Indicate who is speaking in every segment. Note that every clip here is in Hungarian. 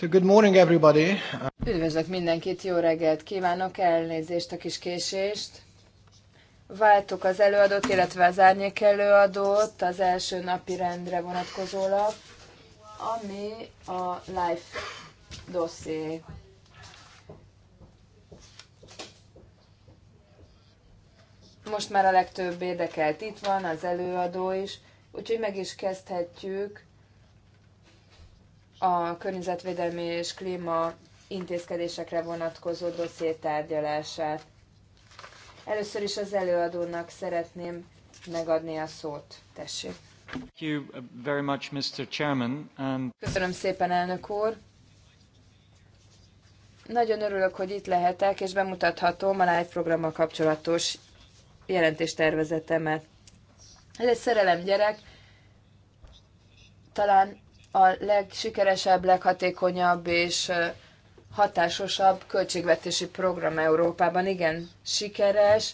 Speaker 1: So good morning everybody.
Speaker 2: Üdvözlök mindenkit, jó reggelt kívánok, elnézést a kis késést. Váltuk az előadót, illetve az árnyék előadót az első napi rendre vonatkozólag, ami a Life dosszié. Most már a legtöbb érdekelt itt van, az előadó is, úgyhogy meg is kezdhetjük a környezetvédelmi és klíma intézkedésekre vonatkozó dosszié tárgyalását. Először is az előadónak szeretném megadni a szót. Tessék. Köszönöm szépen, elnök úr. Nagyon örülök, hogy itt lehetek, és bemutathatom a Live programmal kapcsolatos jelentéstervezetemet. Ez egy szerelem gyerek, talán a legsikeresebb, leghatékonyabb és hatásosabb költségvetési program Európában. Igen, sikeres,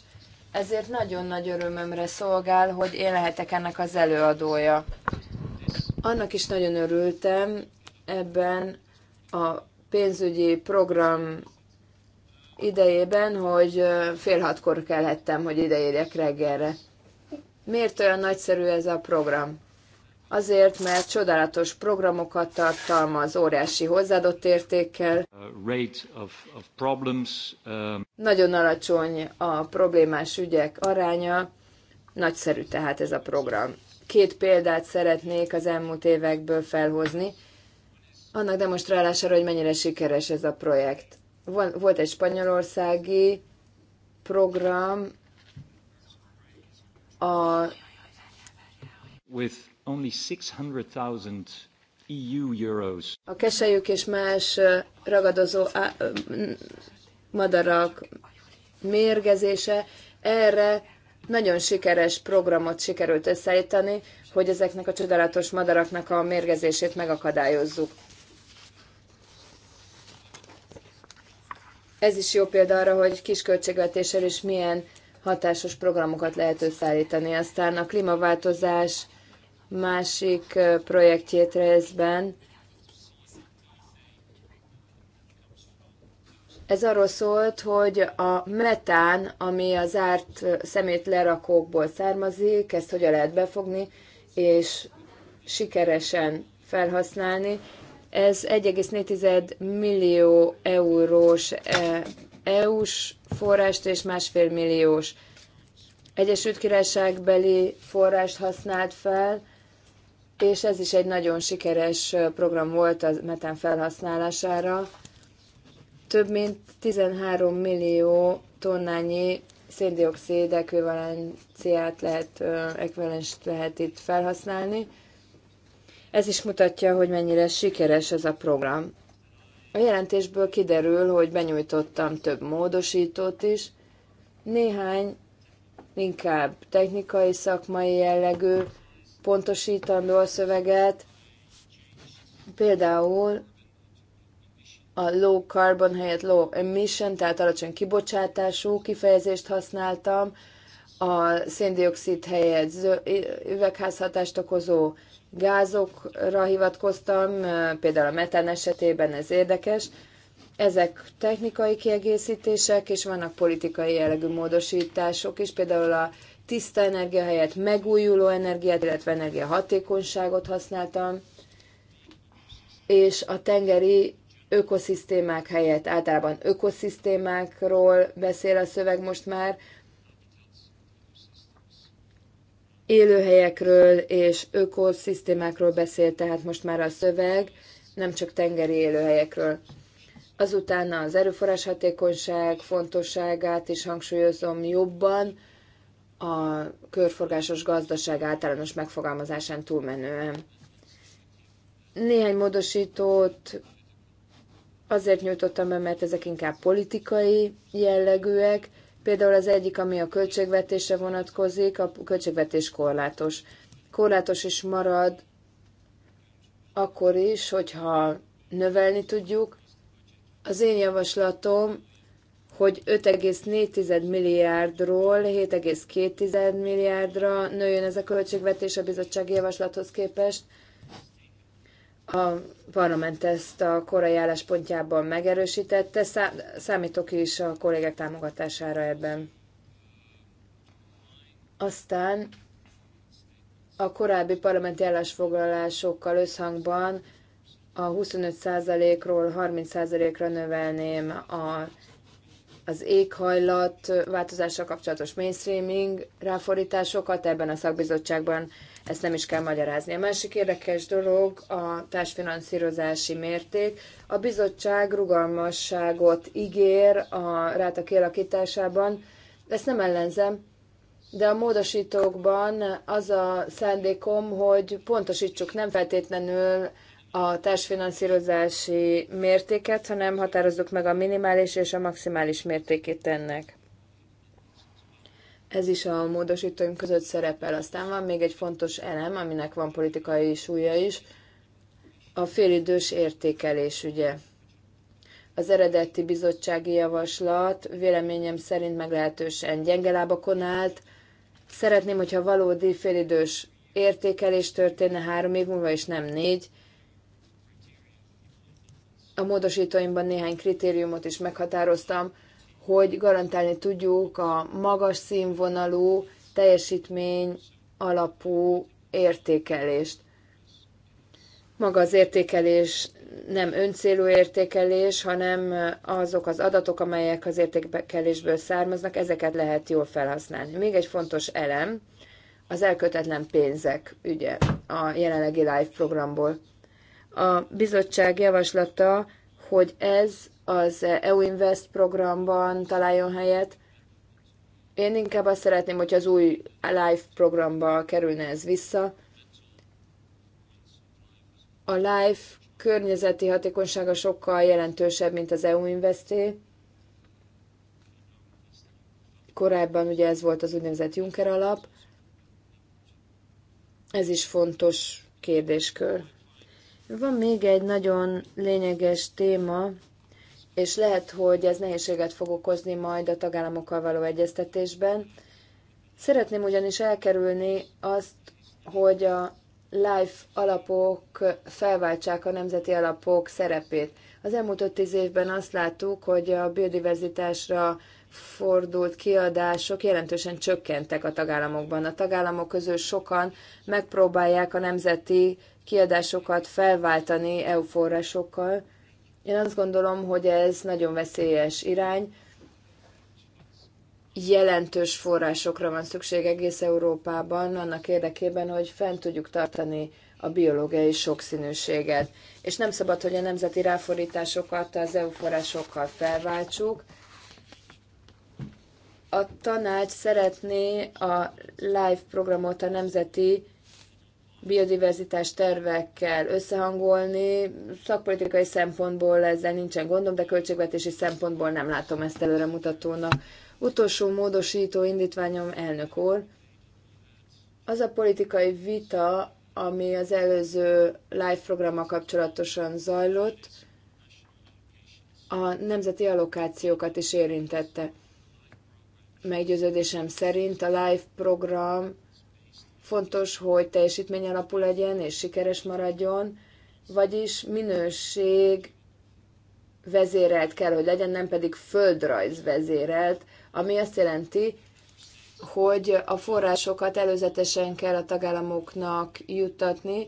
Speaker 2: ezért nagyon nagy örömömre szolgál, hogy én lehetek ennek az előadója. Annak is nagyon örültem ebben a pénzügyi program idejében, hogy fél hatkor kellettem, hogy ideérjek reggelre. Miért olyan nagyszerű ez a program? azért, mert csodálatos programokat tartalmaz, óriási hozzáadott értékkel. Um, Nagyon alacsony a problémás ügyek aránya, nagyszerű tehát ez a program. Két példát szeretnék az elmúlt évekből felhozni, annak demonstrálására, hogy mennyire sikeres ez a projekt. Volt egy spanyolországi program, a with only 600,000 EU euros. A keselyük és más ragadozó madarak mérgezése erre nagyon sikeres programot sikerült összeállítani, hogy ezeknek a csodálatos madaraknak a mérgezését megakadályozzuk. Ez is jó példa arra, hogy kis költségvetéssel is milyen hatásos programokat lehet összeállítani. Aztán a klímaváltozás másik projektjét részben. Ez arról szólt, hogy a metán, ami az árt szemét lerakókból származik, ezt hogyan lehet befogni, és sikeresen felhasználni. Ez 1,4 millió eurós EU-s e forrást és másfél milliós Egyesült Királyságbeli forrást használt fel, és ez is egy nagyon sikeres program volt a metán felhasználására. Több mint 13 millió tonnányi széndiokszid ekvivalenciát lehet, ekvivalenst lehet itt felhasználni. Ez is mutatja, hogy mennyire sikeres ez a program. A jelentésből kiderül, hogy benyújtottam több módosítót is, néhány inkább technikai, szakmai jellegű, pontosítandó a szöveget, például a low carbon helyett low emission, tehát alacsony kibocsátású kifejezést használtam, a széndiokszid helyett üvegházhatást okozó gázokra hivatkoztam, például a metán esetében ez érdekes. Ezek technikai kiegészítések, és vannak politikai jellegű módosítások is, például a tiszta energia helyett megújuló energiát, illetve energiahatékonyságot használtam, és a tengeri ökoszisztémák helyett általában ökoszisztémákról beszél a szöveg most már, élőhelyekről és ökoszisztémákról beszél tehát most már a szöveg, nem csak tengeri élőhelyekről. Azután az erőforrás hatékonyság fontosságát is hangsúlyozom jobban, a körforgásos gazdaság általános megfogalmazásán túlmenően. Néhány módosítót azért nyújtottam be, mert ezek inkább politikai jellegűek. Például az egyik, ami a költségvetésre vonatkozik, a költségvetés korlátos. Korlátos is marad akkor is, hogyha növelni tudjuk. Az én javaslatom hogy 5,4 milliárdról 7,2 milliárdra nőjön ez a költségvetés a bizottsági javaslathoz képest. A parlament ezt a korai álláspontjában megerősítette, számítok is a kollégák támogatására ebben. Aztán a korábbi parlamenti állásfoglalásokkal összhangban a 25%-ról 30%-ra növelném a az éghajlat változással kapcsolatos mainstreaming ráfordításokat ebben a szakbizottságban ezt nem is kell magyarázni. A másik érdekes dolog a társfinanszírozási mérték. A bizottság rugalmasságot ígér a ráta kialakításában, ezt nem ellenzem, de a módosítókban az a szándékom, hogy pontosítsuk nem feltétlenül a társfinanszírozási mértéket, hanem határozzuk meg a minimális és a maximális mértékét ennek. Ez is a módosítóim között szerepel. Aztán van még egy fontos elem, aminek van politikai súlya is, a félidős értékelés ügye. Az eredeti bizottsági javaslat véleményem szerint meglehetősen gyenge lábakon állt. Szeretném, hogyha valódi félidős értékelés történne három év múlva, és nem négy, a módosítóimban néhány kritériumot is meghatároztam, hogy garantálni tudjuk a magas színvonalú, teljesítmény alapú értékelést. Maga az értékelés nem öncélú értékelés, hanem azok az adatok, amelyek az értékelésből származnak, ezeket lehet jól felhasználni. Még egy fontos elem az elkötetlen pénzek ügye a jelenlegi live programból a bizottság javaslata, hogy ez az EU Invest programban találjon helyet. Én inkább azt szeretném, hogy az új Life programba kerülne ez vissza. A Life környezeti hatékonysága sokkal jelentősebb, mint az EU Investé. Korábban ugye ez volt az úgynevezett Juncker alap. Ez is fontos kérdéskör. Van még egy nagyon lényeges téma, és lehet, hogy ez nehézséget fog okozni majd a tagállamokkal való egyeztetésben. Szeretném ugyanis elkerülni azt, hogy a life alapok felváltsák a nemzeti alapok szerepét. Az elmúlt öt tíz évben azt láttuk, hogy a biodiverzitásra fordult kiadások jelentősen csökkentek a tagállamokban. A tagállamok közül sokan megpróbálják a nemzeti kiadásokat felváltani EU forrásokkal. Én azt gondolom, hogy ez nagyon veszélyes irány. Jelentős forrásokra van szükség egész Európában, annak érdekében, hogy fent tudjuk tartani a biológiai sokszínűséget. És nem szabad, hogy a nemzeti ráforításokat az EU forrásokkal felváltsuk. A tanács szeretné a live programot a nemzeti biodiverzitás tervekkel összehangolni. Szakpolitikai szempontból ezzel nincsen gondom, de költségvetési szempontból nem látom ezt előremutatónak. Utolsó módosító indítványom, elnök úr, az a politikai vita, ami az előző live programmal kapcsolatosan zajlott, a nemzeti allokációkat is érintette. Meggyőződésem szerint a live program Fontos, hogy teljesítmény alapú legyen és sikeres maradjon, vagyis minőség vezérelt kell, hogy legyen, nem pedig földrajz vezérelt, ami azt jelenti, hogy a forrásokat előzetesen kell a tagállamoknak juttatni,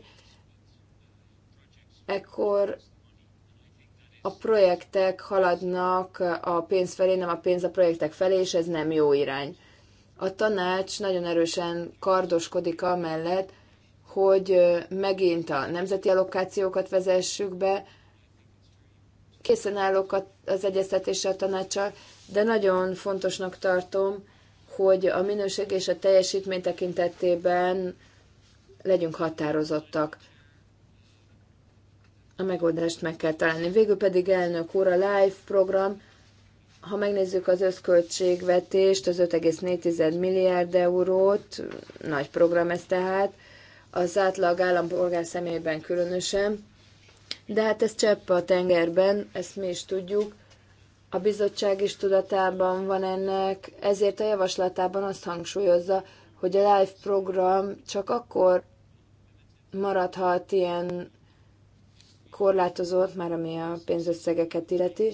Speaker 2: ekkor a projektek haladnak a pénz felé, nem a pénz a projektek felé, és ez nem jó irány. A tanács nagyon erősen kardoskodik amellett, hogy megint a nemzeti allokációkat vezessük be. Készen állok az egyeztetéssel a tanácssal, de nagyon fontosnak tartom, hogy a minőség és a teljesítmény tekintetében legyünk határozottak. A megoldást meg kell találni. Végül pedig elnök úr, a live program ha megnézzük az összköltségvetést, az 5,4 milliárd eurót, nagy program ez tehát, az átlag állampolgár személyben különösen, de hát ez csepp a tengerben, ezt mi is tudjuk. A bizottság is tudatában van ennek, ezért a javaslatában azt hangsúlyozza, hogy a live program csak akkor maradhat ilyen korlátozott, már ami a pénzösszegeket illeti,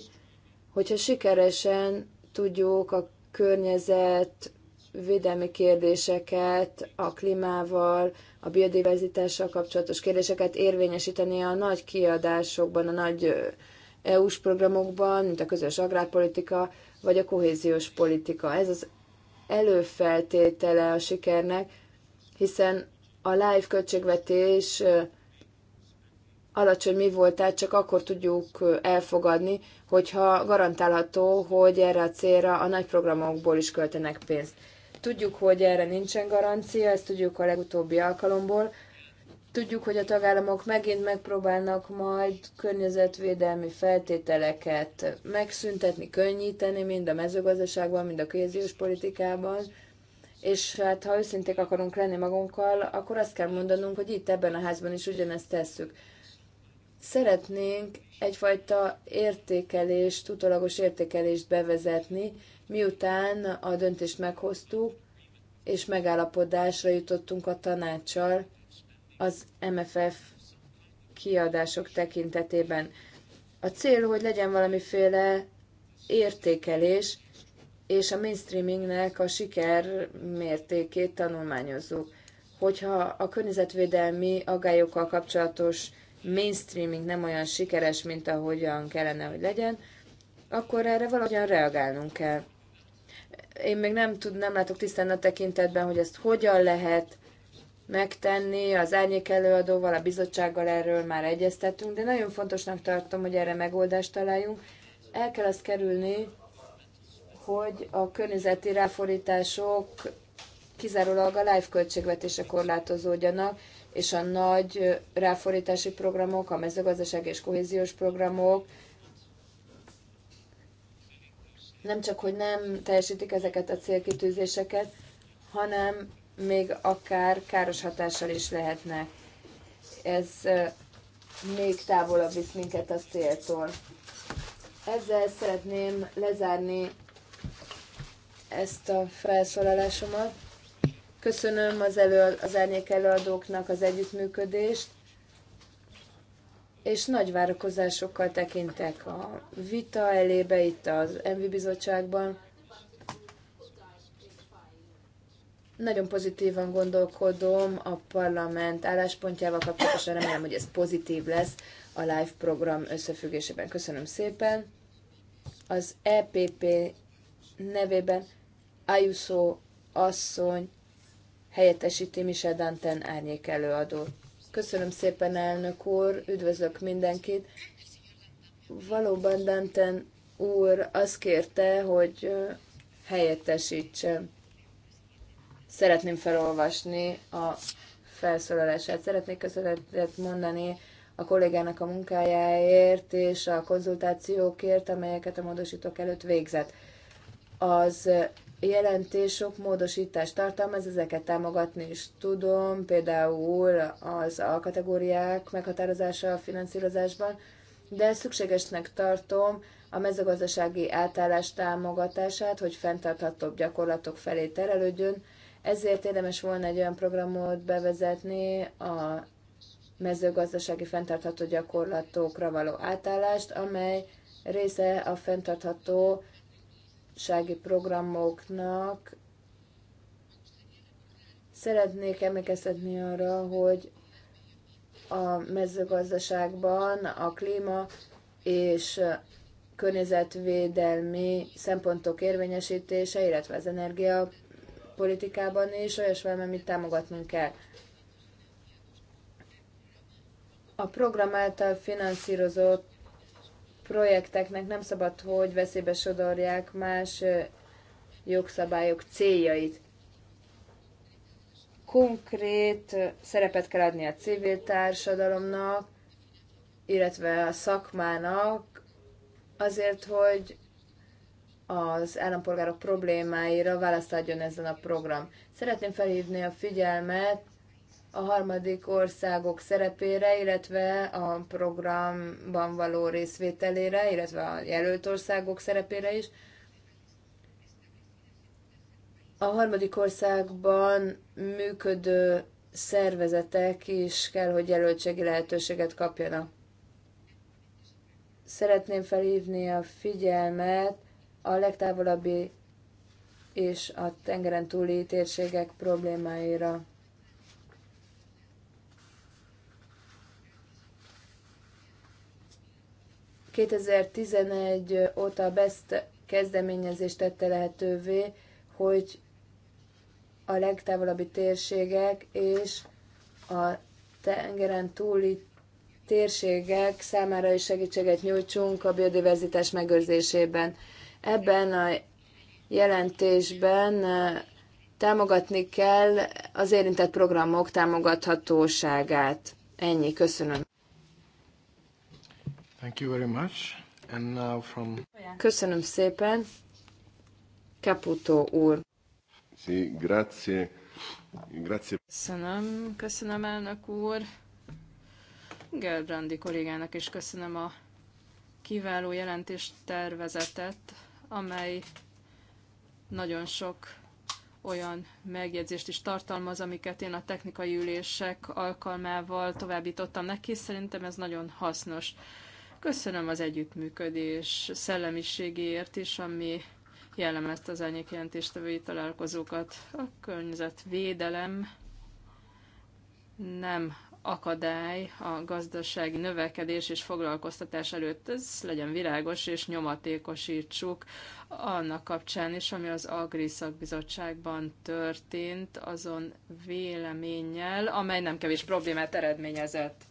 Speaker 2: Hogyha sikeresen tudjuk a környezet védelmi kérdéseket, a klímával, a biodiverzitással kapcsolatos kérdéseket érvényesíteni a nagy kiadásokban, a nagy EU-s programokban, mint a közös agrárpolitika vagy a kohéziós politika. Ez az előfeltétele a sikernek, hiszen a live költségvetés alacsony mi voltát csak akkor tudjuk elfogadni, hogyha garantálható, hogy erre a célra a nagy programokból is költenek pénzt. Tudjuk, hogy erre nincsen garancia, ezt tudjuk a legutóbbi alkalomból. Tudjuk, hogy a tagállamok megint megpróbálnak majd környezetvédelmi feltételeket megszüntetni, könnyíteni, mind a mezőgazdaságban, mind a kohéziós politikában. És hát ha őszinték akarunk lenni magunkkal, akkor azt kell mondanunk, hogy itt ebben a házban is ugyanezt tesszük Szeretnénk egyfajta értékelést, utolagos értékelést bevezetni, miután a döntést meghoztuk, és megállapodásra jutottunk a tanácssal az MFF kiadások tekintetében. A cél, hogy legyen valamiféle értékelés, és a mainstreamingnek a siker mértékét tanulmányozzuk. Hogyha a környezetvédelmi agályokkal kapcsolatos mainstreaming nem olyan sikeres, mint ahogyan kellene, hogy legyen, akkor erre valahogyan reagálnunk kell. Én még nem, tud, nem látok tisztán a tekintetben, hogy ezt hogyan lehet megtenni, az árnyék előadóval, a bizottsággal erről már egyeztettünk, de nagyon fontosnak tartom, hogy erre megoldást találjunk. El kell azt kerülni, hogy a környezeti ráfordítások kizárólag a live költségvetése korlátozódjanak, és a nagy ráforítási programok, a mezőgazdaság és kohéziós programok nem csak, hogy nem teljesítik ezeket a célkitűzéseket, hanem még akár káros hatással is lehetnek. Ez még távolabb visz minket a céltól. Ezzel szeretném lezárni ezt a felszólalásomat. Köszönöm az, elő, az árnyék előadóknak az együttműködést, és nagy várakozásokkal tekintek a vita elébe itt az MV bizottságban. Nagyon pozitívan gondolkodom a parlament álláspontjával kapcsolatosan, remélem, hogy ez pozitív lesz a live program összefüggésében. Köszönöm szépen. Az EPP nevében Ayuso asszony helyettesíti Michel Danten árnyék előadó. Köszönöm szépen, elnök úr, üdvözlök mindenkit. Valóban Danten úr azt kérte, hogy helyettesítse. Szeretném felolvasni a felszólalását. Szeretnék köszönetet mondani a kollégának a munkájáért és a konzultációkért, amelyeket a módosítók előtt végzett. Az jelentés sok módosítást tartalmaz, ezeket támogatni is tudom, például az a kategóriák meghatározása a finanszírozásban, de szükségesnek tartom a mezőgazdasági átállás támogatását, hogy fenntarthatóbb gyakorlatok felé terelődjön, ezért érdemes volna egy olyan programot bevezetni a mezőgazdasági fenntartható gyakorlatokra való átállást, amely része a fenntartható sági programoknak. Szeretnék emlékeztetni arra, hogy a mezőgazdaságban a klíma és környezetvédelmi szempontok érvényesítése, illetve az energiapolitikában is olyas valami, amit támogatnunk kell. A program által finanszírozott projekteknek nem szabad, hogy veszélybe sodorják más jogszabályok céljait. Konkrét szerepet kell adni a civil társadalomnak, illetve a szakmának, azért, hogy az állampolgárok problémáira választ adjon ezen a program. Szeretném felhívni a figyelmet a harmadik országok szerepére, illetve a programban való részvételére, illetve a jelölt országok szerepére is. A harmadik országban működő szervezetek is kell, hogy jelöltségi lehetőséget kapjanak. Szeretném felhívni a figyelmet a legtávolabbi és a tengeren túli térségek problémáira. 2011 óta a BEST kezdeményezést tette lehetővé, hogy a legtávolabbi térségek és a tengeren túli térségek számára is segítséget nyújtsunk a biodiverzitás megőrzésében. Ebben a jelentésben eh, támogatni kell az érintett programok támogathatóságát. Ennyi, köszönöm. Thank you very much. And now from... Köszönöm szépen. Caputo úr. Sí,
Speaker 1: grazie. Grazie.
Speaker 3: Köszönöm, köszönöm elnök úr. Gerbrandi kollégának is köszönöm a kiváló jelentést tervezetet, amely nagyon sok olyan megjegyzést is tartalmaz, amiket én a technikai ülések alkalmával továbbítottam neki. Szerintem ez nagyon hasznos. Köszönöm az együttműködés szellemiségéért is, ami jellemezte az árnyék jelentéstevői találkozókat. A környezetvédelem nem akadály a gazdasági növekedés és foglalkoztatás előtt. Ez legyen világos és nyomatékosítsuk annak kapcsán is, ami az Agri szakbizottságban történt, azon véleménnyel, amely nem kevés problémát eredményezett.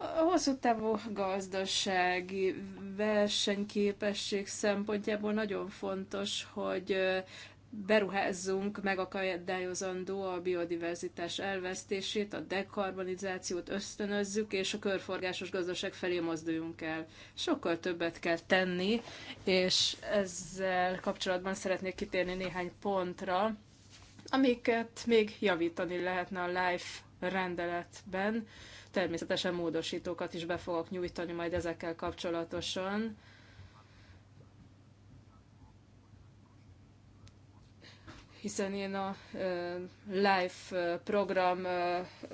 Speaker 3: A hosszú távú gazdasági versenyképesség szempontjából nagyon fontos, hogy beruházzunk, megakadályozandó a biodiverzitás elvesztését, a dekarbonizációt ösztönözzük, és a körforgásos gazdaság felé mozduljunk el. Sokkal többet kell tenni, és ezzel kapcsolatban szeretnék kitérni néhány pontra, amiket még javítani lehetne a LIFE rendeletben Természetesen módosítókat is be fogok nyújtani majd ezekkel kapcsolatosan. hiszen én a LIFE program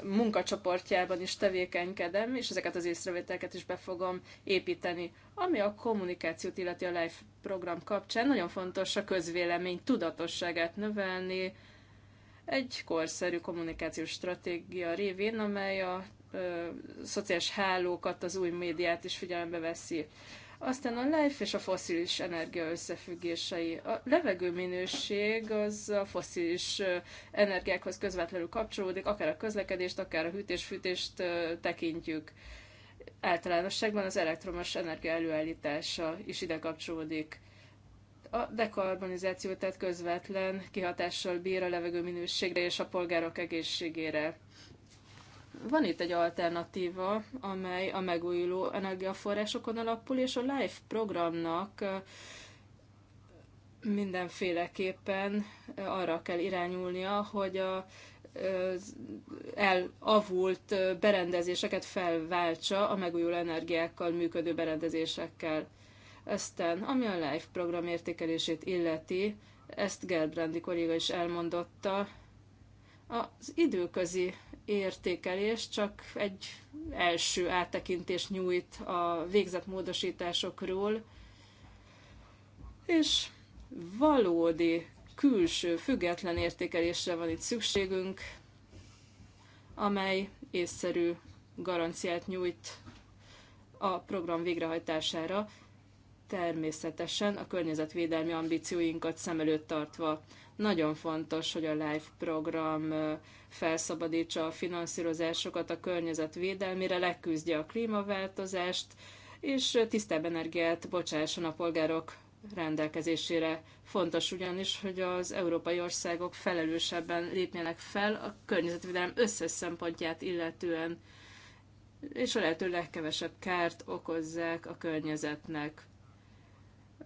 Speaker 3: munkacsoportjában is tevékenykedem, és ezeket az észrevételeket is be fogom építeni. Ami a kommunikációt illeti a LIFE program kapcsán, nagyon fontos a közvélemény tudatosságát növelni, egy korszerű kommunikációs stratégia révén, amely a szociális hálókat, az új médiát is figyelembe veszi. Aztán a life és a foszilis energia összefüggései. A levegőminőség az a foszilis energiákhoz közvetlenül kapcsolódik, akár a közlekedést, akár a hűtés-fűtést tekintjük. Általánosságban az elektromos energia előállítása is ide kapcsolódik. A dekarbonizáció tehát közvetlen kihatással bír a levegőminőségre és a polgárok egészségére. Van itt egy alternatíva, amely a megújuló energiaforrásokon alapul, és a LIFE programnak mindenféleképpen arra kell irányulnia, hogy a elavult berendezéseket felváltsa a megújuló energiákkal működő berendezésekkel. Aztán, ami a LIFE program értékelését illeti, ezt Gerbrandi kolléga is elmondotta, az időközi értékelés csak egy első áttekintést nyújt a végzett módosításokról, és valódi külső független értékelésre van itt szükségünk, amely észszerű garanciát nyújt a program végrehajtására, természetesen a környezetvédelmi ambícióinkat szem előtt tartva. Nagyon fontos, hogy a LIFE program felszabadítsa a finanszírozásokat a környezet védelmére, leküzdje a klímaváltozást, és tisztább energiát bocsásson a polgárok rendelkezésére. Fontos ugyanis, hogy az európai országok felelősebben lépjenek fel a környezetvédelem összes szempontját illetően, és a lehető legkevesebb kárt okozzák a környezetnek.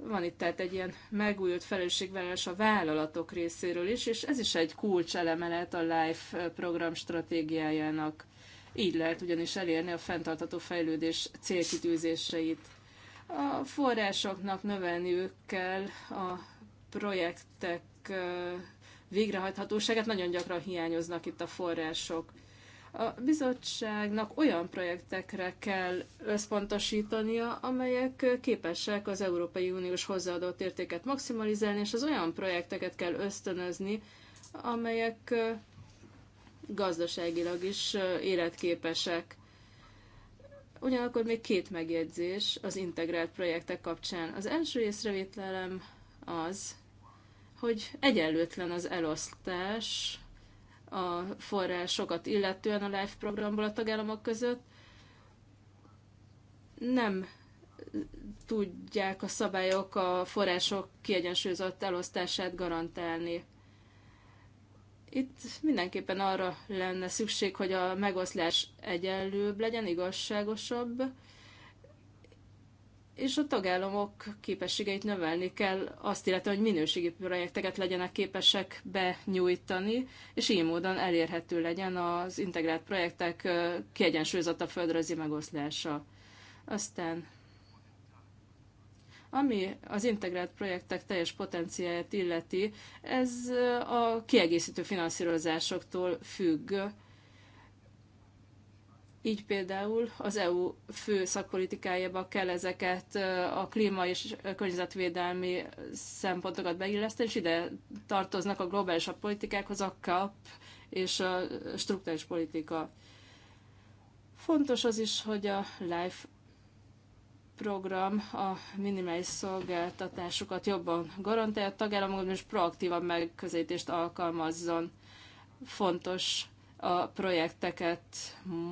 Speaker 3: Van itt tehát egy ilyen megújult felelősségvállalás a vállalatok részéről is, és ez is egy kulcseleme lehet a LIFE program stratégiájának. Így lehet ugyanis elérni a fenntartható fejlődés célkitűzéseit. A forrásoknak növelniük kell a projektek végrehajthatóságát, nagyon gyakran hiányoznak itt a források. A bizottságnak olyan projektekre kell összpontosítania, amelyek képesek az Európai Uniós hozzáadott értéket maximalizálni, és az olyan projekteket kell ösztönözni, amelyek gazdaságilag is életképesek. Ugyanakkor még két megjegyzés az integrált projektek kapcsán. Az első észrevételem az, hogy egyenlőtlen az elosztás a forrásokat illetően a LIFE programból a tagállamok között, nem tudják a szabályok a források kiegyensúlyozott elosztását garantálni. Itt mindenképpen arra lenne szükség, hogy a megoszlás egyenlőbb legyen, igazságosabb, és a tagállamok képességeit növelni kell, azt illetve, hogy minőségi projekteket legyenek képesek benyújtani, és így módon elérhető legyen az integrált projektek kiegyensúlyozott a földrajzi megoszlása. Aztán, ami az integrált projektek teljes potenciáját illeti, ez a kiegészítő finanszírozásoktól függ, így például az EU fő szakpolitikájába kell ezeket a klíma és környezetvédelmi szempontokat beilleszteni, és ide tartoznak a globálisabb politikákhoz a CAP és a struktúrális politika. Fontos az is, hogy a LIFE program a minimális szolgáltatásokat jobban garantálja, a tagállamokban és proaktívan megközelítést alkalmazzon. Fontos a projekteket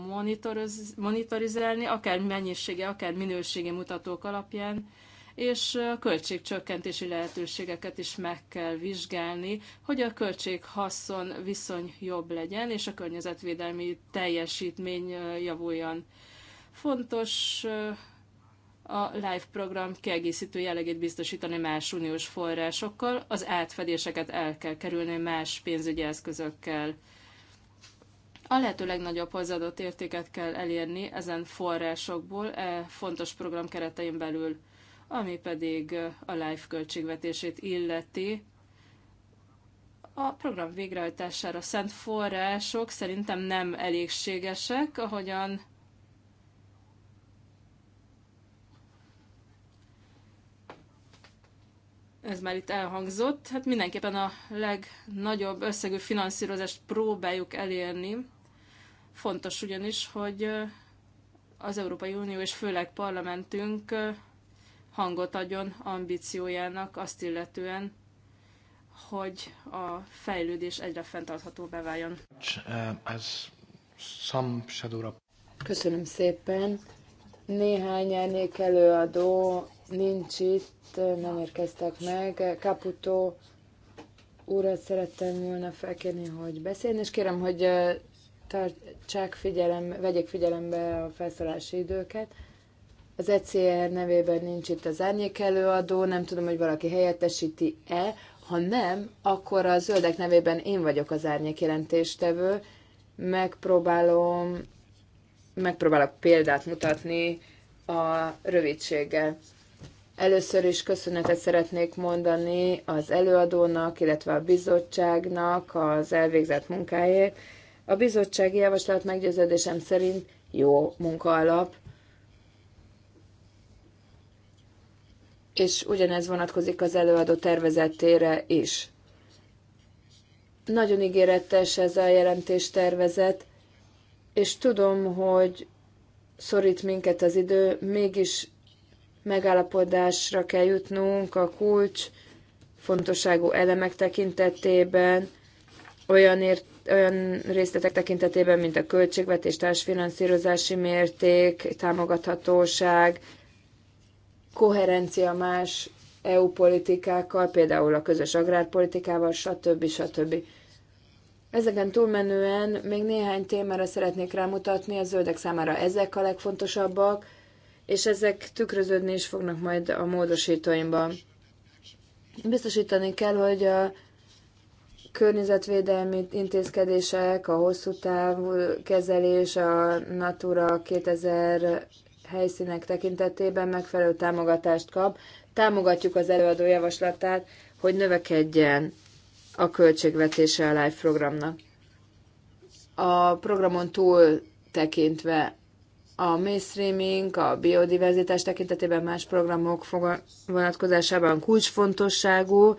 Speaker 3: monitoroz, monitorizálni, akár mennyisége, akár minőségi mutatók alapján, és költségcsökkentési lehetőségeket is meg kell vizsgálni, hogy a költséghaszon viszony jobb legyen, és a környezetvédelmi teljesítmény javuljon. Fontos a LIFE program kiegészítő jellegét biztosítani más uniós forrásokkal, az átfedéseket el kell kerülni más pénzügyi eszközökkel a lehető legnagyobb hozzáadott értéket kell elérni ezen forrásokból, e fontos program keretein belül, ami pedig a LIFE költségvetését illeti. A program végrehajtására szent források szerintem nem elégségesek, ahogyan ez már itt elhangzott, hát mindenképpen a legnagyobb összegű finanszírozást próbáljuk elérni, Fontos ugyanis, hogy az Európai Unió és főleg parlamentünk hangot adjon ambíciójának azt illetően, hogy a fejlődés
Speaker 2: egyre fenntarthatóbbá beváljon.
Speaker 1: Uh,
Speaker 2: Köszönöm szépen. Néhány elnék előadó nincs itt, nem érkeztek meg. Kaputó úrat szerettem volna felkérni, hogy beszélni, és kérem, hogy tartsák figyelem, vegyék figyelembe a felszólási időket. Az ECR nevében nincs itt az árnyék előadó, nem tudom, hogy valaki helyettesíti-e. Ha nem, akkor a zöldek nevében én vagyok az árnyék jelentéstevő. Megpróbálom, megpróbálok példát mutatni a rövidséggel. Először is köszönetet szeretnék mondani az előadónak, illetve a bizottságnak az elvégzett munkáért a bizottsági javaslat meggyőződésem szerint jó munkaalap, és ugyanez vonatkozik az előadó tervezetére is. Nagyon ígéretes ez a jelentés tervezet, és tudom, hogy szorít minket az idő, mégis megállapodásra kell jutnunk a kulcs fontosságú elemek tekintetében, olyan, ért, olyan részletek tekintetében, mint a költségvetés, társfinanszírozási mérték, támogathatóság, koherencia más EU politikákkal, például a közös agrárpolitikával, stb. stb. Ezeken túlmenően még néhány témára szeretnék rámutatni, a zöldek számára ezek a legfontosabbak, és ezek tükröződni is fognak majd a módosítóimban. Biztosítani kell, hogy a környezetvédelmi intézkedések, a hosszú távú kezelés, a Natura 2000 helyszínek tekintetében megfelelő támogatást kap. Támogatjuk az előadó javaslatát, hogy növekedjen a költségvetése a LIFE programnak. A programon túl tekintve a mainstreaming, a biodiverzitás tekintetében más programok vonatkozásában kulcsfontosságú,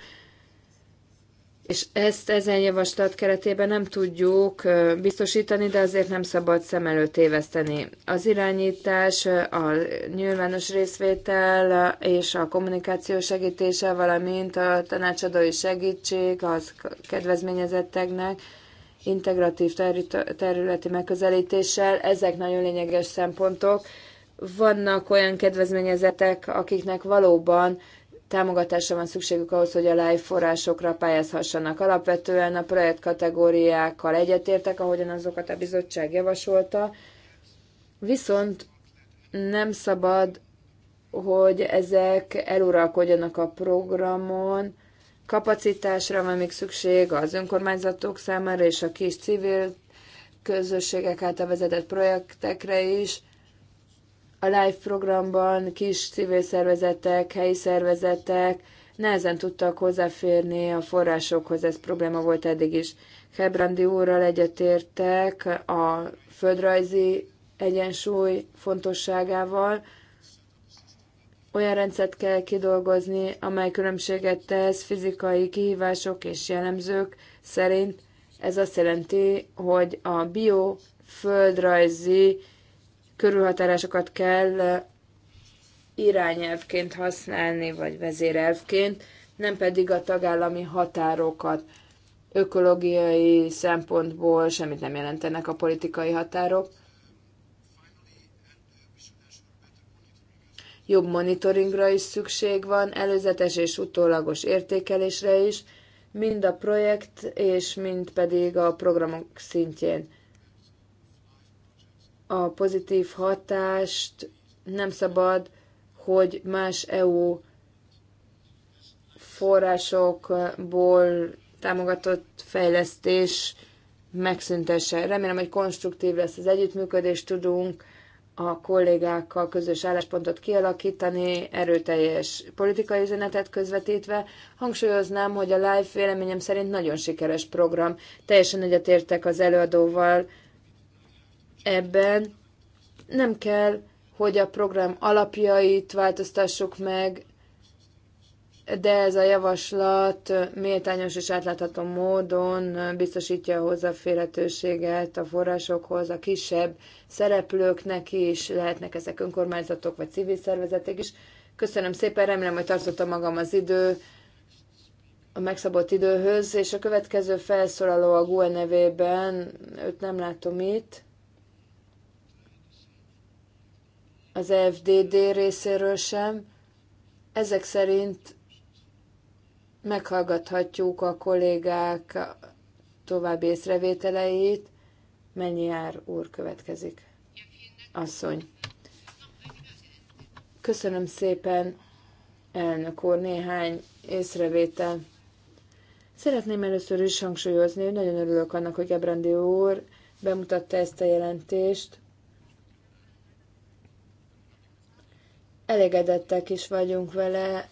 Speaker 2: és ezt ezen javaslat keretében nem tudjuk biztosítani, de azért nem szabad szem előtt téveszteni. Az irányítás, a nyilvános részvétel és a kommunikáció segítése, valamint a tanácsadói segítség az kedvezményezetteknek, integratív területi megközelítéssel, ezek nagyon lényeges szempontok. Vannak olyan kedvezményezetek, akiknek valóban támogatásra van szükségük ahhoz, hogy a live forrásokra pályázhassanak. Alapvetően a projekt kategóriákkal egyetértek, ahogyan azokat a bizottság javasolta, viszont nem szabad, hogy ezek eluralkodjanak a programon, kapacitásra van még szükség az önkormányzatok számára és a kis civil közösségek által vezetett projektekre is, a live programban kis civil szervezetek, helyi szervezetek nehezen tudtak hozzáférni a forrásokhoz, ez probléma volt eddig is. Hebrandi úrral egyetértek a földrajzi egyensúly fontosságával, olyan rendszert kell kidolgozni, amely különbséget tesz fizikai kihívások és jellemzők szerint. Ez azt jelenti, hogy a bio földrajzi körülhatárásokat kell irányelvként használni, vagy vezérelvként, nem pedig a tagállami határokat. Ökológiai szempontból semmit nem jelentenek a politikai határok. Jobb monitoringra is szükség van, előzetes és utólagos értékelésre is, mind a projekt és mind pedig a programok szintjén a pozitív hatást nem szabad, hogy más EU forrásokból támogatott fejlesztés megszüntesse. Remélem, hogy konstruktív lesz az együttműködés, tudunk a kollégákkal közös álláspontot kialakítani, erőteljes politikai üzenetet közvetítve. Hangsúlyoznám, hogy a Life véleményem szerint nagyon sikeres program. Teljesen egyetértek az előadóval, ebben nem kell, hogy a program alapjait változtassuk meg, de ez a javaslat méltányos és átlátható módon biztosítja a hozzáférhetőséget a forrásokhoz, a kisebb szereplőknek is, lehetnek ezek önkormányzatok vagy civil szervezetek is. Köszönöm szépen, remélem, hogy tartottam magam az idő, a megszabott időhöz, és a következő felszólaló a GUE nevében, őt nem látom itt. az FDD részéről sem. Ezek szerint meghallgathatjuk a kollégák további észrevételeit. Mennyi jár úr következik? Asszony. Köszönöm szépen, elnök úr, néhány észrevétel. Szeretném először is hangsúlyozni, hogy nagyon örülök annak, hogy Gebrandi úr bemutatta ezt a jelentést. elégedettek is vagyunk vele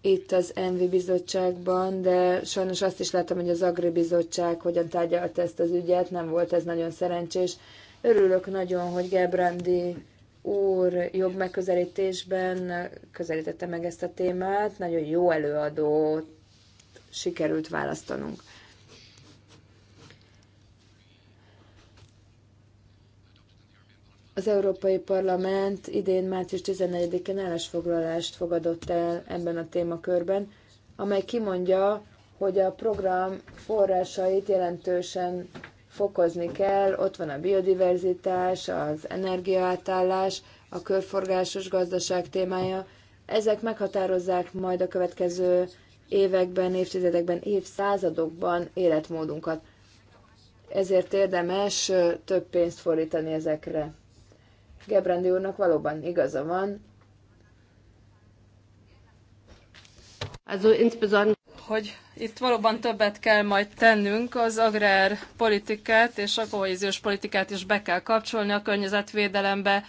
Speaker 2: itt az Envi bizottságban, de sajnos azt is láttam, hogy az Agri bizottság hogyan tárgyalt ezt az ügyet, nem volt ez nagyon szerencsés. Örülök nagyon, hogy Gebrandi úr jobb megközelítésben közelítette meg ezt a témát, nagyon jó előadót sikerült választanunk. Az Európai Parlament idén március 14-én állásfoglalást fogadott el ebben a témakörben, amely kimondja, hogy a program forrásait jelentősen fokozni kell. Ott van a biodiverzitás, az energiaátállás, a körforgásos gazdaság témája. Ezek meghatározzák majd a következő években, évtizedekben, évszázadokban életmódunkat. Ezért érdemes több pénzt fordítani ezekre. Gebrandi úrnak valóban igaza van. Also insbesondere hogy itt valóban többet kell majd tennünk, az
Speaker 3: agrárpolitikát és a kohéziós politikát is be kell kapcsolni a környezetvédelembe,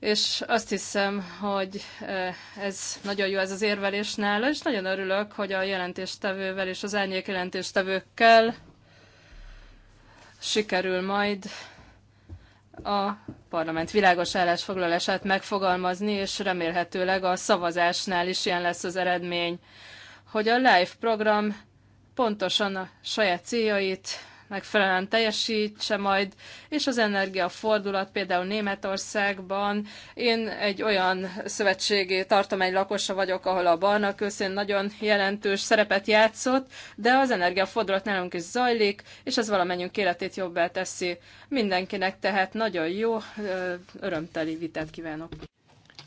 Speaker 3: és azt hiszem, hogy eh, ez nagyon jó ez az érvelés nála, és nagyon örülök, hogy a jelentéstevővel és az árnyék jelentéstevőkkel sikerül majd a parlament világos állásfoglalását megfogalmazni, és remélhetőleg a szavazásnál is ilyen lesz az eredmény, hogy a LIFE program pontosan a saját céljait, megfelelően teljesítse majd, és az energiafordulat például Németországban. Én egy olyan szövetségi tartomány lakosa vagyok, ahol a barna köszön nagyon jelentős szerepet játszott, de az energiafordulat nálunk is zajlik, és ez valamennyünk életét jobbá teszi mindenkinek, tehát nagyon jó,
Speaker 2: örömteli vitát kívánok.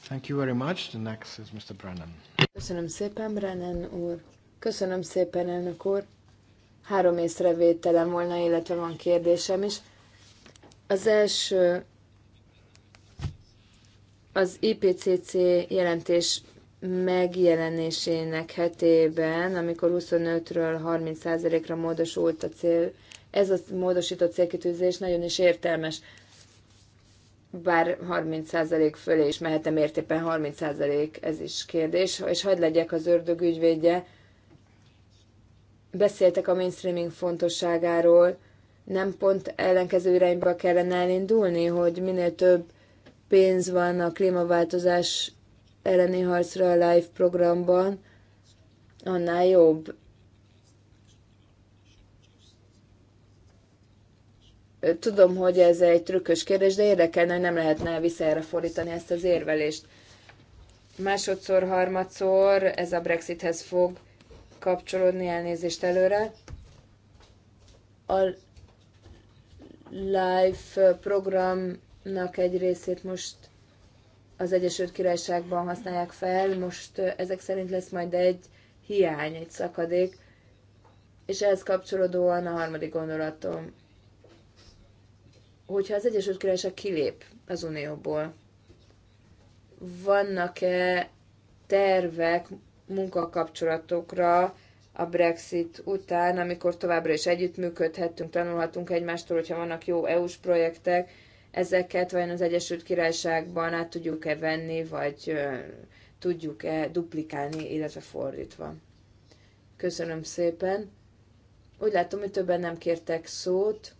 Speaker 1: Thank you very much. The next is Mr. Brennan.
Speaker 2: Köszönöm szépen, Brennan úr. Köszönöm szépen, elnök úr. Három észrevételem volna, illetve van kérdésem is. Az első az IPCC jelentés megjelenésének hetében, amikor 25-ről 30%-ra módosult a cél, ez a módosított célkitűzés nagyon is értelmes. Bár 30% fölé is mehetem, értépen 30% ez is kérdés, és hagyd legyek az ördög ügyvédje, Beszéltek a mainstreaming fontosságáról, nem pont ellenkező irányba kellene elindulni, hogy minél több pénz van a klímaváltozás elleni harcra a live programban, annál jobb. Tudom, hogy ez egy trükkös kérdés, de érdekelne, hogy nem lehetne visszaerre fordítani ezt az érvelést. Másodszor, harmadszor ez a Brexithez fog kapcsolódni, elnézést előre. A live programnak egy részét most az Egyesült Királyságban használják fel, most ezek szerint lesz majd egy hiány, egy szakadék, és ehhez kapcsolódóan a harmadik gondolatom, hogyha az Egyesült Királyság kilép az Unióból, vannak-e tervek, munkakapcsolatokra a Brexit után, amikor továbbra is együttműködhetünk, tanulhatunk egymástól, hogyha vannak jó EU-s projektek, ezeket vajon az Egyesült Királyságban át tudjuk-e venni, vagy tudjuk-e duplikálni, illetve fordítva. Köszönöm szépen. Úgy látom, hogy többen nem kértek szót,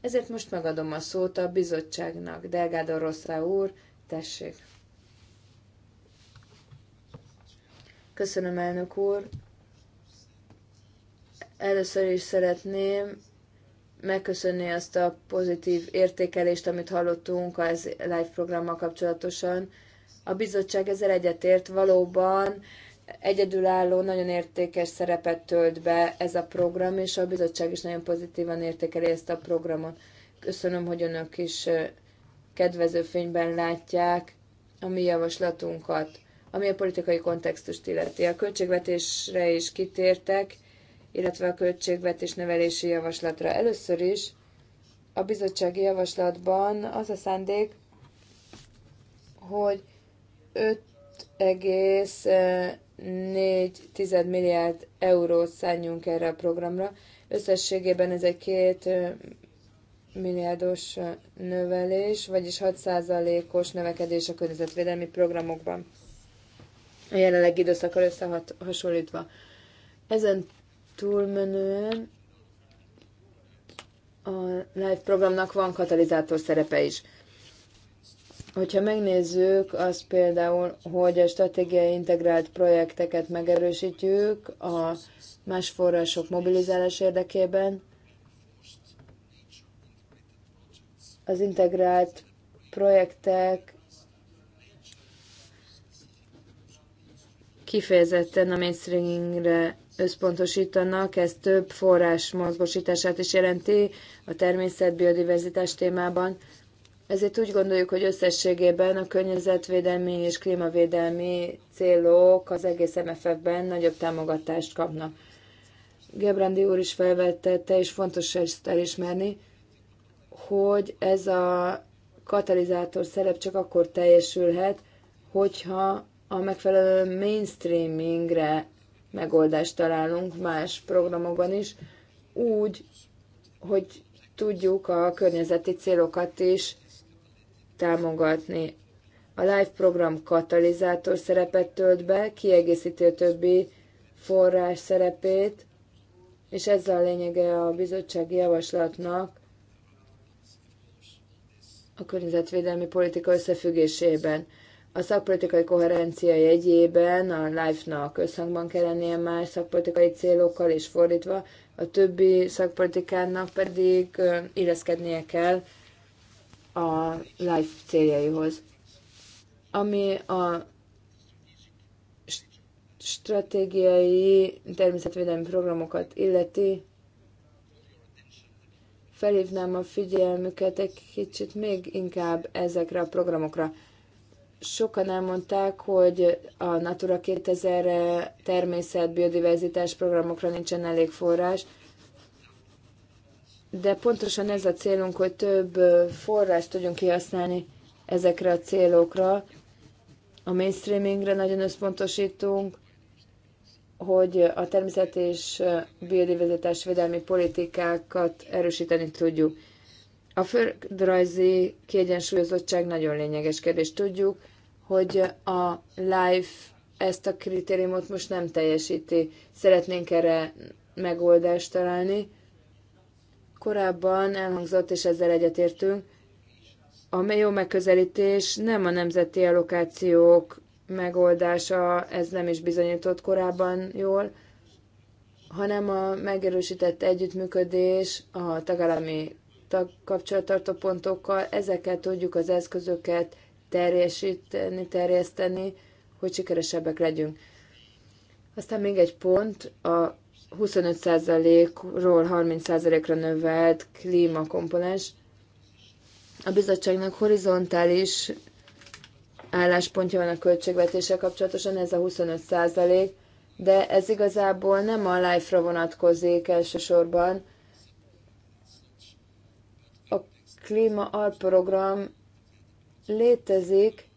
Speaker 2: ezért most megadom a szót a bizottságnak. Delgado Rossza úr, tessék. Köszönöm, elnök úr. Először is szeretném megköszönni azt a pozitív értékelést, amit hallottunk a live programmal kapcsolatosan. A bizottság ezzel egyetért valóban egyedülálló, nagyon értékes szerepet tölt be ez a program, és a bizottság is nagyon pozitívan értékeli ezt a programot. Köszönöm, hogy önök is eh, kedvező fényben látják a mi javaslatunkat ami a politikai kontextust illeti. A költségvetésre is kitértek, illetve a költségvetés nevelési javaslatra. Először is a bizottsági javaslatban az a szándék, hogy 5,4 milliárd eurót szálljunk erre a programra. Összességében ez egy két milliárdos növelés, vagyis 6%-os növekedés a környezetvédelmi programokban a jelenleg időszakkal összehasonlítva. Ezen túlmenően a live programnak van katalizátor szerepe is. Hogyha megnézzük azt például, hogy a stratégiai integrált projekteket megerősítjük a más források mobilizálás érdekében, az integrált projektek kifejezetten a mainstreamingre összpontosítanak, ez több forrás mozgósítását is jelenti a természet biodiverzitás témában. Ezért úgy gondoljuk, hogy összességében a környezetvédelmi és klímavédelmi célok az egész MFF-ben nagyobb támogatást kapnak. Gebrandi úr is felvetette, és fontos ezt elismerni, hogy ez a katalizátor szerep csak akkor teljesülhet, hogyha a megfelelő mainstreamingre megoldást találunk más programokban is, úgy, hogy tudjuk a környezeti célokat is támogatni. A live program katalizátor szerepet tölt be, kiegészíti a többi forrás szerepét, és ez a lényege a bizottsági javaslatnak a környezetvédelmi politika összefüggésében a szakpolitikai koherencia jegyében a LIFE-nak összhangban kell lennie más szakpolitikai célokkal, és fordítva a többi szakpolitikának pedig illeszkednie kell a LIFE céljaihoz. Ami a stratégiai természetvédelmi programokat illeti, felhívnám a figyelmüket egy kicsit még inkább ezekre a programokra. Sokan elmondták, hogy a Natura 2000-re természet, biodiverzitás programokra nincsen elég forrás, de pontosan ez a célunk, hogy több forrást tudjunk kihasználni ezekre a célokra. A mainstreamingre nagyon összpontosítunk, hogy a természet és biodiverzitás védelmi politikákat erősíteni tudjuk. A földrajzi kiegyensúlyozottság nagyon lényeges kérdés. Tudjuk, hogy a live ezt a kritériumot most nem teljesíti. Szeretnénk erre megoldást találni. Korábban elhangzott, és ezzel egyetértünk, a jó megközelítés nem a nemzeti allokációk megoldása, ez nem is bizonyított korábban jól, hanem a megerősített együttműködés a tagállami kapcsolattartó pontokkal, ezeket tudjuk az eszközöket terjesíteni, terjeszteni, hogy sikeresebbek legyünk. Aztán még egy pont, a 25%-ról 30%-ra növelt klímakomponens. A bizottságnak horizontális álláspontja van a költségvetéssel kapcsolatosan, ez a 25 de ez igazából nem a life-ra vonatkozik elsősorban. A klíma alprogram létezik,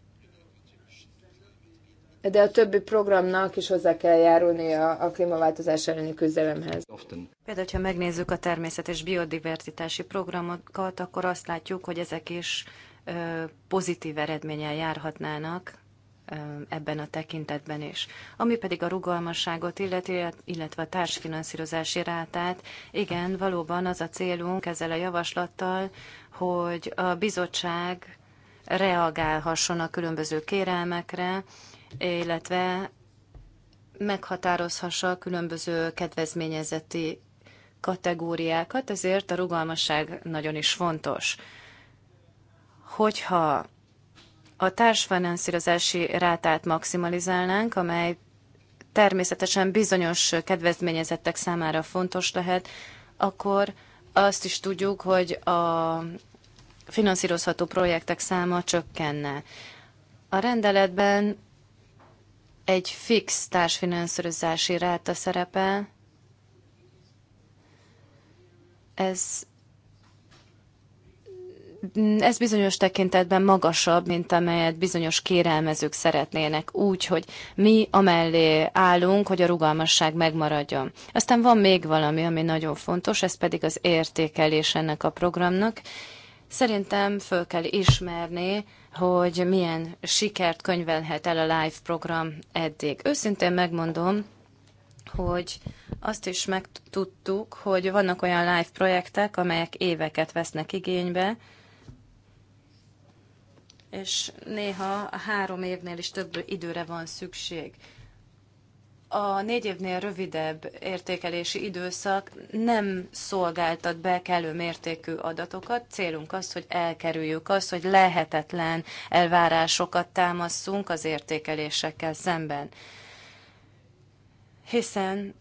Speaker 2: de a többi programnak is hozzá kell járulni a, a klímaváltozás elleni küzdelemhez.
Speaker 1: Például, ha megnézzük a természet és biodiverzitási programokat, akkor azt látjuk, hogy ezek is ö, pozitív eredménnyel járhatnának ö, ebben a tekintetben is. Ami pedig a rugalmasságot illeti, illetve a társfinanszírozási rátát, igen, valóban az a célunk ezzel a javaslattal, hogy a bizottság reagálhasson a különböző kérelmekre, illetve meghatározhassa a különböző kedvezményezeti kategóriákat, ezért a rugalmasság nagyon is fontos. Hogyha a társfinanszírozási rátát maximalizálnánk, amely természetesen bizonyos kedvezményezettek számára fontos lehet, akkor azt is tudjuk, hogy a finanszírozható projektek száma csökkenne. A rendeletben egy fix társfinanszírozási ráta szerepel. Ez, ez bizonyos tekintetben magasabb, mint amelyet bizonyos kérelmezők szeretnének, úgy, hogy mi amellé állunk, hogy a rugalmasság megmaradjon. Aztán van még valami, ami nagyon fontos, ez pedig az értékelés ennek a programnak. Szerintem föl kell ismerni, hogy milyen sikert könyvelhet el a live program eddig. Őszintén megmondom, hogy azt is megtudtuk, hogy vannak olyan live projektek, amelyek éveket vesznek igénybe, és néha három évnél is több időre van szükség a négy évnél rövidebb értékelési időszak nem szolgáltat be kellő mértékű adatokat. Célunk az, hogy elkerüljük azt, hogy lehetetlen elvárásokat támaszunk az értékelésekkel szemben. Hiszen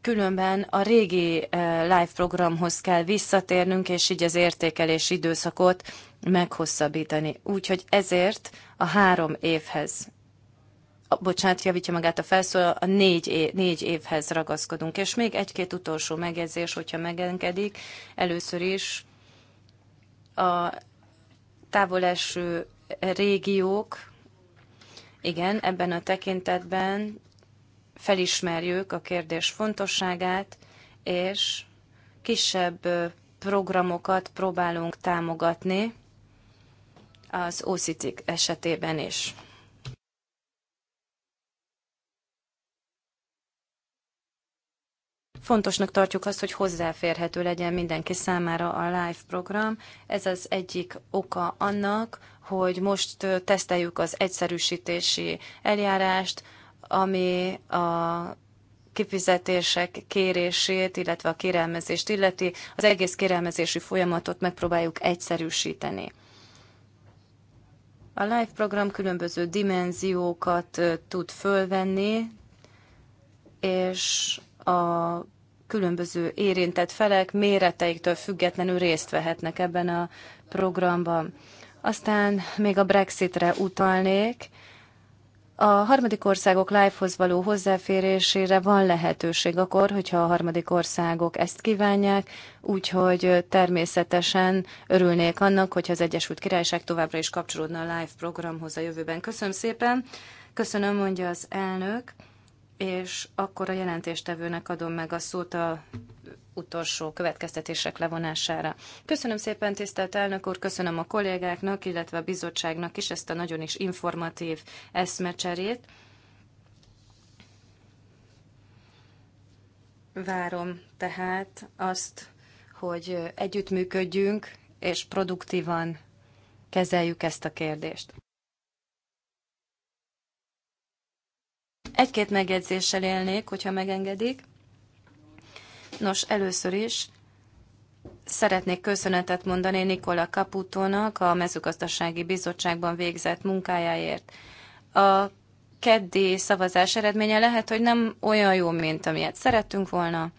Speaker 1: különben a régi eh, live programhoz kell visszatérnünk, és így az értékelési időszakot meghosszabbítani. Úgyhogy ezért a három évhez bocsánat, javítja magát a felszól, a négy, év, négy évhez ragaszkodunk. És még egy-két utolsó megjegyzés, hogyha megengedik. Először is a távoleső régiók, igen, ebben a tekintetben felismerjük a kérdés fontosságát, és kisebb programokat próbálunk támogatni az OCT esetében is. Fontosnak tartjuk azt, hogy hozzáférhető legyen mindenki számára a live program. Ez az egyik oka annak, hogy most teszteljük az egyszerűsítési eljárást, ami a kifizetések kérését, illetve a kérelmezést illeti. Az egész kérelmezési folyamatot megpróbáljuk egyszerűsíteni. A live program különböző dimenziókat tud fölvenni, és a különböző érintett felek méreteiktől függetlenül részt vehetnek ebben a programban. Aztán még a Brexitre utalnék. A harmadik országok live-hoz való hozzáférésére van lehetőség akkor, hogyha a harmadik országok ezt kívánják, úgyhogy természetesen örülnék annak, hogyha az Egyesült Királyság továbbra is kapcsolódna a live programhoz a jövőben. Köszönöm szépen, köszönöm, mondja az elnök és akkor a jelentéstevőnek adom meg a szót a utolsó következtetések levonására. Köszönöm szépen, tisztelt elnök úr, köszönöm a kollégáknak, illetve a bizottságnak is ezt a nagyon is informatív eszmecserét. Várom tehát azt, hogy együttműködjünk, és produktívan kezeljük ezt a kérdést. Egy-két megjegyzéssel élnék, hogyha megengedik. Nos, először is szeretnék köszönetet mondani Nikola Caputónak a mezőgazdasági bizottságban végzett munkájáért. A keddi szavazás eredménye lehet, hogy nem olyan jó, mint amilyet szerettünk volna.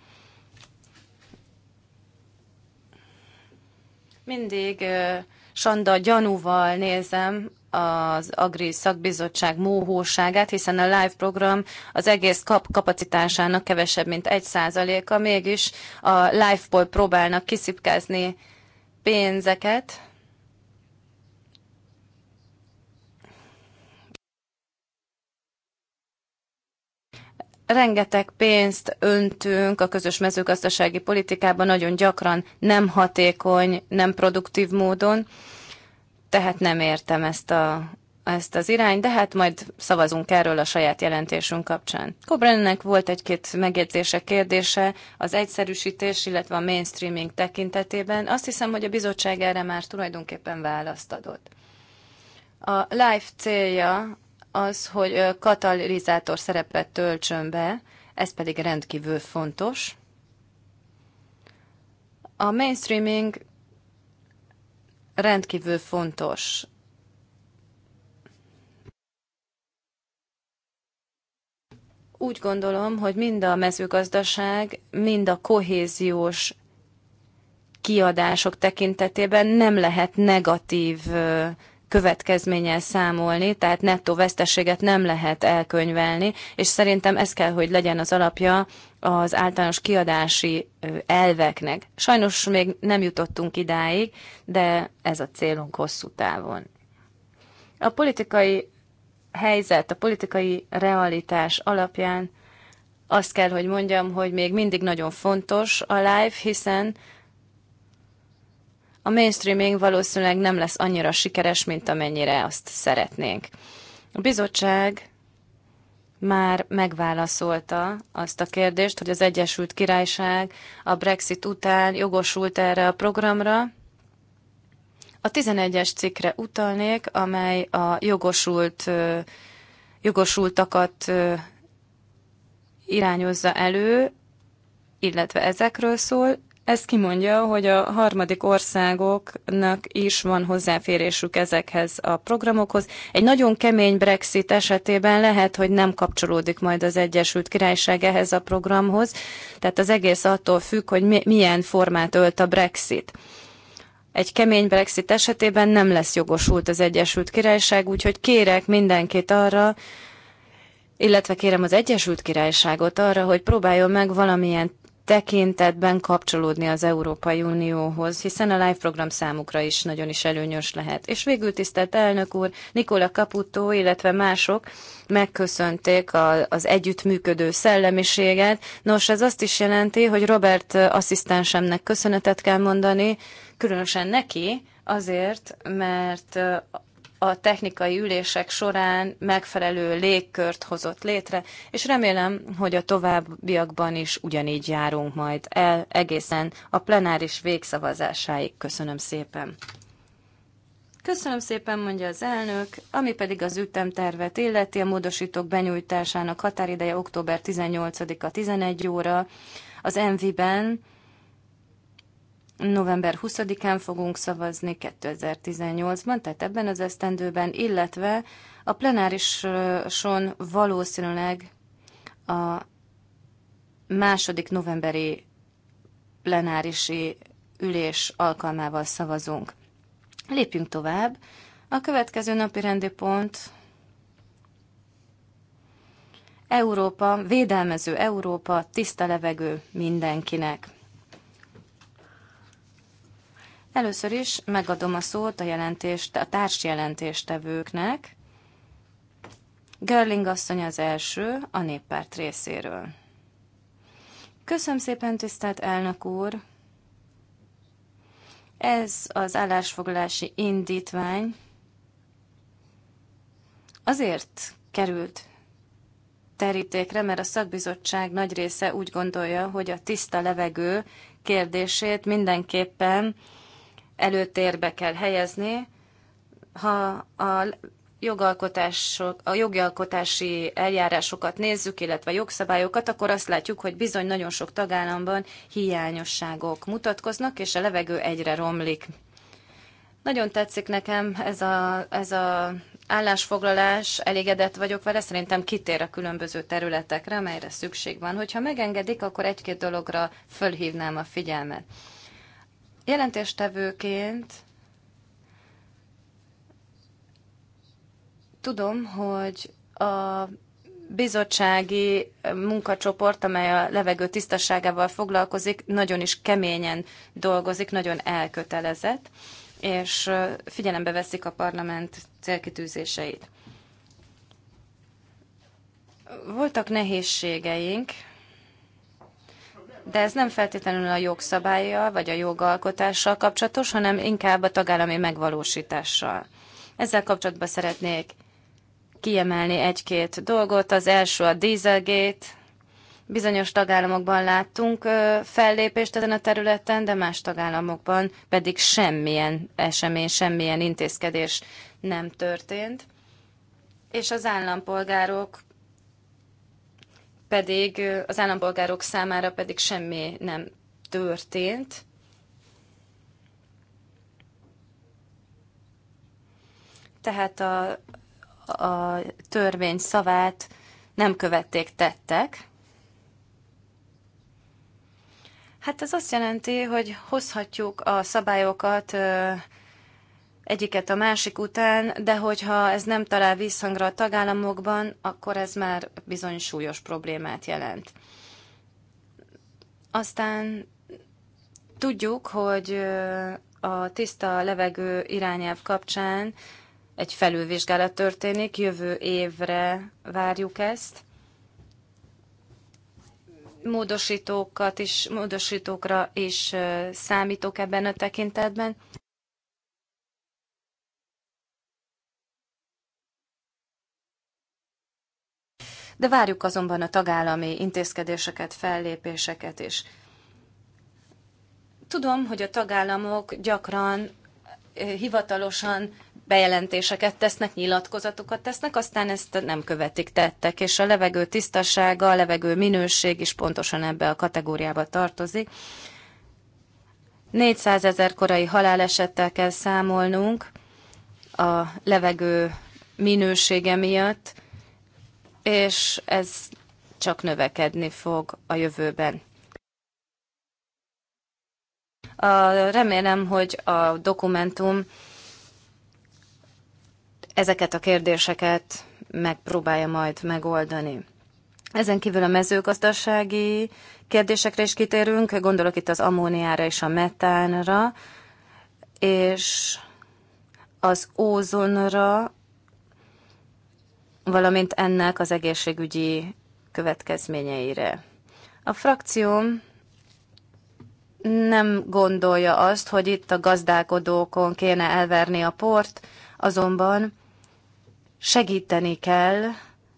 Speaker 1: Mindig Sanda gyanúval nézem az Agri Szakbizottság móhóságát, hiszen a live program az egész kap kapacitásának kevesebb, mint egy százaléka mégis a live-ból próbálnak kiszipkázni pénzeket, rengeteg pénzt öntünk a közös mezőgazdasági politikában nagyon gyakran nem hatékony, nem produktív módon tehát nem értem ezt, a, ezt az irányt, de hát majd szavazunk erről a saját jelentésünk kapcsán. Kobrennek volt egy-két megjegyzése, kérdése az egyszerűsítés, illetve a mainstreaming tekintetében. Azt hiszem, hogy a bizottság erre már tulajdonképpen választ adott. A live célja az, hogy katalizátor szerepet töltsön be, ez pedig rendkívül fontos. A mainstreaming rendkívül fontos. Úgy gondolom, hogy mind a mezőgazdaság, mind a kohéziós kiadások tekintetében nem lehet negatív következménnyel számolni, tehát nettó veszteséget nem lehet elkönyvelni, és szerintem ez kell, hogy legyen az alapja az általános kiadási elveknek. Sajnos még nem jutottunk idáig, de ez a célunk hosszú távon. A politikai helyzet, a politikai realitás alapján azt kell, hogy mondjam, hogy még mindig nagyon fontos a live, hiszen a mainstreaming valószínűleg nem lesz annyira sikeres, mint amennyire azt szeretnénk. A bizottság már megválaszolta azt a kérdést, hogy az Egyesült Királyság a Brexit után jogosult erre a programra. A 11-es cikkre utalnék, amely a jogosult, jogosultakat irányozza elő, illetve ezekről szól, ez kimondja, hogy a harmadik országoknak is van hozzáférésük ezekhez a programokhoz. Egy nagyon kemény Brexit esetében lehet, hogy nem kapcsolódik majd az Egyesült Királyság ehhez a programhoz, tehát az egész attól függ, hogy milyen formát ölt a Brexit. Egy kemény Brexit esetében nem lesz jogosult az Egyesült Királyság, úgyhogy kérek mindenkit arra, illetve kérem az Egyesült Királyságot arra, hogy próbáljon meg valamilyen tekintetben kapcsolódni az Európai Unióhoz, hiszen a Life program számukra is nagyon is előnyös lehet. És végül tisztelt elnök úr, Nikola Caputo, illetve mások megköszönték a, az együttműködő szellemiséget. Nos, ez azt is jelenti, hogy Robert asszisztensemnek köszönetet kell mondani, különösen neki, azért, mert a technikai ülések során megfelelő légkört hozott létre, és remélem, hogy a továbbiakban is ugyanígy járunk majd el egészen a plenáris végszavazásáig. Köszönöm szépen! Köszönöm szépen, mondja az elnök, ami pedig az ütemtervet illeti a módosítók benyújtásának határideje október 18-a 11 óra az MV-ben november 20-án fogunk szavazni 2018-ban, tehát ebben az esztendőben, illetve a plenárison valószínűleg a második novemberi plenárisi ülés alkalmával szavazunk. Lépjünk tovább. A következő napi rendi pont Európa, védelmező Európa, tiszta levegő mindenkinek. Először is megadom a szót a, jelentést, a jelentéstevőknek. Görling asszony az első, a néppárt részéről. Köszönöm szépen, tisztelt elnök úr! Ez az állásfoglalási indítvány azért került terítékre, mert a szakbizottság nagy része úgy gondolja, hogy a tiszta levegő kérdését mindenképpen előtérbe kell helyezni. Ha a jogalkotások, a jogalkotási eljárásokat nézzük, illetve jogszabályokat, akkor azt látjuk, hogy bizony nagyon sok tagállamban hiányosságok mutatkoznak, és a levegő egyre romlik. Nagyon tetszik nekem ez a, ez a állásfoglalás, elégedett vagyok vele, szerintem kitér a különböző területekre, amelyre szükség van. Hogyha megengedik, akkor egy-két dologra fölhívnám a figyelmet. Jelentéstevőként tudom, hogy a bizottsági munkacsoport, amely a levegő tisztaságával foglalkozik, nagyon is keményen dolgozik, nagyon elkötelezett, és figyelembe veszik a parlament célkitűzéseit. Voltak nehézségeink, de ez nem feltétlenül a jogszabálya vagy a jogalkotással kapcsolatos, hanem inkább a tagállami megvalósítással. Ezzel kapcsolatban szeretnék kiemelni egy-két dolgot. Az első a Dieselgate. Bizonyos tagállamokban láttunk fellépést ezen a területen, de más tagállamokban pedig semmilyen esemény, semmilyen intézkedés nem történt. És az állampolgárok pedig az állampolgárok számára pedig semmi nem történt. Tehát a, a törvény szavát nem követték tettek. Hát ez azt jelenti, hogy hozhatjuk a szabályokat egyiket a másik után, de hogyha ez nem talál visszhangra a tagállamokban, akkor ez már bizony súlyos problémát jelent. Aztán tudjuk, hogy a tiszta levegő irányelv kapcsán egy felülvizsgálat történik, jövő évre várjuk ezt. Módosítókat is, módosítókra is számítok ebben a tekintetben. de várjuk azonban a tagállami intézkedéseket, fellépéseket is. Tudom, hogy a tagállamok gyakran eh, hivatalosan bejelentéseket tesznek, nyilatkozatokat tesznek, aztán ezt nem követik tettek, és a levegő tisztasága, a levegő minőség is pontosan ebbe a kategóriába tartozik. 400 ezer korai halálesettel kell számolnunk a levegő minősége miatt, és ez csak növekedni fog a jövőben. A, remélem, hogy a dokumentum ezeket a kérdéseket megpróbálja majd megoldani. Ezen kívül a mezőgazdasági kérdésekre is kitérünk, gondolok itt az ammóniára és a metánra, és az ózonra, valamint ennek az egészségügyi következményeire. A frakció nem gondolja azt, hogy itt a gazdálkodókon kéne elverni a port, azonban segíteni kell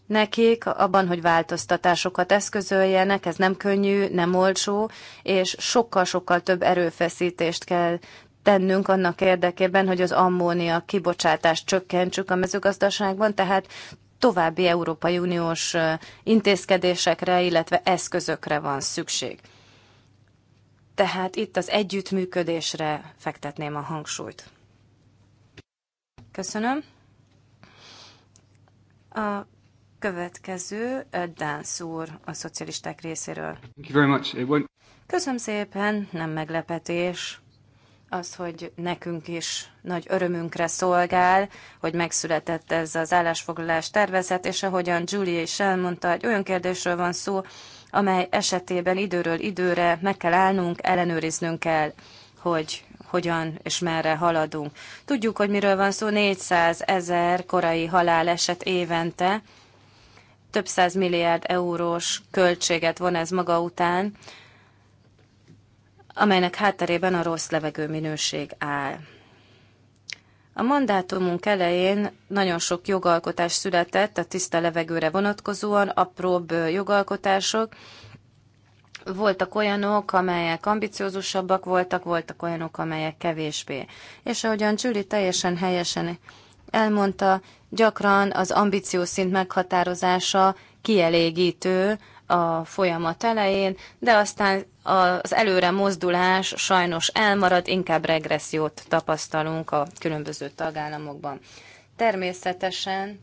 Speaker 1: nekik abban, hogy változtatásokat eszközöljenek, ez nem könnyű, nem olcsó, és sokkal-sokkal több erőfeszítést kell tennünk annak érdekében, hogy az ammónia kibocsátást csökkentsük a mezőgazdaságban, tehát további Európai Uniós intézkedésekre, illetve eszközökre van szükség. Tehát itt az együttműködésre fektetném a hangsúlyt. Köszönöm. A következő Eddán szúr a szocialisták részéről. Köszönöm szépen, nem meglepetés az, hogy nekünk is nagy örömünkre szolgál, hogy megszületett ez az állásfoglalás tervezet, és ahogyan Julie is elmondta, egy olyan kérdésről van szó, amely esetében időről időre meg kell állnunk, ellenőriznünk kell, hogy hogyan és merre haladunk. Tudjuk, hogy miről van szó, 400 ezer korai haláleset évente, több száz milliárd eurós költséget von ez maga után, amelynek hátterében a rossz levegő minőség áll. A mandátumunk elején nagyon sok jogalkotás született a tiszta levegőre vonatkozóan, apróbb jogalkotások. Voltak olyanok, amelyek ambiciózusabbak voltak, voltak olyanok, amelyek kevésbé. És ahogyan Csüli teljesen helyesen elmondta, gyakran az szint meghatározása kielégítő a folyamat elején, de aztán az előre mozdulás sajnos elmarad, inkább regressziót tapasztalunk a különböző tagállamokban. Természetesen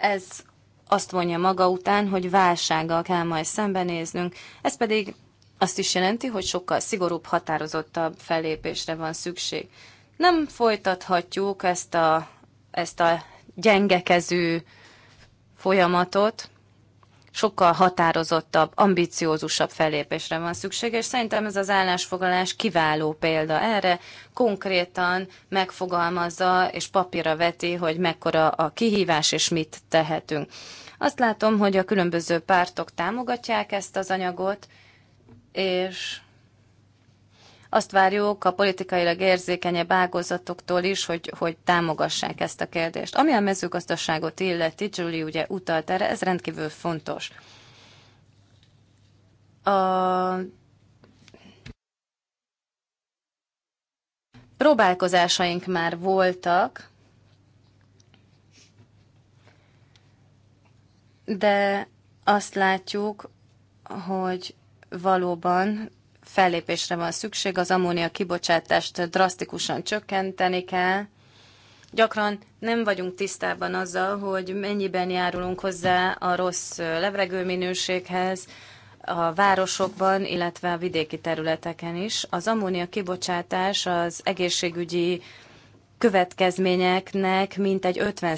Speaker 1: ez azt vonja maga után, hogy válsággal kell majd szembenéznünk, ez pedig azt is jelenti, hogy sokkal szigorúbb, határozottabb fellépésre van szükség. Nem folytathatjuk ezt a, ezt a gyengekező folyamatot, sokkal határozottabb, ambiciózusabb fellépésre van szükség, és szerintem ez az állásfoglalás kiváló példa erre, konkrétan megfogalmazza és papírra veti, hogy mekkora a kihívás és mit tehetünk. Azt látom, hogy a különböző pártok támogatják ezt az anyagot, és azt várjuk a politikailag érzékenyebb ágazatoktól is, hogy, hogy támogassák ezt a kérdést. Ami a mezőgazdaságot illeti, Julie ugye utalt erre, ez rendkívül fontos. A próbálkozásaink már voltak, de azt látjuk, hogy valóban fellépésre van szükség, az ammónia kibocsátást drasztikusan csökkenteni kell. Gyakran nem vagyunk tisztában azzal, hogy mennyiben járulunk hozzá a rossz minőséghez a városokban, illetve a vidéki területeken is. Az ammónia kibocsátás az egészségügyi következményeknek mintegy 50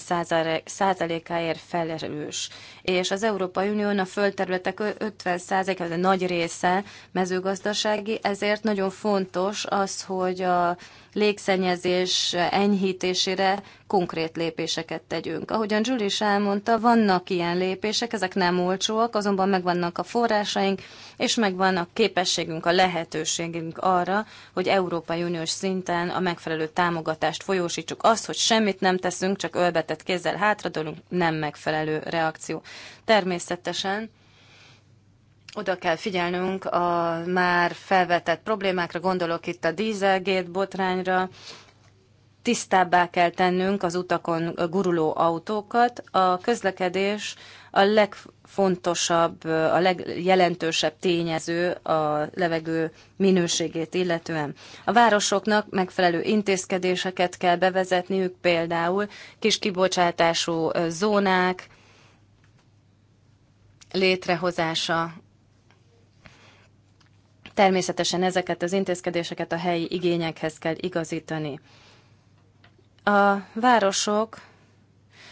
Speaker 1: százalékáért felelős és az Európai Unión a földterületek 50%-a, a nagy része mezőgazdasági, ezért nagyon fontos az, hogy a légszennyezés enyhítésére konkrét lépéseket tegyünk. Ahogyan Julie is elmondta, vannak ilyen lépések, ezek nem olcsóak, azonban megvannak a forrásaink, és megvan a képességünk, a lehetőségünk arra, hogy Európai Uniós szinten a megfelelő támogatást folyósítsuk. Az, hogy semmit nem teszünk, csak ölbetett kézzel hátradolunk, nem megfelelő reakció. Természetesen oda kell figyelnünk a már felvetett problémákra, gondolok itt a Dieselgate botrányra, tisztábbá kell tennünk az utakon guruló autókat. A közlekedés a legfontosabb, a legjelentősebb tényező a levegő minőségét illetően. A városoknak megfelelő intézkedéseket kell bevezetniük, például kis kibocsátású zónák, létrehozása. Természetesen ezeket az intézkedéseket a helyi igényekhez kell igazítani. A városok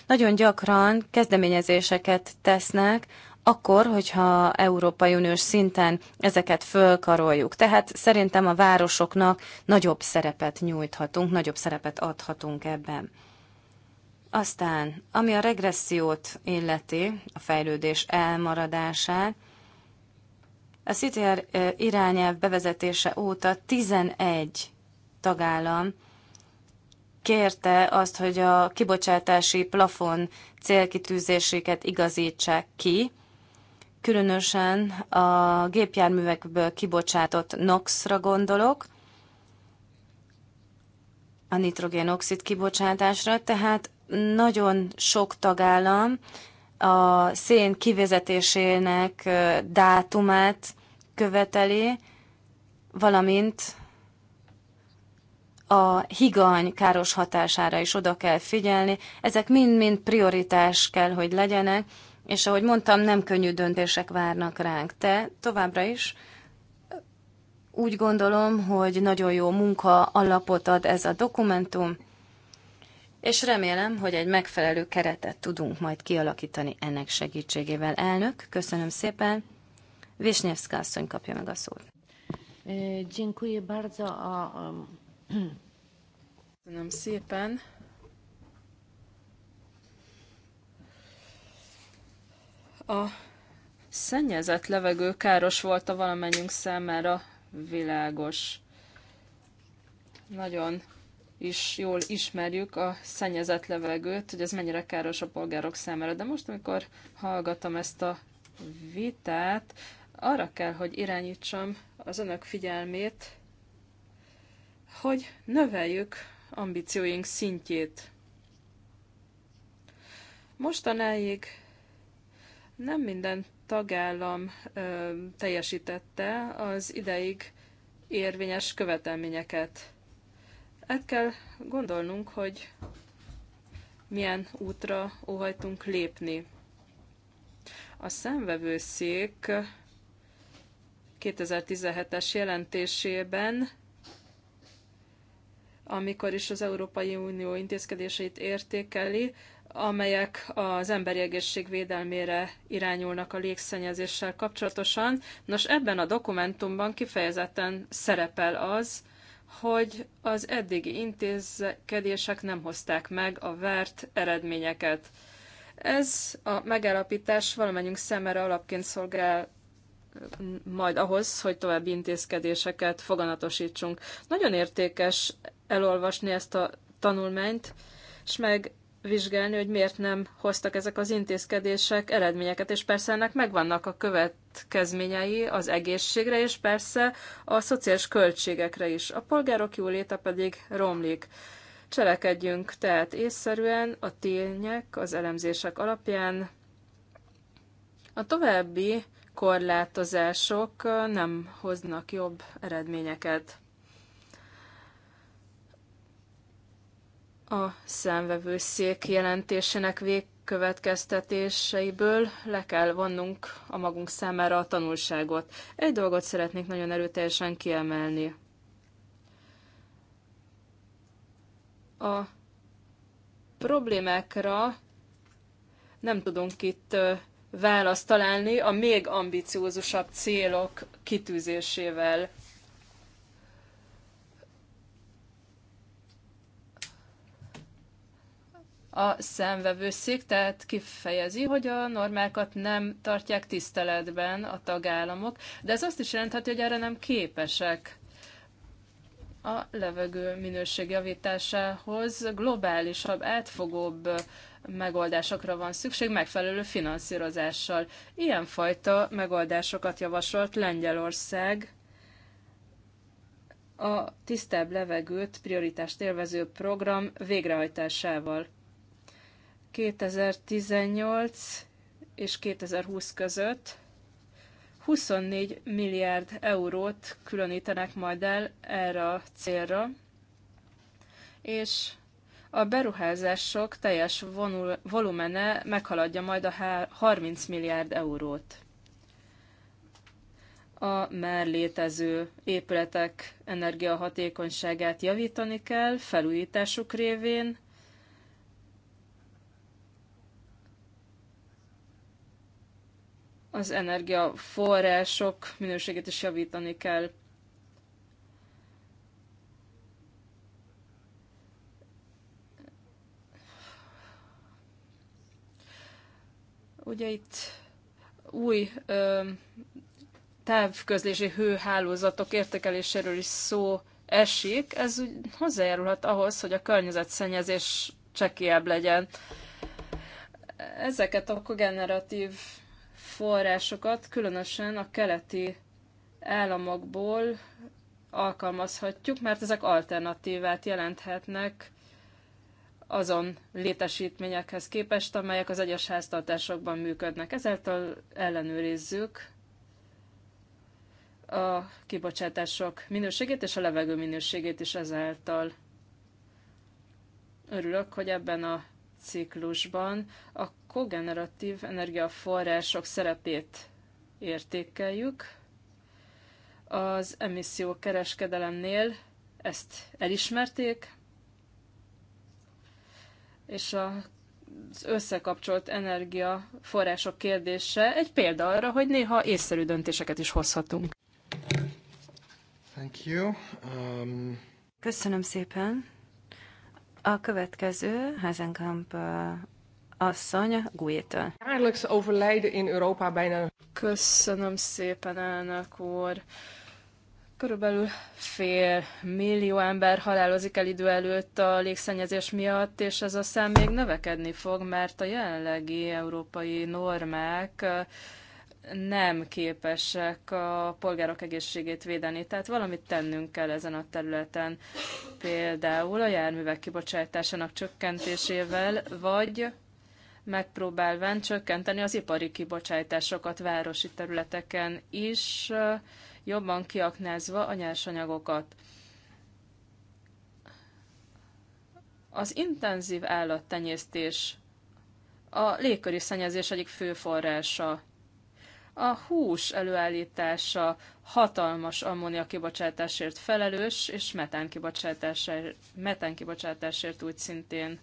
Speaker 1: nagyon gyakran kezdeményezéseket tesznek, akkor, hogyha Európai Uniós szinten ezeket fölkaroljuk. Tehát szerintem a városoknak nagyobb szerepet nyújthatunk, nagyobb szerepet adhatunk ebben. Aztán, ami a regressziót illeti, a fejlődés elmaradását, a CTR irányelv bevezetése óta 11 tagállam kérte azt, hogy a kibocsátási plafon célkitűzéséket igazítsák ki, különösen a gépjárművekből kibocsátott NOx-ra gondolok, a nitrogénoxid kibocsátásra, tehát nagyon sok tagállam a szén kivezetésének dátumát követeli, valamint a higany káros hatására is oda kell figyelni. Ezek mind-mind prioritás kell, hogy legyenek, és ahogy mondtam, nem könnyű döntések várnak ránk. Te továbbra is úgy gondolom, hogy nagyon jó munka alapot ad ez a dokumentum, és remélem, hogy egy megfelelő keretet tudunk majd kialakítani ennek segítségével. Elnök, köszönöm szépen. Visnyevszka asszony kapja meg a szót.
Speaker 2: A, Köszönöm szépen.
Speaker 3: A szennyezett levegő káros volt a valamennyünk számára világos. Nagyon is jól ismerjük a szennyezett levegőt, hogy ez mennyire káros a polgárok számára. De most, amikor hallgatom ezt a vitát, arra kell, hogy irányítsam az önök figyelmét, hogy növeljük ambícióink szintjét. Mostanáig nem minden tagállam ö, teljesítette az ideig érvényes követelményeket el kell gondolnunk, hogy milyen útra óhajtunk lépni. A szemvevőszék 2017-es jelentésében, amikor is az Európai Unió intézkedéseit értékeli, amelyek az emberi egészség védelmére irányulnak a légszennyezéssel kapcsolatosan. Nos, ebben a dokumentumban kifejezetten szerepel az, hogy az eddigi intézkedések nem hozták meg a várt eredményeket. Ez a megállapítás valamennyünk szemére alapként szolgál majd ahhoz, hogy további intézkedéseket foganatosítsunk. Nagyon értékes elolvasni ezt a tanulmányt, és meg vizsgálni, hogy miért nem hoztak ezek az intézkedések eredményeket, és persze ennek megvannak a következményei az egészségre, és persze a szociális költségekre is. A polgárok jóléte pedig romlik. Cselekedjünk tehát észszerűen a tények, az elemzések alapján. A további korlátozások nem hoznak jobb eredményeket. a számvevőszék jelentésének végkövetkeztetéseiből le kell vonnunk a magunk számára a tanulságot. Egy dolgot szeretnék nagyon erőteljesen kiemelni. A problémákra nem tudunk itt választ találni a még ambiciózusabb célok kitűzésével. a szemvevőszék, tehát kifejezi, hogy a normákat nem tartják tiszteletben a tagállamok, de ez azt is jelentheti, hogy erre nem képesek a levegő minőség javításához globálisabb, átfogóbb megoldásokra van szükség, megfelelő finanszírozással. Ilyenfajta megoldásokat javasolt Lengyelország a tisztább levegőt prioritást élvező program végrehajtásával. 2018 és 2020 között 24 milliárd eurót különítenek majd el erre a célra, és a beruházások teljes vonul, volumene meghaladja majd a 30 milliárd eurót. A már létező épületek energiahatékonyságát javítani kell felújításuk révén, az energiaforrások minőségét is javítani kell. Ugye itt új ö, távközlési hőhálózatok értékeléséről is szó esik, ez úgy hozzájárulhat ahhoz, hogy a környezetszennyezés csekélyebb legyen. Ezeket a generatív forrásokat, különösen a keleti államokból alkalmazhatjuk, mert ezek alternatívát jelenthetnek azon létesítményekhez képest, amelyek az egyes háztartásokban működnek. Ezáltal ellenőrizzük a kibocsátások minőségét és a levegő minőségét is ezáltal. Örülök, hogy ebben a ciklusban a kogeneratív energiaforrások szerepét értékeljük. Az kereskedelemnél ezt elismerték, és a az összekapcsolt energiaforrások kérdése egy példa arra, hogy néha észszerű döntéseket is hozhatunk.
Speaker 1: Thank you. Um... Köszönöm szépen. A következő Hazenkamp uh, asszony Gújétől.
Speaker 2: Jaarlijks overlijden
Speaker 3: in Európa bijna. Köszönöm szépen, elnök úr. Körülbelül fél millió ember halálozik el idő előtt a légszennyezés miatt, és ez a szám még növekedni fog, mert a jelenlegi európai normák uh, nem képesek a polgárok egészségét védeni. Tehát valamit tennünk kell ezen a területen, például a járművek kibocsátásának csökkentésével, vagy megpróbálván csökkenteni az ipari kibocsátásokat városi területeken is, jobban kiaknázva a nyersanyagokat. Az intenzív állattenyésztés a légköri szennyezés egyik fő forrása a hús előállítása hatalmas ammóniakibocsátásért felelős, és metánkibocsátásért, metánkibocsátásért úgy szintén.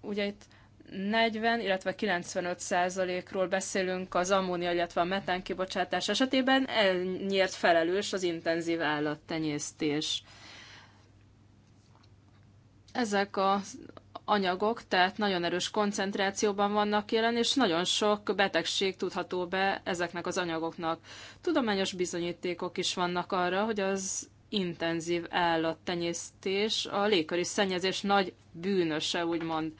Speaker 3: Ugye itt 40, illetve 95 százalékról beszélünk az ammónia, illetve a metán kibocsátás esetében, ennyiért felelős az intenzív állattenyésztés. Ezek a anyagok, tehát nagyon erős koncentrációban vannak jelen, és nagyon sok betegség tudható be ezeknek az anyagoknak. Tudományos bizonyítékok is vannak arra, hogy az intenzív állattenyésztés a légköri szennyezés nagy bűnöse, úgymond.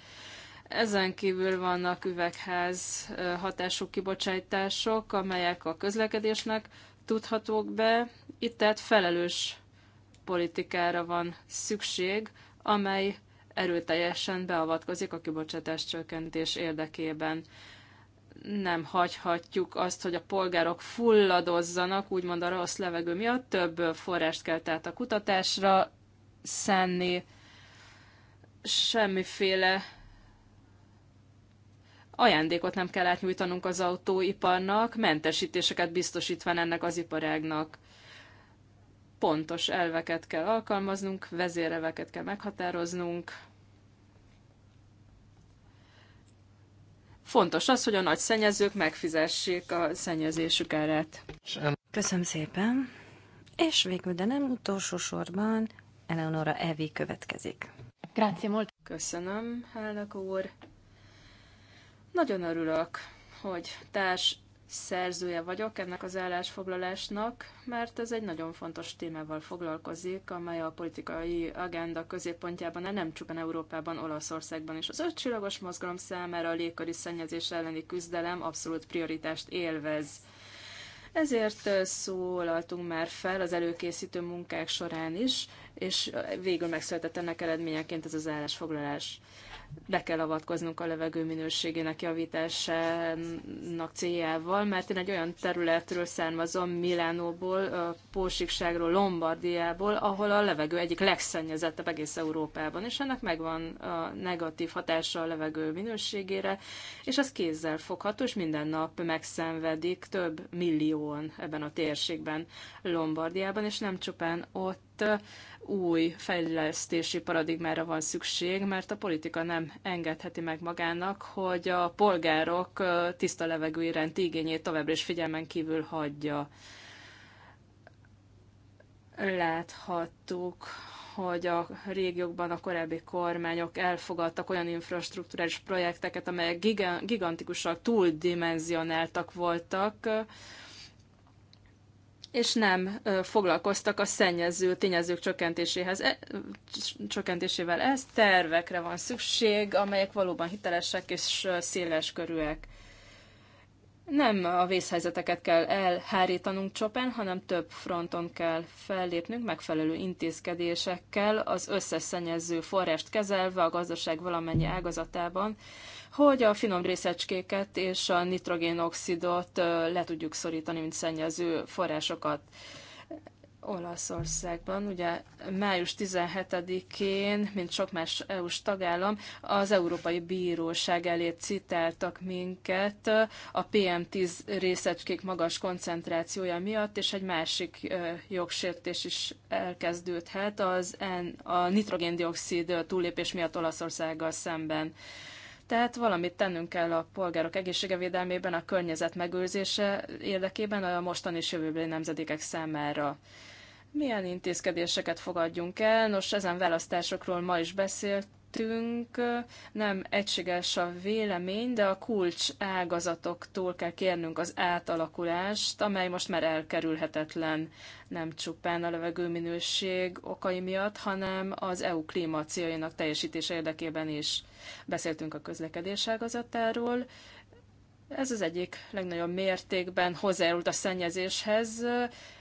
Speaker 3: Ezen kívül vannak üvegház hatású kibocsátások, amelyek a közlekedésnek tudhatók be. Itt tehát felelős politikára van szükség, amely erőteljesen beavatkozik a kibocsátás csökkentés érdekében. Nem hagyhatjuk azt, hogy a polgárok fulladozzanak, úgymond a rossz levegő miatt, több forrást kell tehát a kutatásra szenni, semmiféle ajándékot nem kell átnyújtanunk az autóiparnak, mentesítéseket biztosítva ennek az iparágnak pontos elveket kell alkalmaznunk, vezéreveket kell meghatároznunk. Fontos az, hogy a nagy szennyezők megfizessék a szennyezésük árát.
Speaker 1: Köszönöm szépen. És végül, de nem utolsó sorban, Eleonora Evi következik. Grazie
Speaker 3: molto. Köszönöm, elnök úr. Nagyon örülök, hogy társ szerzője vagyok ennek az állásfoglalásnak, mert ez egy nagyon fontos témával foglalkozik, amely a politikai agenda középpontjában, de nem csupán Európában, Olaszországban is. Az ötcsillagos mozgalom számára a légköri szennyezés elleni küzdelem abszolút prioritást élvez. Ezért szólaltunk már fel az előkészítő munkák során is, és végül megszületett ennek eredményeként ez az állásfoglalás be kell avatkoznunk a levegő minőségének javításának céljával, mert én egy olyan területről származom, Milánóból, Pósikságról, Lombardiából, ahol a levegő egyik legszennyezettebb egész Európában, és ennek megvan a negatív hatása a levegő minőségére, és az kézzel fogható, és minden nap megszenvedik több millióan ebben a térségben, Lombardiában, és nem csupán ott, itt új fejlesztési paradigmára van szükség, mert a politika nem engedheti meg magának, hogy a polgárok tiszta levegő iránti igényét továbbra is figyelmen kívül hagyja. Láthattuk, hogy a régiókban a korábbi kormányok elfogadtak olyan infrastruktúrális projekteket, amelyek gigantikusak, túldimenzionáltak voltak, és nem foglalkoztak a szennyező tényezők csökkentéséhez, e, csökkentésével. Ez tervekre van szükség, amelyek valóban hitelesek és széles körűek. Nem a vészhelyzeteket kell elhárítanunk csopen, hanem több fronton kell fellépnünk megfelelő intézkedésekkel, az összes szennyező forrást kezelve a gazdaság valamennyi ágazatában, hogy a finom részecskéket és a nitrogénoxidot le tudjuk szorítani, mint szennyező forrásokat. Olaszországban, ugye május 17-én, mint sok más EU-s tagállam, az Európai Bíróság elé citáltak minket a PM10 részecskék magas koncentrációja miatt, és egy másik jogsértés is elkezdődhet az en a nitrogéndioxid túllépés miatt Olaszországgal szemben. Tehát valamit tennünk kell a polgárok védelmében, a környezet megőrzése érdekében a mostani és jövőbeli nemzedékek számára. Milyen intézkedéseket fogadjunk el? Nos, ezen választásokról ma is beszélt szerintünk nem egységes a vélemény, de a kulcs ágazatoktól kell kérnünk az átalakulást, amely most már elkerülhetetlen nem csupán a levegőminőség okai miatt, hanem az EU klíma teljesítése érdekében is. Beszéltünk a közlekedés ágazatáról, ez az egyik legnagyobb mértékben hozzájárult a szennyezéshez,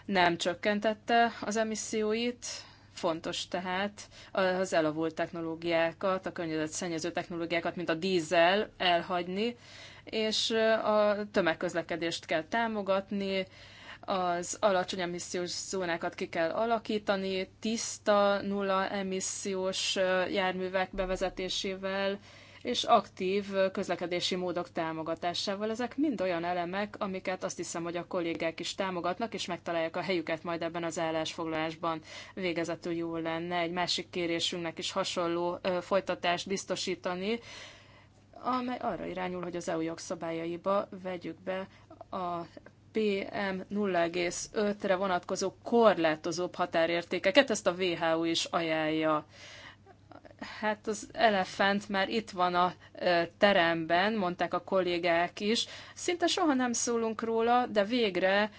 Speaker 3: nem csökkentette az emisszióit, Fontos tehát az elavult technológiákat, a környezetszennyező technológiákat, mint a dízel elhagyni, és a tömegközlekedést kell támogatni, az alacsony emissziós zónákat ki kell alakítani, tiszta, nulla emissziós járművek bevezetésével, és aktív közlekedési módok támogatásával. Ezek mind olyan elemek, amiket azt hiszem, hogy a kollégák is támogatnak, és megtalálják a helyüket majd ebben az állásfoglalásban. Végezetül jó lenne egy másik kérésünknek is hasonló folytatást biztosítani, amely arra irányul, hogy az EU jogszabályaiba vegyük be a PM 0,5-re vonatkozó korlátozóbb határértékeket, ezt a WHO is ajánlja. Hát az elefánt már itt van a teremben, mondták a kollégák is. Szinte soha nem szólunk róla, de végre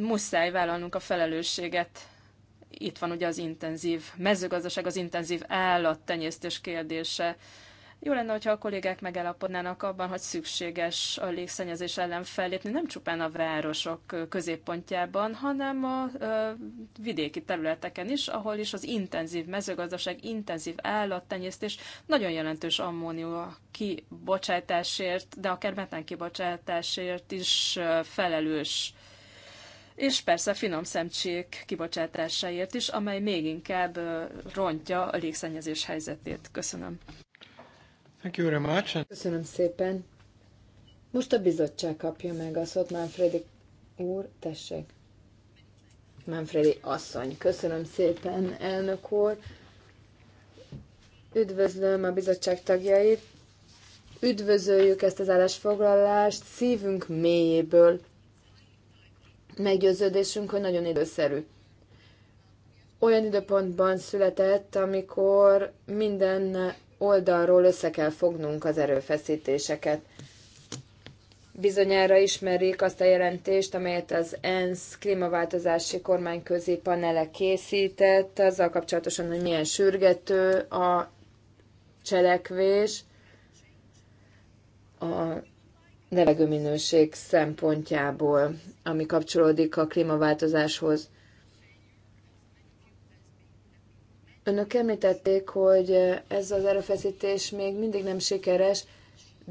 Speaker 3: muszáj vállalnunk a felelősséget. Itt van ugye az intenzív mezőgazdaság, az intenzív állattenyésztés kérdése. Jó lenne, hogyha a kollégák megállapodnának abban, hogy szükséges a légszennyezés ellen fellépni, nem csupán a városok középpontjában, hanem a ö, vidéki területeken is, ahol is az intenzív mezőgazdaság, intenzív állattenyésztés nagyon jelentős ammónia kibocsátásért, de akár metán kibocsátásért is felelős és persze finom szemcsék kibocsátásáért is, amely még inkább rontja a légszennyezés
Speaker 2: helyzetét. Köszönöm. Thank you very much. Köszönöm szépen. Most a bizottság kapja meg a szót, Manfredi úr, tessék. Manfredi asszony, köszönöm szépen, elnök úr. Üdvözlöm a bizottság tagjait. Üdvözöljük ezt az állásfoglalást szívünk mélyéből. Meggyőződésünk, hogy nagyon időszerű. Olyan időpontban született, amikor minden oldalról össze kell fognunk az erőfeszítéseket. Bizonyára ismerik azt a jelentést, amelyet az ENSZ klímaváltozási kormányközi panele készített, azzal kapcsolatosan, hogy milyen sürgető a cselekvés a levegőminőség szempontjából, ami kapcsolódik a klímaváltozáshoz. Önök említették, hogy ez az erőfeszítés még mindig nem sikeres,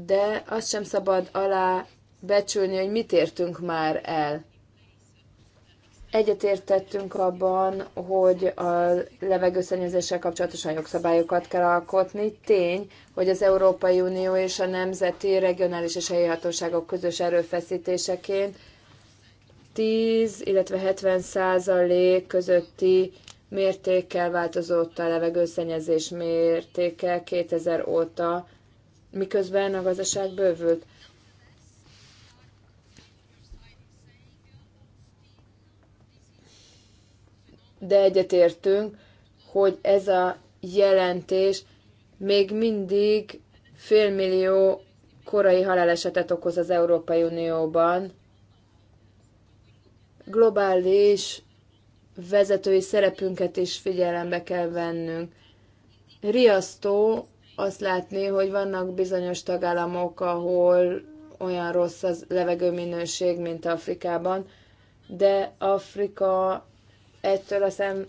Speaker 2: de azt sem szabad alá becsülni, hogy mit értünk már el. Egyetértettünk abban, hogy a levegőszennyezéssel kapcsolatosan jogszabályokat kell alkotni. Tény, hogy az Európai Unió és a nemzeti, regionális és helyi hatóságok közös erőfeszítéseként 10, illetve 70 százalék közötti mértékkel változott a levegőszennyezés mértéke 2000 óta, miközben a gazdaság bővült. De egyetértünk, hogy ez a jelentés még mindig félmillió korai halálesetet okoz az Európai Unióban. Globális vezetői szerepünket is figyelembe kell vennünk. Riasztó azt látni, hogy vannak bizonyos tagállamok, ahol olyan rossz az levegőminőség, mint Afrikában, de Afrika ettől a szem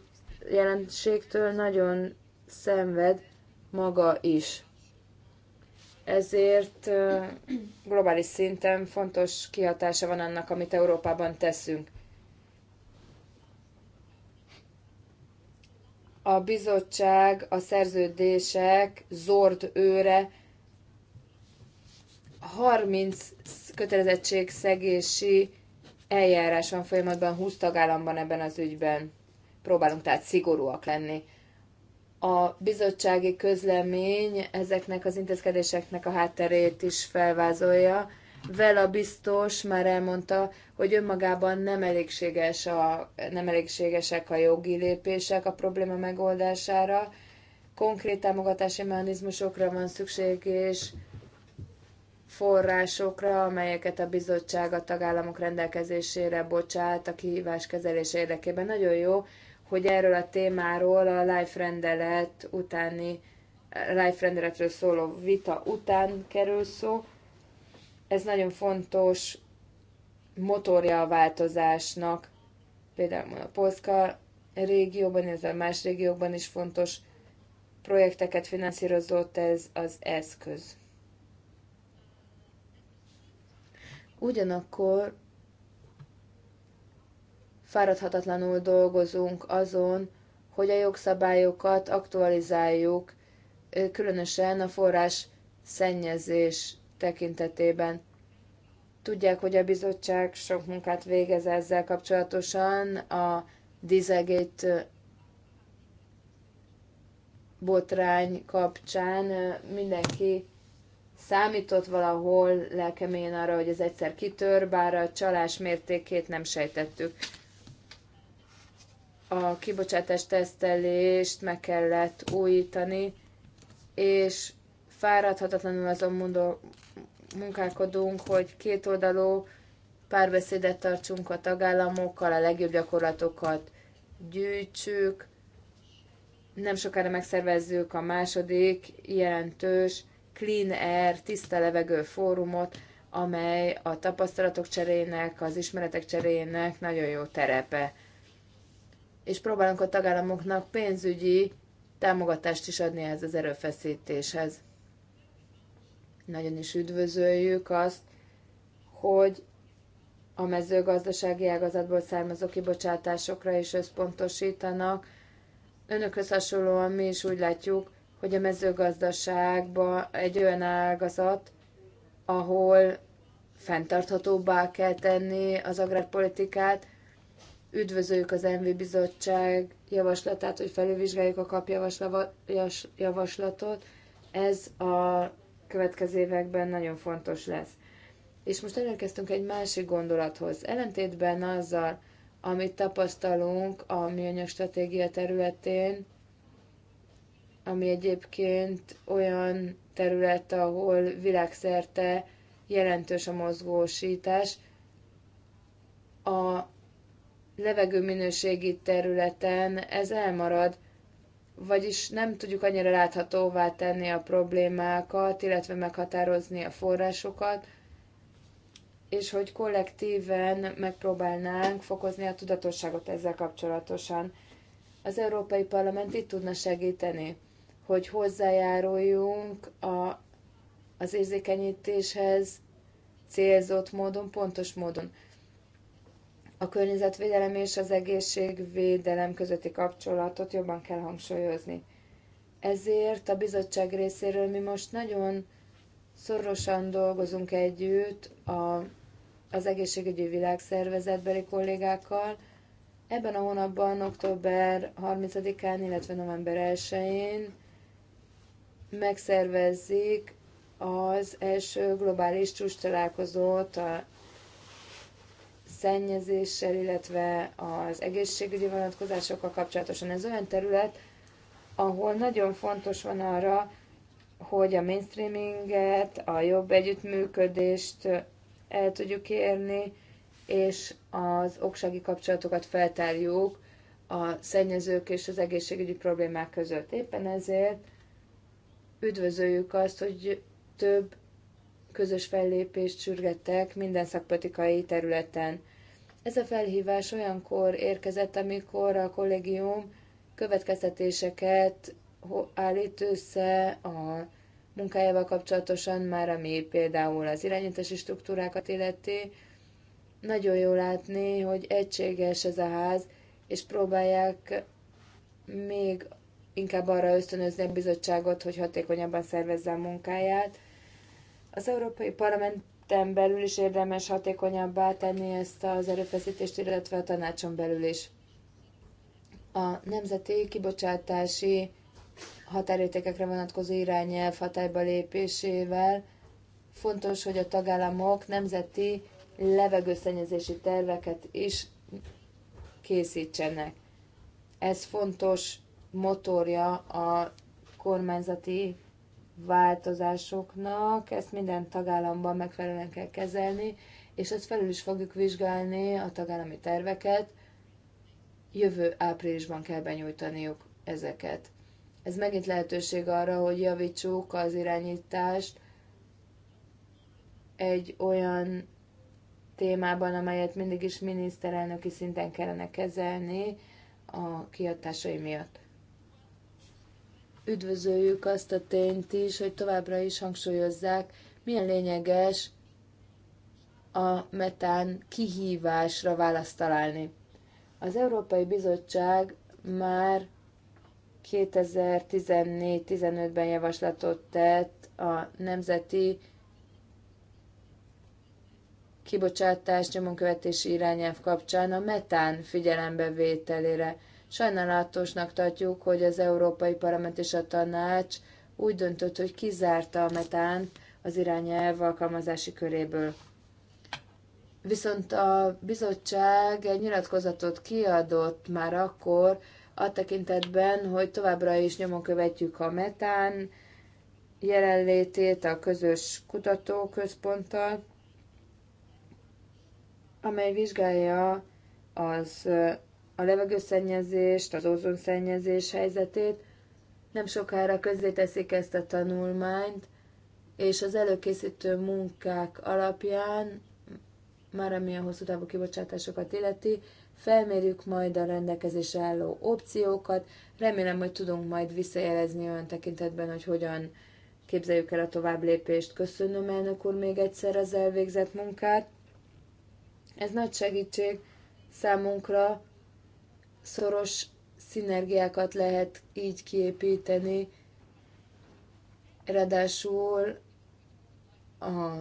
Speaker 2: jelenségtől nagyon szenved maga is. Ezért globális szinten fontos kihatása van annak, amit Európában teszünk. a bizottság a szerződések zord őre 30 kötelezettségszegési eljárás van folyamatban 20 tagállamban ebben az ügyben. Próbálunk tehát szigorúak lenni. A bizottsági közlemény ezeknek az intézkedéseknek a hátterét is felvázolja, Vela biztos már elmondta, hogy önmagában nem, elégséges a, nem elégségesek a jogi lépések a probléma megoldására, konkrét támogatási mechanizmusokra van szükség, és forrásokra, amelyeket a bizottság a tagállamok rendelkezésére bocsát a kihívás kezelés érdekében. Nagyon jó, hogy erről a témáról a life rendelet utáni, life rendeletről szóló vita után kerül szó. Ez nagyon fontos motorja a változásnak, például a Polska régióban, illetve más régiókban is fontos projekteket finanszírozott ez az eszköz. Ugyanakkor fáradhatatlanul dolgozunk azon, hogy a jogszabályokat aktualizáljuk, különösen a forrás szennyezés tekintetében. Tudják, hogy a bizottság sok munkát végez ezzel kapcsolatosan. A Dizegét uh, botrány kapcsán uh, mindenki számított valahol lelkemén arra, hogy ez egyszer kitör, bár a csalás mértékét nem sejtettük. A kibocsátás tesztelést meg kellett újítani, és Fáradhatatlanul azon mondó, munkálkodunk, hogy kétoldalú párbeszédet tartsunk a tagállamokkal, a legjobb gyakorlatokat gyűjtsük, nem sokára megszervezzük a második jelentős Clean Air, tiszta levegő fórumot, amely a tapasztalatok cserének, az ismeretek cserének nagyon jó terepe. És próbálunk a tagállamoknak pénzügyi támogatást is adni ez az erőfeszítéshez. Nagyon is üdvözöljük azt, hogy a mezőgazdasági ágazatból származó kibocsátásokra is összpontosítanak. Önökhöz hasonlóan mi is úgy látjuk, hogy a mezőgazdaságban egy olyan ágazat, ahol fenntarthatóbbá kell tenni az agrárpolitikát. Üdvözöljük az ENVI bizottság javaslatát, hogy felülvizsgáljuk a kapjavaslatot. Ez a következő években nagyon fontos lesz. És most elérkeztünk egy másik gondolathoz. Ellentétben azzal, amit tapasztalunk a műanyag stratégia területén, ami egyébként olyan terület, ahol világszerte jelentős a mozgósítás, a levegő minőségi területen ez elmarad vagyis nem tudjuk annyira láthatóvá tenni a problémákat, illetve meghatározni a forrásokat, és hogy kollektíven megpróbálnánk fokozni a tudatosságot ezzel kapcsolatosan. Az Európai Parlament itt tudna segíteni, hogy hozzájáruljunk a, az érzékenyítéshez célzott módon, pontos módon. A környezetvédelem és az egészségvédelem közötti kapcsolatot jobban kell hangsúlyozni. Ezért a bizottság részéről mi most nagyon szorosan dolgozunk együtt a, az egészségügyi világszervezetbeli kollégákkal. Ebben a hónapban, október 30-án, illetve november 1-én megszervezzük az első globális csúcs találkozót szennyezéssel, illetve az egészségügyi vonatkozásokkal kapcsolatosan. Ez olyan terület, ahol nagyon fontos van arra, hogy a mainstreaminget, a jobb együttműködést el tudjuk érni, és az oksági kapcsolatokat feltárjuk a szennyezők és az egészségügyi problémák között. Éppen ezért üdvözöljük azt, hogy több közös fellépést sürgettek minden szakpolitikai területen. Ez a felhívás olyankor érkezett, amikor a kollégium következtetéseket állít össze a munkájával kapcsolatosan már, ami például az irányítási struktúrákat illeti. Nagyon jó látni, hogy egységes ez a ház, és próbálják még inkább arra ösztönözni a bizottságot, hogy hatékonyabban szervezze a munkáját. Az Európai Parlamenten belül is érdemes hatékonyabbá tenni ezt az erőfeszítést, illetve a tanácson belül is. A nemzeti kibocsátási határértékekre vonatkozó irányelv hatályba lépésével fontos, hogy a tagállamok nemzeti levegőszennyezési terveket is készítsenek. Ez fontos motorja a kormányzati változásoknak, ezt minden tagállamban megfelelően kell kezelni, és ezt felül is fogjuk vizsgálni a tagállami terveket. Jövő áprilisban kell benyújtaniuk ezeket. Ez megint lehetőség arra, hogy javítsuk az irányítást egy olyan témában, amelyet mindig is miniszterelnöki szinten kellene kezelni a kiadásai miatt. Üdvözöljük azt a tényt is, hogy továbbra is hangsúlyozzák, milyen lényeges a metán kihívásra választ találni. Az Európai Bizottság már 2014-15-ben javaslatot tett a nemzeti kibocsátás nyomonkövetési irányelv kapcsán a metán figyelembevételére. Sajnálatosnak tartjuk, hogy az Európai Parlament és a Tanács úgy döntött, hogy kizárta a metán az irányelv alkalmazási köréből. Viszont a bizottság egy nyilatkozatot kiadott már akkor, a tekintetben, hogy továbbra is nyomon követjük a metán jelenlétét a közös kutatóközponttal, amely vizsgálja az a levegőszennyezést, az ozonszennyezés helyzetét. Nem sokára közzéteszik ezt a tanulmányt, és az előkészítő munkák alapján, már ami a hosszú távú kibocsátásokat illeti, felmérjük majd a rendelkezés álló opciókat, remélem, hogy tudunk majd visszajelezni olyan tekintetben, hogy hogyan képzeljük el a tovább lépést. Köszönöm, elnök úr, még egyszer az elvégzett munkát. Ez nagy segítség számunkra, szoros szinergiákat lehet így kiépíteni, ráadásul a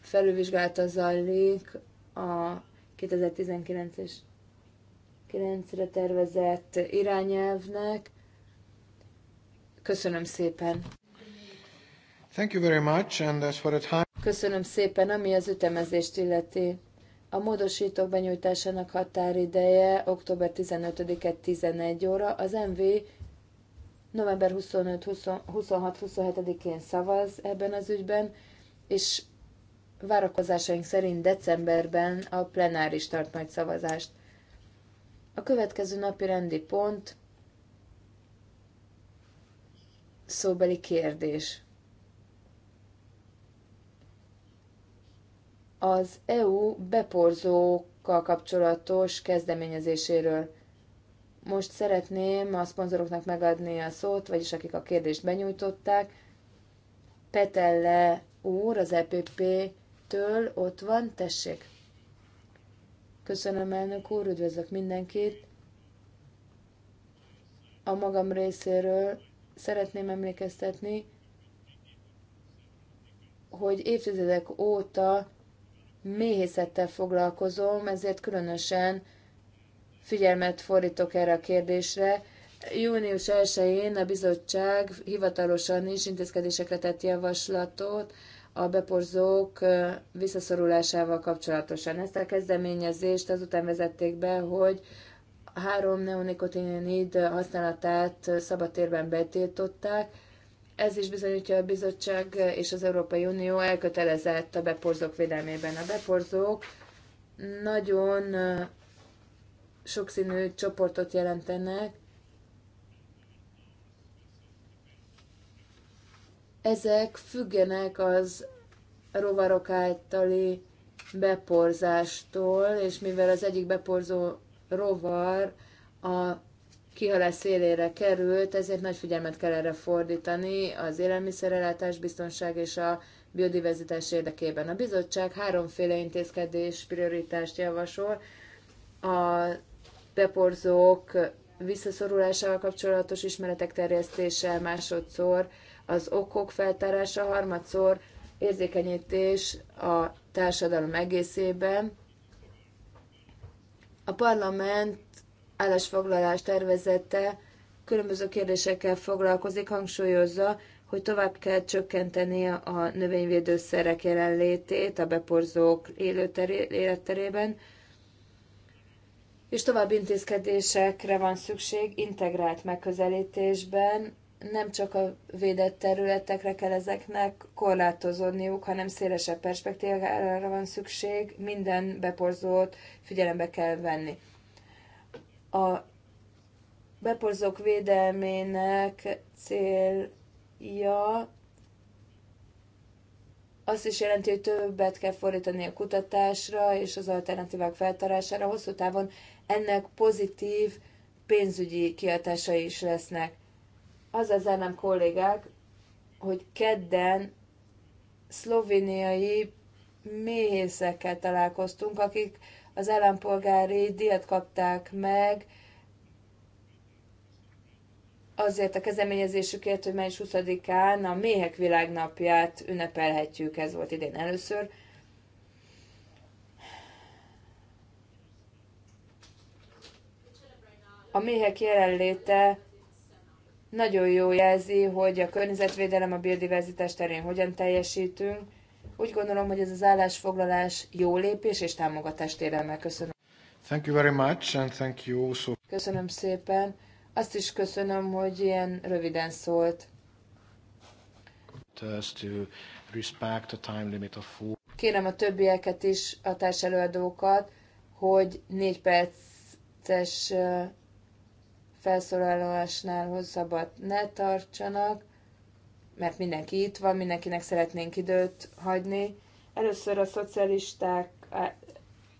Speaker 2: felülvizsgálata zajlik a 2019-es 9-re tervezett irányelvnek. Köszönöm szépen! Thank you very much, and as for the time... Köszönöm szépen, ami az ütemezést illeti. A módosítók benyújtásának határideje október 15-e 11 óra, az MV november 25-26-27-én szavaz ebben az ügyben, és várakozásaink szerint decemberben a plenáris tart majd szavazást. A következő napi rendi pont szóbeli kérdés. az EU beporzókkal kapcsolatos kezdeményezéséről. Most szeretném a szponzoroknak megadni a szót, vagyis akik a kérdést benyújtották. Petelle úr az EPP-től ott van, tessék. Köszönöm, elnök úr, üdvözlök mindenkit. A magam részéről szeretném emlékeztetni, hogy évtizedek óta méhészettel foglalkozom, ezért különösen figyelmet fordítok erre a kérdésre. Június 1-én a bizottság hivatalosan is intézkedésekre tett javaslatot a beporzók visszaszorulásával kapcsolatosan. Ezt a kezdeményezést azután vezették be, hogy három neonikotinid használatát szabadtérben betiltották, ez is bizonyítja a bizottság és az Európai Unió elkötelezett a beporzók védelmében. A beporzók nagyon sokszínű csoportot jelentenek. Ezek függenek az rovarok általi beporzástól, és mivel az egyik beporzó rovar a kihalás szélére került, ezért nagy figyelmet kell erre fordítani az élelmiszerellátás biztonság és a biodiverzitás érdekében. A bizottság háromféle intézkedés prioritást javasol. A beporzók visszaszorulásával kapcsolatos ismeretek terjesztése, másodszor az okok feltárása, harmadszor érzékenyítés a társadalom egészében. A parlament állásfoglalás tervezete különböző kérdésekkel foglalkozik, hangsúlyozza, hogy tovább kell csökkenteni a növényvédőszerek jelenlétét a beporzók életterében, és további intézkedésekre van szükség integrált megközelítésben, nem csak a védett területekre kell ezeknek korlátozódniuk, hanem szélesebb perspektívára van szükség, minden beporzót figyelembe kell venni. A beporzók védelmének célja azt is jelenti, hogy többet kell fordítani a kutatásra és az alternatívák feltárására. Hosszú távon ennek pozitív pénzügyi kiadásai is lesznek. Az az nem, kollégák, hogy kedden szlovéniai méhészekkel találkoztunk, akik az ellenpolgári díjat kapták meg, azért a kezdeményezésükért, hogy május 20-án a Méhek Világnapját ünnepelhetjük, ez volt idén először. A méhek jelenléte nagyon jó jelzi, hogy a környezetvédelem, a biodiverzitás terén hogyan teljesítünk, úgy gondolom, hogy ez az állásfoglalás jó lépés és támogatást éremel. Köszönöm. Thank you very much, and thank you also. Köszönöm szépen. Azt is köszönöm, hogy ilyen röviden szólt.
Speaker 1: To uh, respect the time limit of four.
Speaker 2: Kérem a többieket is, a társelőadókat, hogy négy perces uh, felszólalásnál hosszabbat ne tartsanak mert mindenki itt van, mindenkinek szeretnénk időt hagyni. Először a szocialisták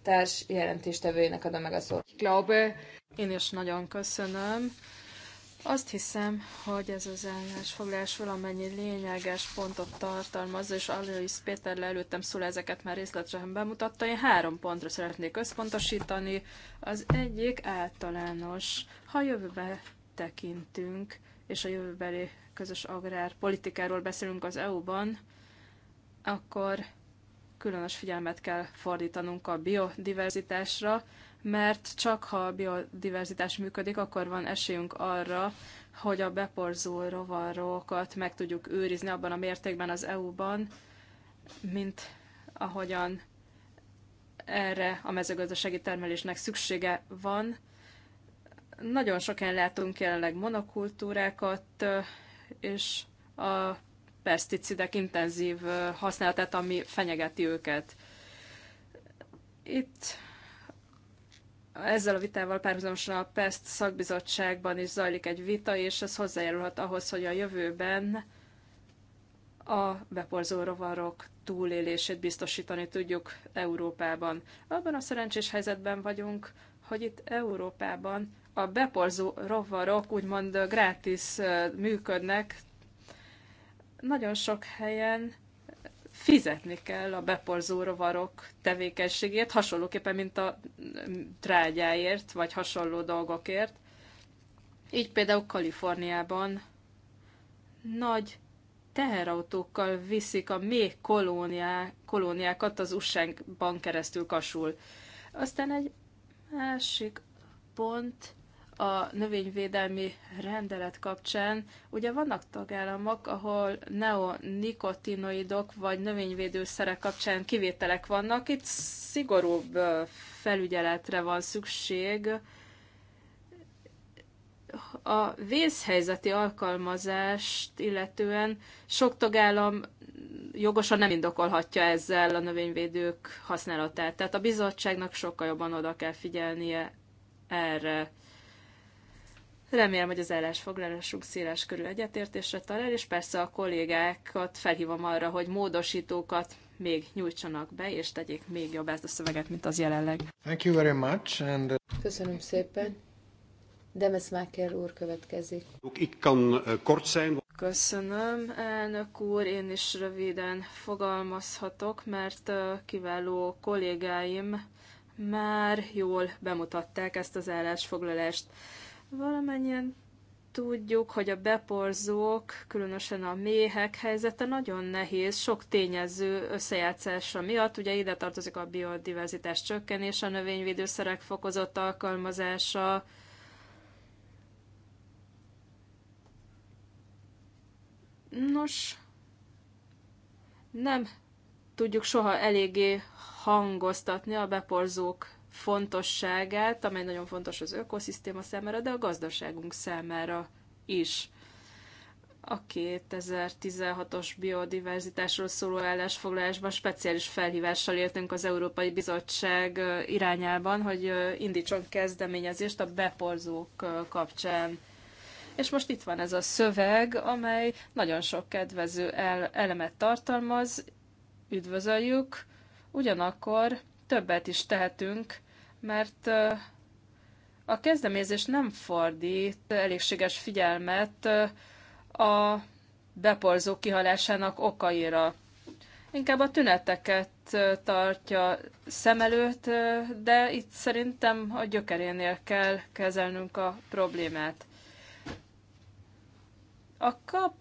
Speaker 2: társ jelentéstevőjének adom meg a szót. Glaube. Én is
Speaker 3: nagyon köszönöm. Azt hiszem, hogy ez az állásfoglalás valamennyi lényeges pontot tartalmaz, és Alois Péter előttem szól ezeket már részletesen bemutatta. Én három pontra szeretnék összpontosítani. Az egyik általános. Ha jövőbe tekintünk, és a jövőbeli közös agrárpolitikáról beszélünk az EU-ban, akkor különös figyelmet kell fordítanunk a biodiverzitásra, mert csak ha a biodiverzitás működik, akkor van esélyünk arra, hogy a beporzó rovarokat meg tudjuk őrizni abban a mértékben az EU-ban, mint ahogyan erre a mezőgazdasági termelésnek szüksége van, nagyon sokan látunk jelenleg monokultúrákat, és a peszticidek intenzív használatát, ami fenyegeti őket. Itt ezzel a vitával párhuzamosan a PESZT szakbizottságban is zajlik egy vita, és ez hozzájárulhat ahhoz, hogy a jövőben a beporzó rovarok túlélését biztosítani tudjuk Európában. Abban a szerencsés helyzetben vagyunk, hogy itt Európában a beporzó rovarok úgymond gratis működnek. Nagyon sok helyen fizetni kell a beporzó rovarok tevékenységét, hasonlóképpen, mint a trágyáért, vagy hasonló dolgokért. Így például Kaliforniában nagy teherautókkal viszik a még kolóniá, kolóniákat az usa keresztül kasul. Aztán egy másik pont a növényvédelmi rendelet kapcsán. Ugye vannak tagállamok, ahol neonikotinoidok vagy növényvédőszerek kapcsán kivételek vannak. Itt szigorúbb felügyeletre van szükség. A vészhelyzeti alkalmazást illetően sok tagállam jogosan nem indokolhatja ezzel a növényvédők használatát. Tehát a bizottságnak sokkal jobban oda kell figyelnie erre. Remélem, hogy az állásfoglalásunk széles körű egyetértésre talál, és persze a kollégákat felhívom arra, hogy módosítókat még nyújtsanak be, és tegyék
Speaker 2: még jobb ezt a szöveget, mint az jelenleg.
Speaker 1: Thank you very much. And... Uh,
Speaker 2: Köszönöm szépen. Máker úr következik.
Speaker 1: Uh, kort
Speaker 2: Köszönöm,
Speaker 3: elnök úr, én is röviden fogalmazhatok, mert uh, kiváló kollégáim már jól bemutatták ezt az állásfoglalást. Valamennyien tudjuk, hogy a beporzók, különösen a méhek helyzete nagyon nehéz, sok tényező összejátszása miatt. Ugye ide tartozik a biodiverzitás csökkenése, a növényvédőszerek fokozott alkalmazása, Nos, nem tudjuk soha eléggé hangoztatni a beporzók fontosságát, amely nagyon fontos az ökoszisztéma számára, de a gazdaságunk számára is. A 2016-os biodiverzitásról szóló állásfoglalásban speciális felhívással éltünk az Európai Bizottság irányában, hogy indítson kezdeményezést a beporzók kapcsán. És most itt van ez a szöveg, amely nagyon sok kedvező elemet tartalmaz, üdvözöljük, ugyanakkor többet is tehetünk mert a kezdeményezés nem fordít elégséges figyelmet a beporzó kihalásának okaira. Inkább a tüneteket tartja szem előtt, de itt szerintem a gyökerénél kell kezelnünk a problémát. A kap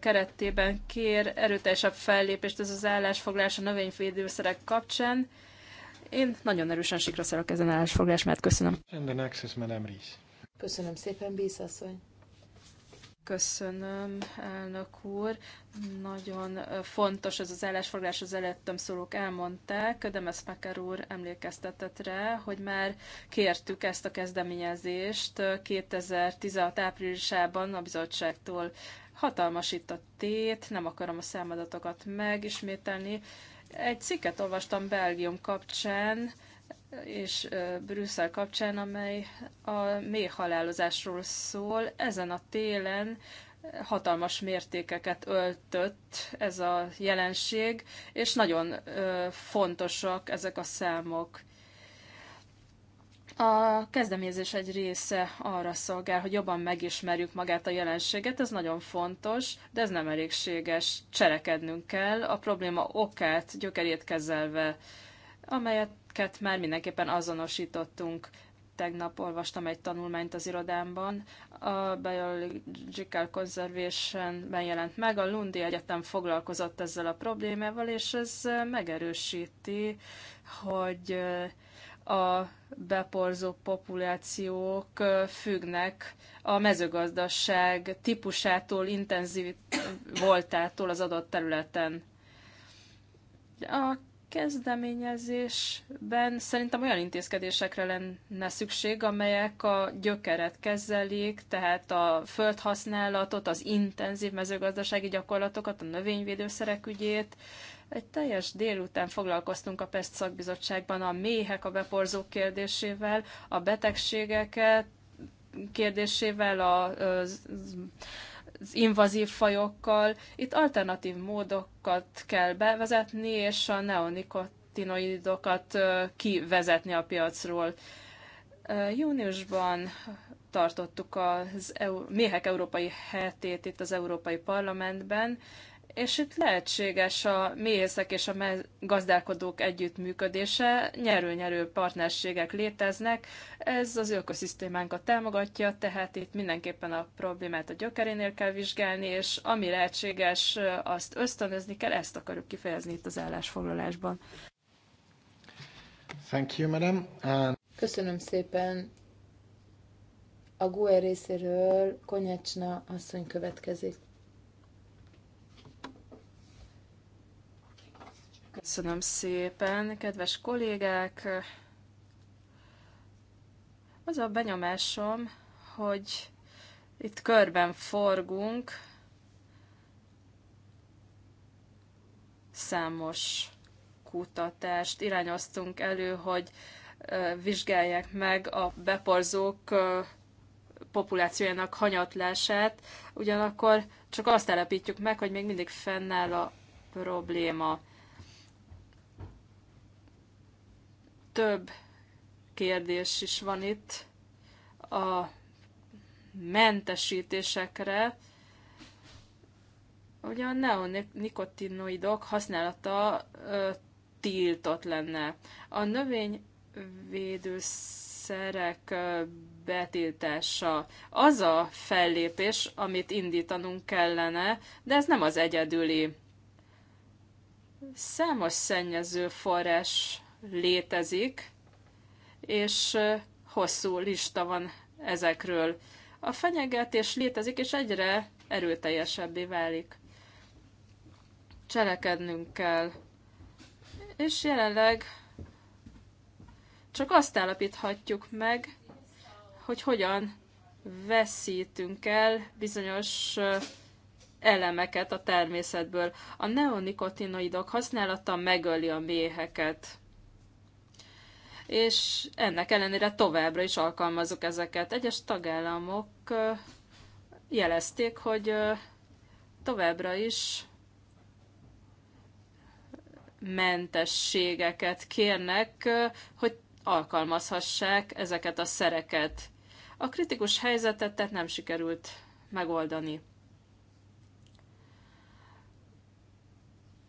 Speaker 3: keretében kér erőteljesebb fellépést ez az állásfoglalás a növényvédőszerek kapcsán, én nagyon erősen sikra szerek ezen állásfoglás, mert köszönöm. And the
Speaker 1: next is Madame Ries.
Speaker 3: Köszönöm szépen, Bíz Köszönöm, elnök úr. Nagyon fontos ez az állásfoglalás, az előttem szólók elmondták, de Meszmeker úr emlékeztetett rá, hogy már kértük ezt a kezdeményezést 2016 áprilisában a bizottságtól. hatalmasított tét, nem akarom a számadatokat megismételni, egy cikket olvastam Belgium kapcsán, és Brüsszel kapcsán, amely a méhhalálozásról szól. Ezen a télen hatalmas mértékeket öltött ez a jelenség, és nagyon fontosak ezek a számok. A kezdeményezés egy része arra szolgál, hogy jobban megismerjük magát a jelenséget, ez nagyon fontos, de ez nem elégséges. Cselekednünk kell a probléma okát, gyökerét kezelve, amelyeket már mindenképpen azonosítottunk. Tegnap olvastam egy tanulmányt az irodámban, a Biological Conservation-ben jelent meg, a Lundi Egyetem foglalkozott ezzel a problémával, és ez megerősíti, hogy a beporzó populációk függnek a mezőgazdaság típusától, intenzív voltától az adott területen. A kezdeményezésben szerintem olyan intézkedésekre lenne szükség, amelyek a gyökeret kezelik, tehát a földhasználatot, az intenzív mezőgazdasági gyakorlatokat, a növényvédőszerek ügyét, egy teljes délután foglalkoztunk a PEST szakbizottságban a méhek, a beporzók kérdésével, a betegségeket, kérdésével, az, az invazív fajokkal. Itt alternatív módokat kell bevezetni, és a neonikotinoidokat kivezetni a piacról. Júniusban tartottuk az EU, méhek európai hetét itt az Európai Parlamentben, és itt lehetséges a méhészek és a gazdálkodók együttműködése, nyerő-nyerő partnerségek léteznek, ez az ökoszisztémánkat támogatja, tehát itt mindenképpen a problémát a gyökerénél kell vizsgálni, és ami lehetséges, azt ösztönözni kell, ezt akarjuk kifejezni itt az állásfoglalásban.
Speaker 1: Thank you, madam. And...
Speaker 2: Köszönöm szépen. A GUE részéről Konyecsna asszony következik.
Speaker 3: Köszönöm szépen, kedves kollégák! Az a benyomásom, hogy itt körben forgunk számos kutatást irányoztunk elő, hogy vizsgálják meg a beporzók populációjának hanyatlását, ugyanakkor csak azt állapítjuk meg, hogy még mindig fennáll a probléma. több kérdés is van itt a mentesítésekre. Ugye a neonikotinoidok használata ö, tiltott lenne. A növényvédőszerek ö, betiltása az a fellépés, amit indítanunk kellene, de ez nem az egyedüli. Számos szennyező forrás létezik, és hosszú lista van ezekről. A fenyegetés létezik, és egyre erőteljesebbé válik. Cselekednünk kell. És jelenleg csak azt állapíthatjuk meg, hogy hogyan veszítünk el bizonyos elemeket a természetből. A neonikotinoidok használata megöli a méheket és ennek ellenére továbbra is alkalmazok ezeket. Egyes tagállamok jelezték, hogy továbbra is mentességeket kérnek, hogy alkalmazhassák ezeket a szereket. A kritikus helyzetet tehát nem sikerült megoldani.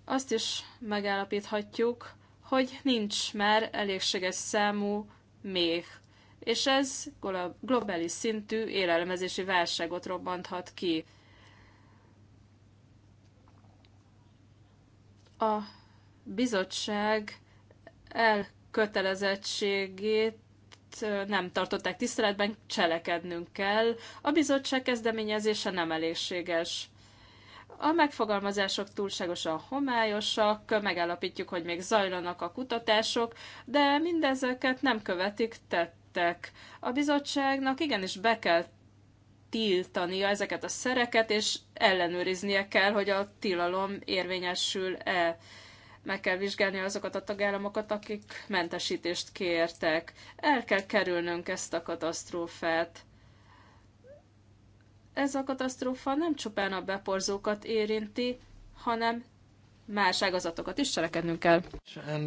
Speaker 3: Azt is megállapíthatjuk, hogy nincs már elégséges számú méh, és ez globális szintű élelmezési válságot robbanthat ki. A bizottság elkötelezettségét nem tartották tiszteletben, cselekednünk kell. A bizottság kezdeményezése nem elégséges. A megfogalmazások túlságosan homályosak, megállapítjuk, hogy még zajlanak a kutatások, de mindezeket nem követik tettek. A bizottságnak igenis be kell tiltania ezeket a szereket, és ellenőriznie kell, hogy a tilalom érvényesül-e. Meg kell vizsgálni azokat a tagállamokat, akik mentesítést kértek. El kell kerülnünk ezt a katasztrófát. Ez a katasztrófa nem csupán a beporzókat érinti, hanem más ágazatokat is cselekednünk kell.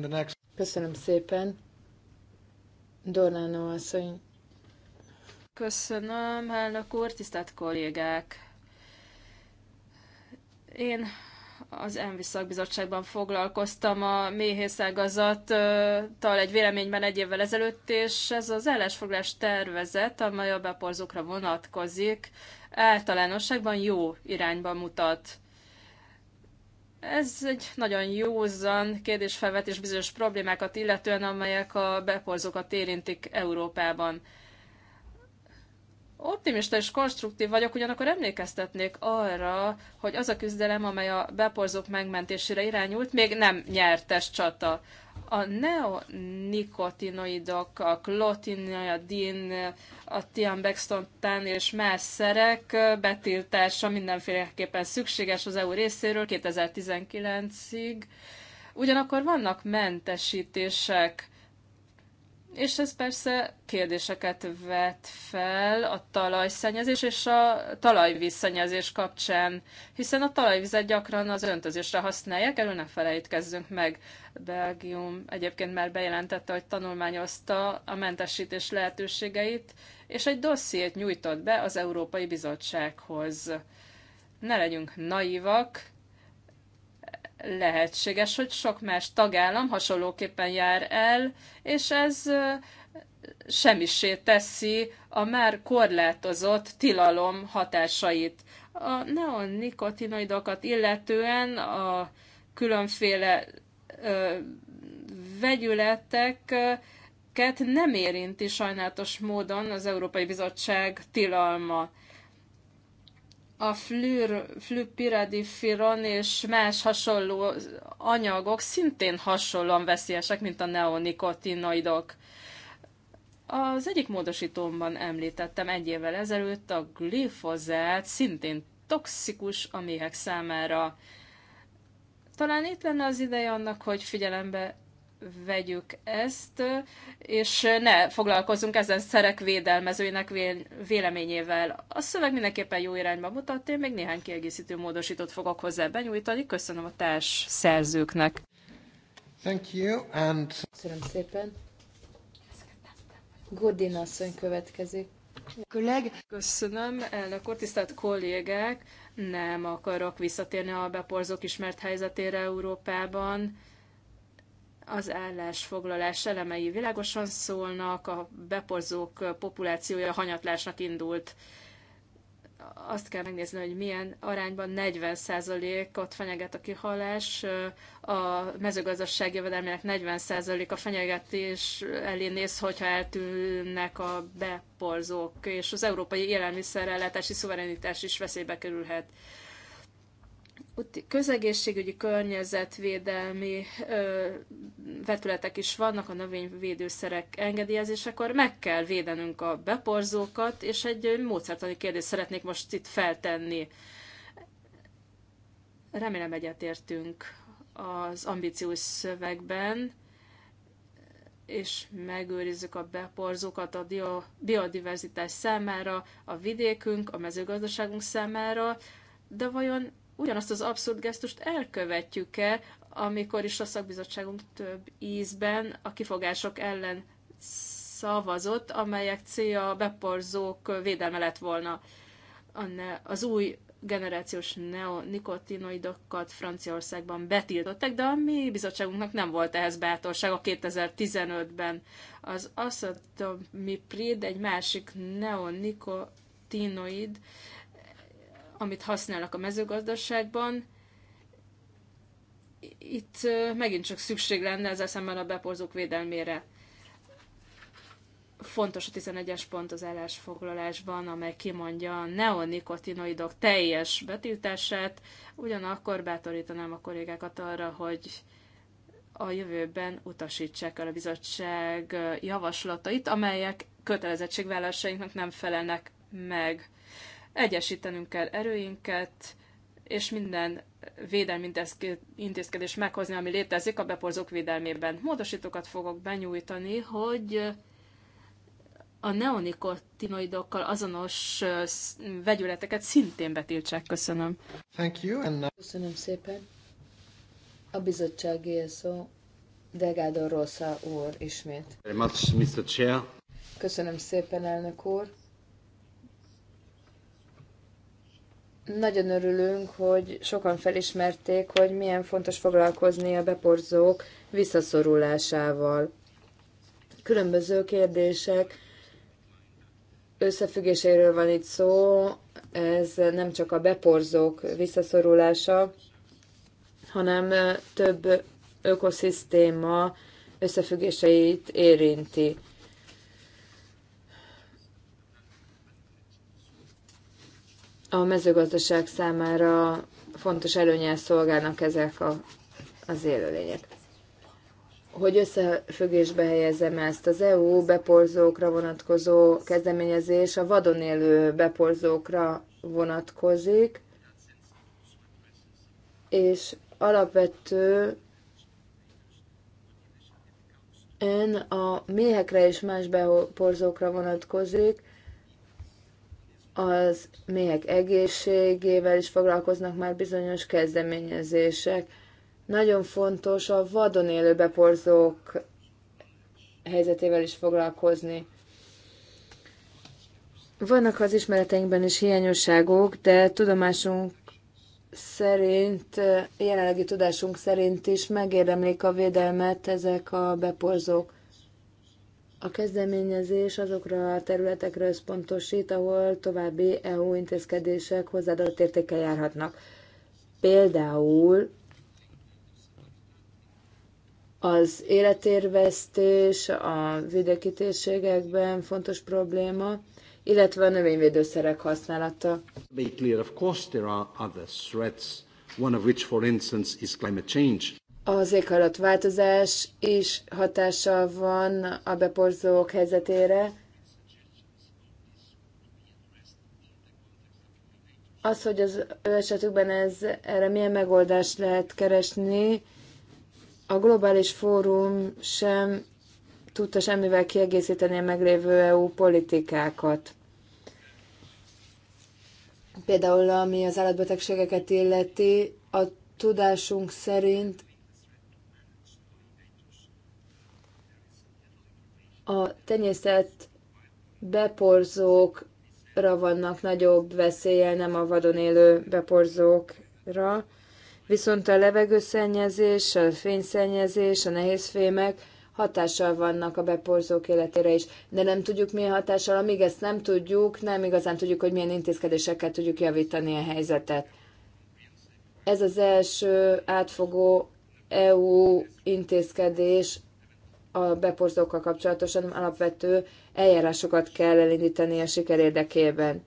Speaker 2: Next... Köszönöm szépen. Dornánó asszony.
Speaker 3: Köszönöm, elnök úr, tisztelt kollégák. Én az ENVI szakbizottságban foglalkoztam a méhészágazattal egy véleményben egy évvel ezelőtt, és ez az ellensfoglás tervezet, amely a beporzókra vonatkozik, általánosságban jó irányba mutat. Ez egy nagyon józan kérdésfelvetés bizonyos problémákat illetően, amelyek a beporzókat érintik Európában. Optimista és konstruktív vagyok, ugyanakkor emlékeztetnék arra, hogy az a küzdelem, amely a beporzók megmentésére irányult, még nem nyertes csata. A neonikotinoidok, a klotinoidin, a tiambextontán és más szerek betiltása mindenféleképpen szükséges az EU részéről 2019-ig. Ugyanakkor vannak mentesítések és ez persze kérdéseket vet fel a talajszennyezés és a talajvízszennyezés kapcsán, hiszen a talajvizet gyakran az öntözésre használják, erről ne felejtkezzünk meg. Belgium egyébként már bejelentette, hogy tanulmányozta a mentesítés lehetőségeit, és egy dossziét nyújtott be az Európai Bizottsághoz. Ne legyünk naivak lehetséges, hogy sok más tagállam hasonlóképpen jár el, és ez semmisé teszi a már korlátozott tilalom hatásait. A neonikotinoidokat illetően a különféle ö, vegyületeket nem érinti sajnálatos módon az Európai Bizottság tilalma a flür, firon és más hasonló anyagok szintén hasonlóan veszélyesek, mint a neonikotinoidok. Az egyik módosítómban említettem egy évvel ezelőtt a glifozát szintén toxikus a méhek számára. Talán itt lenne az ideje annak, hogy figyelembe vegyük ezt, és ne foglalkozunk ezen szerek védelmezőinek véleményével. A szöveg mindenképpen jó irányba mutat, én még néhány kiegészítő módosítót fogok hozzá benyújtani. Köszönöm a társ szerzőknek. Thank you, and... Köszönöm
Speaker 2: szépen. Gordina asszony következik.
Speaker 3: Köszönöm, elnök úr, tisztelt kollégák! Nem akarok visszatérni a beporzók ismert helyzetére Európában az állásfoglalás elemei világosan szólnak, a beporzók populációja hanyatlásnak indult. Azt kell megnézni, hogy milyen arányban 40%-ot fenyeget a kihalás, a mezőgazdaság jövedelmének 40%-a fenyegetés elé néz, hogyha eltűnnek a beporzók, és az európai élelmiszerellátási szuverenitás is veszélybe kerülhet közegészségügyi környezetvédelmi ö, vetületek is vannak a növényvédőszerek engedélyezésekor, meg kell védenünk a beporzókat, és egy módszertani kérdést szeretnék most itt feltenni. Remélem egyetértünk az ambíciós szövegben, és megőrizzük a beporzókat a biodiverzitás számára, a vidékünk, a mezőgazdaságunk számára, de vajon ugyanazt az abszurd gesztust elkövetjük-e, amikor is a szakbizottságunk több ízben a kifogások ellen szavazott, amelyek célja a beporzók védelme lett volna. Az új generációs neonikotinoidokat Franciaországban betiltották, de a mi bizottságunknak nem volt ehhez bátorság a 2015-ben. Az acetamiprid egy másik neonikotinoid amit használnak a mezőgazdaságban. Itt megint csak szükség lenne ezzel szemben a beporzók védelmére. Fontos a 11-es pont az állásfoglalásban, amely kimondja a neonikotinoidok teljes betiltását, ugyanakkor bátorítanám a kollégákat arra, hogy a jövőben utasítsák el a bizottság javaslatait, amelyek kötelezettségvállásainknak nem felelnek meg. Egyesítenünk kell erőinket, és minden védelmi intézkedés meghozni, ami létezik a beporzók védelmében. Módosítókat fogok benyújtani, hogy a neonikotinoidokkal azonos vegyületeket szintén betiltsák. Köszönöm.
Speaker 1: Thank you, Anna. Köszönöm
Speaker 2: szépen. A bizottság szó Delgado Rosa úr ismét.
Speaker 3: Very much, Mr. Chair.
Speaker 2: Köszönöm szépen, elnök úr. Nagyon örülünk, hogy sokan felismerték, hogy milyen fontos foglalkozni a beporzók visszaszorulásával. Különböző kérdések összefüggéséről van itt szó, ez nem csak a beporzók visszaszorulása, hanem több ökoszisztéma összefüggéseit érinti. a mezőgazdaság számára fontos előnyel szolgálnak ezek a, az élőlények. Hogy összefüggésbe helyezem ezt, az EU beporzókra vonatkozó kezdeményezés a vadon élő beporzókra vonatkozik, és alapvető ön a méhekre és más beporzókra vonatkozik, az méhek egészségével is foglalkoznak már bizonyos kezdeményezések. Nagyon fontos a vadon élő beporzók helyzetével is foglalkozni. Vannak az ismereteinkben is hiányosságok, de tudomásunk szerint, jelenlegi tudásunk szerint is megérdemlik a védelmet ezek a beporzók. A kezdeményezés azokra a területekre összpontosít, ahol további EU intézkedések hozzáadott értékkel járhatnak. Például az életérvesztés a vidéki térségekben fontos probléma, illetve a növényvédőszerek használata.
Speaker 1: Be clear, of course there are other threats, one of
Speaker 2: which for instance is climate change az éghajlatváltozás is hatással van a beporzók helyzetére. Az, hogy az ő esetükben ez, erre milyen megoldást lehet keresni, a globális fórum sem tudta semmivel kiegészíteni a meglévő EU politikákat. Például, ami az állatbetegségeket illeti, a tudásunk szerint a tenyészet beporzókra vannak nagyobb veszélye, nem a vadon élő beporzókra. Viszont a levegőszennyezés, a fényszennyezés, a nehézfémek hatással vannak a beporzók életére is. De nem tudjuk milyen hatással, amíg ezt nem tudjuk, nem igazán tudjuk, hogy milyen intézkedésekkel tudjuk javítani a helyzetet. Ez az első átfogó EU intézkedés a beporzókkal kapcsolatosan alapvető eljárásokat kell elindítani a siker érdekében.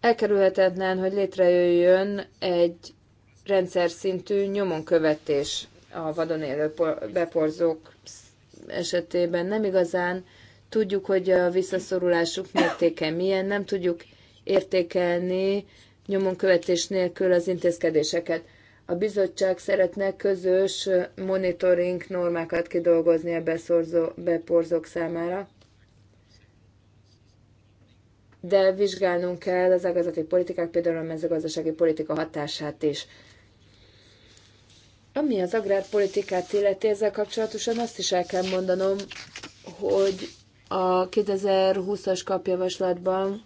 Speaker 2: Elkerülhetetlen, hogy létrejöjjön egy rendszer szintű nyomonkövetés a vadon élő beporzók esetében. Nem igazán tudjuk, hogy a visszaszorulásuk mértéke milyen, nem tudjuk értékelni nyomon követés nélkül az intézkedéseket. A bizottság szeretne közös monitoring normákat kidolgozni a beszorzó, beporzók számára, de vizsgálnunk kell az ágazati politikák, például a mezőgazdasági politika hatását is. Ami az agrárpolitikát illeti ezzel kapcsolatosan, azt is el kell mondanom, hogy a 2020-as kapjavaslatban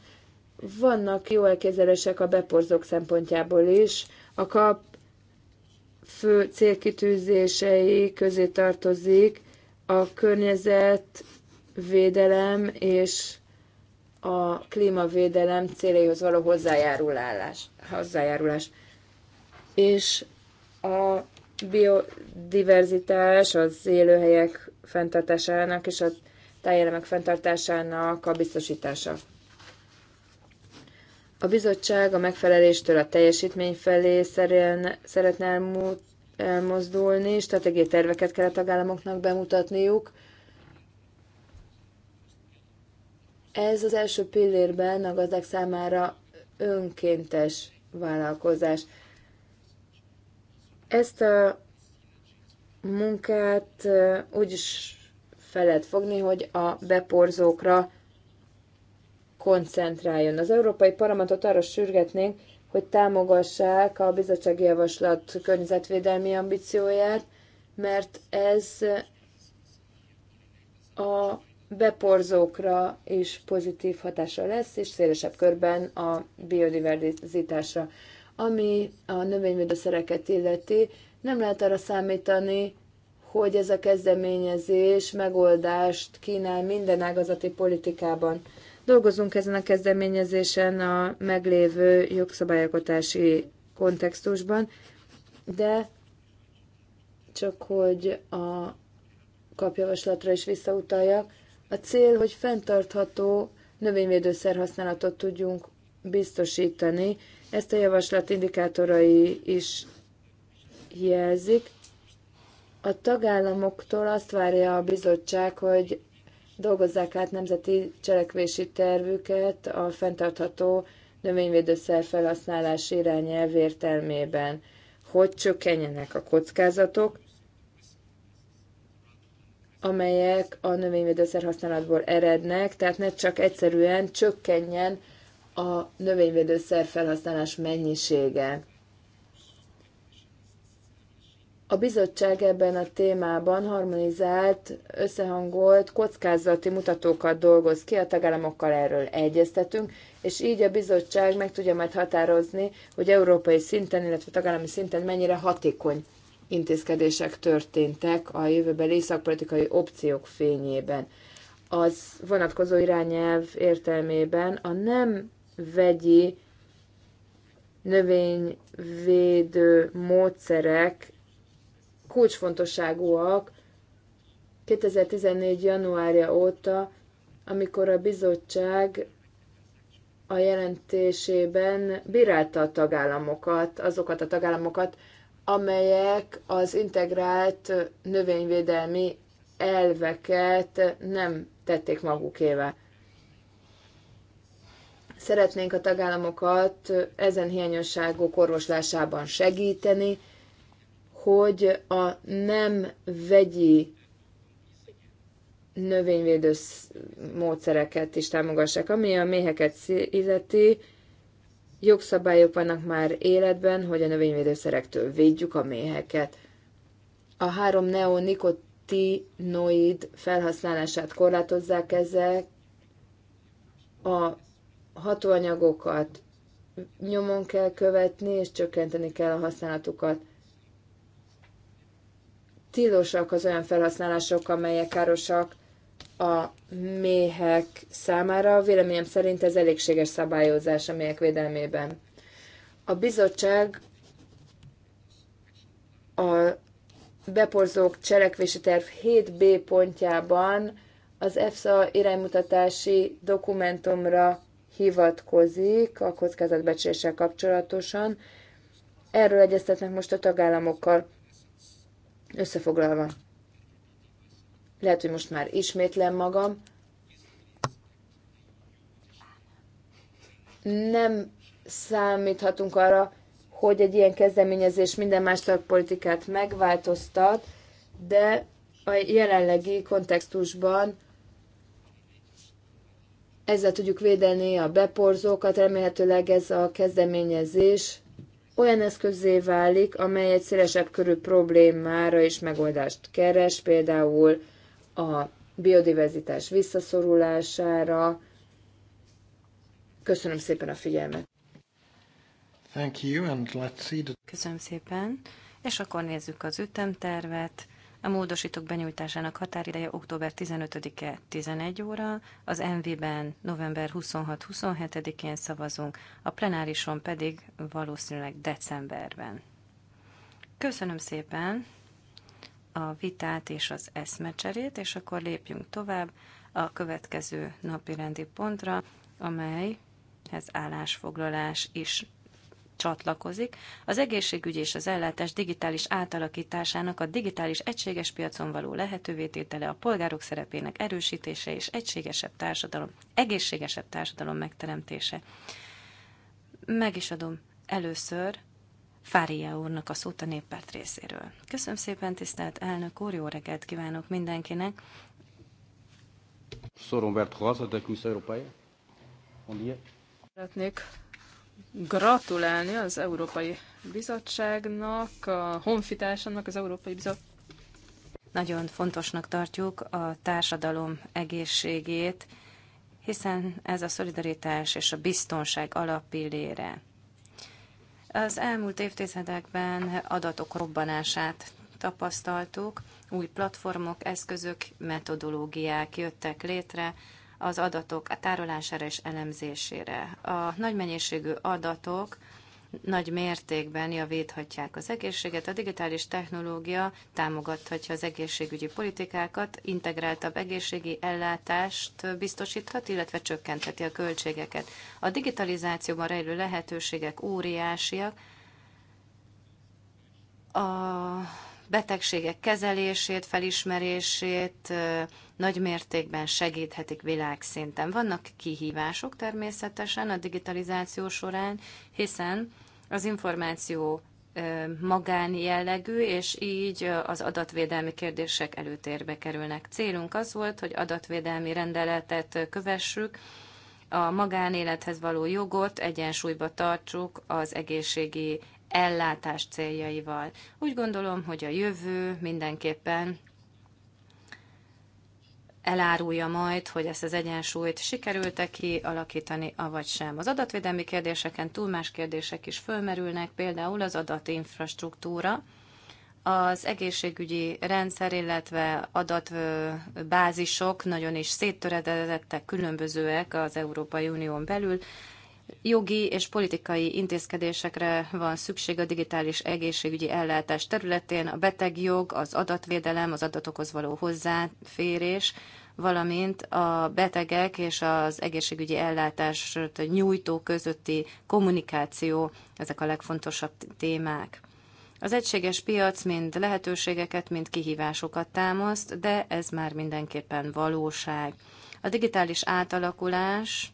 Speaker 2: vannak jó elképzelések a beporzók szempontjából is. A kap fő célkitűzései közé tartozik a környezetvédelem és a klímavédelem céljaihoz való hozzájárulás. hozzájárulás. És a biodiverzitás, az élőhelyek fenntartásának és a tájelemek fenntartásának a biztosítása. A bizottság a megfeleléstől a teljesítmény felé szeretne elmúlt elmozdulni, stratégiai terveket kell a tagállamoknak bemutatniuk. Ez az első pillérben a gazdák számára önkéntes vállalkozás. Ezt a munkát úgy is fel lehet fogni, hogy a beporzókra koncentráljon. Az Európai Parlamentot arra sürgetnénk, hogy támogassák a bizottsági javaslat környezetvédelmi ambícióját, mert ez a beporzókra is pozitív hatása lesz, és szélesebb körben a biodiverzitásra. Ami a növényvédőszereket illeti, nem lehet arra számítani, hogy ez a kezdeményezés megoldást kínál minden ágazati politikában. Dolgozunk ezen a kezdeményezésen a meglévő jogszabályalkotási kontextusban, de csak hogy a kapjavaslatra is visszautaljak. A cél, hogy fenntartható növényvédőszer használatot tudjunk biztosítani. Ezt a javaslat indikátorai is jelzik. A tagállamoktól azt várja a bizottság, hogy dolgozzák át nemzeti cselekvési tervüket a fenntartható növényvédőszer felhasználás irányelv értelmében, hogy csökkenjenek a kockázatok, amelyek a növényvédőszer használatból erednek, tehát ne csak egyszerűen csökkenjen a növényvédőszer felhasználás mennyisége. A bizottság ebben a témában harmonizált, összehangolt kockázati mutatókat dolgoz ki, a tagállamokkal erről egyeztetünk, és így a bizottság meg tudja majd határozni, hogy európai szinten, illetve tagállami szinten mennyire hatékony intézkedések történtek a jövőbeli szakpolitikai opciók fényében. Az vonatkozó irányelv értelmében a nem vegyi növényvédő módszerek kulcsfontosságúak 2014. januárja óta, amikor a bizottság a jelentésében bírálta a tagállamokat, azokat a tagállamokat, amelyek az integrált növényvédelmi elveket nem tették magukévá. Szeretnénk a tagállamokat ezen hiányosságok orvoslásában segíteni, hogy a nem vegyi növényvédő módszereket is támogassák, ami a méheket illeti. Jogszabályok vannak már életben, hogy a növényvédőszerektől védjük a méheket. A három neonikotinoid felhasználását korlátozzák ezek, a hatóanyagokat nyomon kell követni, és csökkenteni kell a használatukat tilosak az olyan felhasználások, amelyek károsak a méhek számára. Véleményem szerint ez elégséges szabályozás a méhek védelmében. A bizottság a beporzók cselekvési terv 7b pontjában az EFSA iránymutatási dokumentumra hivatkozik a kockázatbecsléssel kapcsolatosan. Erről egyeztetnek most a tagállamokkal. Összefoglalva, lehet, hogy most már ismétlem magam, nem számíthatunk arra, hogy egy ilyen kezdeményezés minden más tagpolitikát megváltoztat, de a jelenlegi kontextusban ezzel tudjuk védeni a beporzókat, remélhetőleg ez a kezdeményezés olyan eszközé válik, amely egy szélesebb körű problémára is megoldást keres, például a biodiverzitás visszaszorulására.
Speaker 1: Köszönöm szépen a figyelmet. Thank you, and let's see the... Köszönöm szépen, és akkor nézzük az ütemtervet. A módosítók benyújtásának határideje október 15-e 11 óra, az MV-ben november 26-27-én szavazunk, a plenárison pedig valószínűleg decemberben. Köszönöm szépen a vitát és az eszmecserét, és akkor lépjünk tovább a következő napi rendi pontra, amelyhez állásfoglalás is csatlakozik, az egészségügy és az ellátás digitális átalakításának a digitális egységes piacon való lehetővé tétele, a polgárok szerepének erősítése és egységesebb társadalom, egészségesebb társadalom megteremtése. Meg is adom először Fária úrnak a szót a néppárt részéről. Köszönöm szépen, tisztelt elnök úr, jó reggelt kívánok mindenkinek. Soron Berthoz, a Európai.
Speaker 3: Szeretnék gratulálni az Európai Bizottságnak,
Speaker 1: a honfitársának az Európai Bizottságnak. Nagyon fontosnak tartjuk a társadalom egészségét, hiszen ez a szolidaritás és a biztonság alapillére. Az elmúlt évtizedekben adatok robbanását tapasztaltuk, új platformok, eszközök, metodológiák jöttek létre, az adatok a tárolására és elemzésére. A nagy mennyiségű adatok nagy mértékben javíthatják az egészséget. A digitális technológia támogathatja az egészségügyi politikákat, integráltabb egészségi ellátást biztosíthat, illetve csökkentheti a költségeket. A digitalizációban rejlő lehetőségek óriásiak. A betegségek kezelését, felismerését nagy mértékben segíthetik világszinten. Vannak kihívások természetesen a digitalizáció során, hiszen az információ magán jellegű, és így az adatvédelmi kérdések előtérbe kerülnek. Célunk az volt, hogy adatvédelmi rendeletet kövessük, a magánélethez való jogot egyensúlyba tartsuk az egészségi ellátás céljaival. Úgy gondolom, hogy a jövő mindenképpen elárulja majd, hogy ezt az egyensúlyt sikerült-e kialakítani, avagy sem. Az adatvédelmi kérdéseken túl más kérdések is fölmerülnek, például az adatinfrastruktúra, az egészségügyi rendszer, illetve adatbázisok nagyon is széttöredettek, különbözőek az Európai Unión belül jogi és politikai intézkedésekre van szükség a digitális egészségügyi ellátás területén, a betegjog, az adatvédelem, az adatokhoz való hozzáférés, valamint a betegek és az egészségügyi ellátást nyújtó közötti kommunikáció, ezek a legfontosabb témák. Az egységes piac mind lehetőségeket, mind kihívásokat támaszt, de ez már mindenképpen valóság. A digitális átalakulás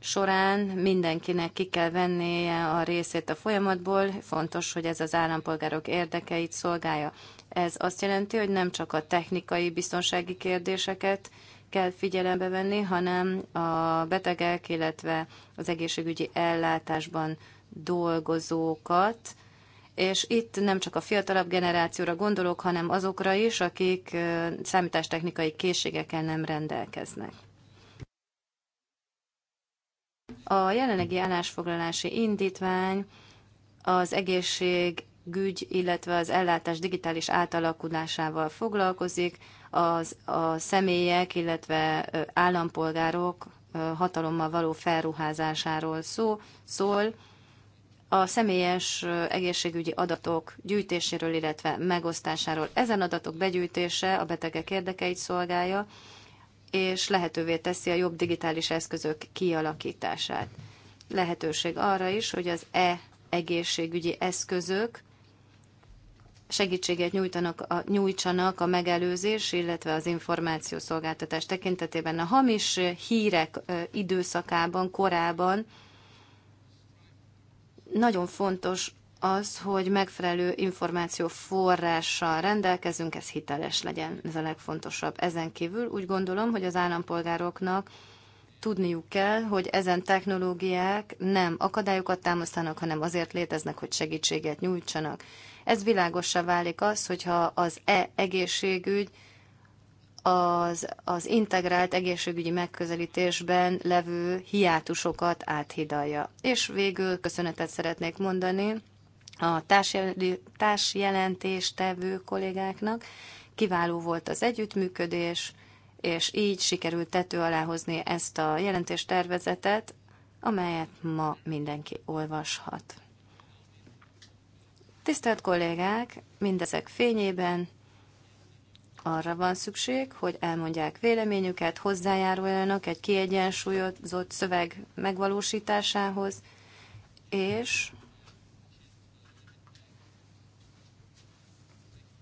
Speaker 1: során mindenkinek ki kell vennie a részét a folyamatból, fontos, hogy ez az állampolgárok érdekeit szolgálja. Ez azt jelenti, hogy nem csak a technikai biztonsági kérdéseket kell figyelembe venni, hanem a betegek, illetve az egészségügyi ellátásban dolgozókat, és itt nem csak a fiatalabb generációra gondolok, hanem azokra is, akik számítástechnikai készségekkel nem rendelkeznek. A jelenlegi állásfoglalási indítvány az egészségügy, illetve az ellátás digitális átalakulásával foglalkozik, az, a személyek, illetve állampolgárok hatalommal való felruházásáról szó, szól, a személyes egészségügyi adatok gyűjtéséről, illetve megosztásáról. Ezen adatok begyűjtése a betegek érdekeit szolgálja, és lehetővé teszi a jobb digitális eszközök kialakítását. Lehetőség arra is, hogy az e-egészségügyi eszközök segítséget nyújtanak a, nyújtsanak a megelőzés, illetve az információszolgáltatás tekintetében. A hamis hírek időszakában, korában nagyon fontos az, hogy megfelelő információ forrással rendelkezünk, ez hiteles legyen, ez a legfontosabb. Ezen kívül úgy gondolom, hogy az állampolgároknak tudniuk kell, hogy ezen technológiák nem akadályokat támasztanak, hanem azért léteznek, hogy segítséget nyújtsanak. Ez világosra válik az, hogyha az e-egészségügy az, az integrált egészségügyi megközelítésben levő hiátusokat áthidalja. És végül köszönetet szeretnék mondani a tevő kollégáknak. Kiváló volt az együttműködés, és így sikerült tető alá hozni ezt a jelentéstervezetet, amelyet ma mindenki olvashat. Tisztelt kollégák, mindezek fényében arra van szükség, hogy elmondják véleményüket, hozzájáruljanak egy kiegyensúlyozott szöveg megvalósításához, és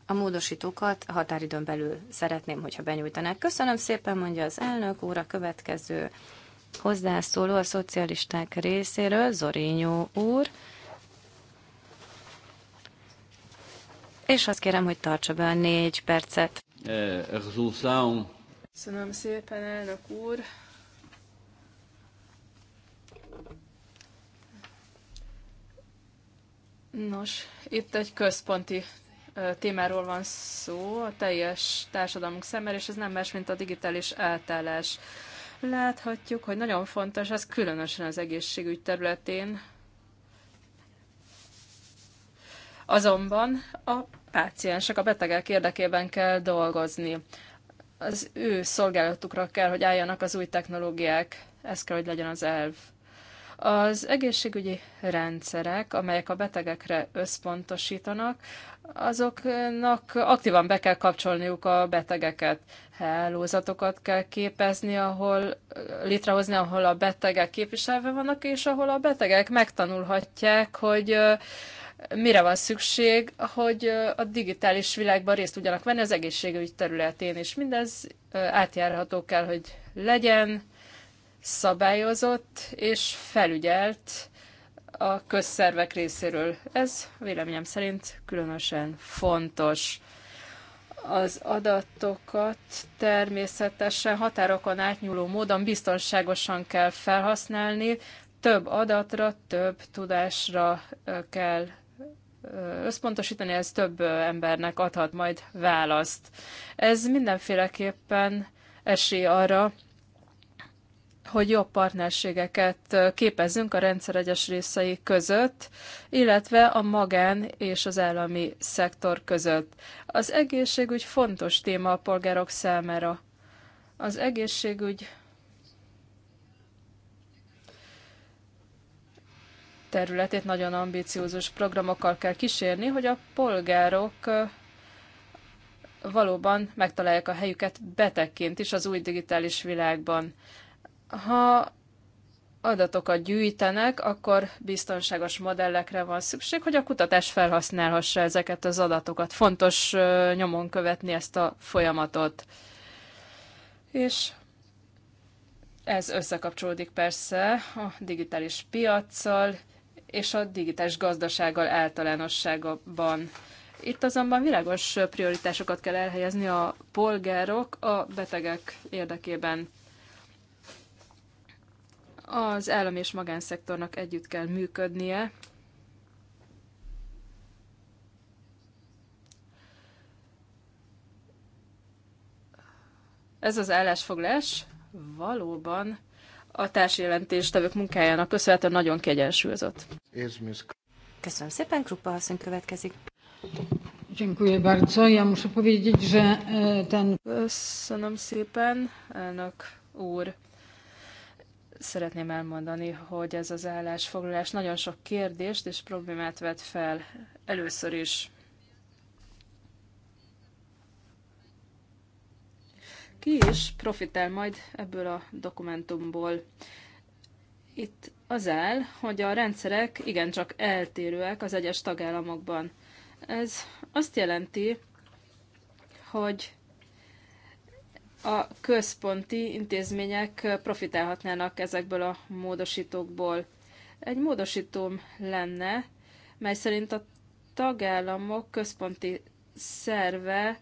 Speaker 1: a módosítókat a határidőn belül szeretném, hogyha benyújtanák. Köszönöm szépen, mondja az elnök úr, a következő hozzászóló a szocialisták részéről, Zorinyó úr. És azt kérem, hogy tartsa be a négy percet. Eh,
Speaker 3: Köszönöm szépen, elnök úr. Nos, itt egy központi témáról van szó a teljes társadalmunk szemmel, és ez nem más, mint a digitális eltállás. Láthatjuk, hogy nagyon fontos, ez különösen az egészségügy területén. Azonban a páciensek, a betegek érdekében kell dolgozni. Az ő szolgálatukra kell, hogy álljanak az új technológiák. Ez kell, hogy legyen az elv. Az egészségügyi rendszerek, amelyek a betegekre összpontosítanak, azoknak aktívan be kell kapcsolniuk a betegeket. Hálózatokat kell képezni, ahol létrehozni, ahol a betegek képviselve vannak, és ahol a betegek megtanulhatják, hogy mire van szükség, hogy a digitális világban részt tudjanak venni az egészségügy területén, és mindez átjárható kell, hogy legyen, szabályozott és felügyelt a közszervek részéről. Ez véleményem szerint különösen fontos. Az adatokat természetesen határokon átnyúló módon biztonságosan kell felhasználni, több adatra, több tudásra kell összpontosítani, ez több embernek adhat majd választ. Ez mindenféleképpen esély arra, hogy jobb partnerségeket képezzünk a rendszer egyes részei között, illetve a magán és az állami szektor között. Az egészségügy fontos téma a polgárok számára. Az egészségügy területét nagyon ambiciózus programokkal kell kísérni, hogy a polgárok valóban megtalálják a helyüket betegként is az új digitális világban ha adatokat gyűjtenek, akkor biztonságos modellekre van szükség, hogy a kutatás felhasználhassa ezeket az adatokat. Fontos nyomon követni ezt a folyamatot. És ez összekapcsolódik persze a digitális piaccal és a digitális gazdasággal általánosságban. Itt azonban világos prioritásokat kell elhelyezni a polgárok a betegek érdekében. Az állam és magánszektornak együtt kell működnie. Ez az állásfoglás valóban a társjelentéstevők munkájának köszönhetően nagyon kiegyensúlyozott. Köszönöm szépen, Krupa asszony következik.
Speaker 2: Dziękuję bardzo. Ja muszę powiedzieć, że e, ten... Köszönöm
Speaker 3: szépen, elnök úr szeretném elmondani, hogy ez az állásfoglalás nagyon sok kérdést és problémát vet fel. Először is ki is profitál majd ebből a dokumentumból. Itt az áll, hogy a rendszerek igencsak eltérőek az egyes tagállamokban. Ez azt jelenti, hogy a központi intézmények profitálhatnának ezekből a módosítókból. Egy módosítóm lenne, mely szerint a tagállamok központi szerve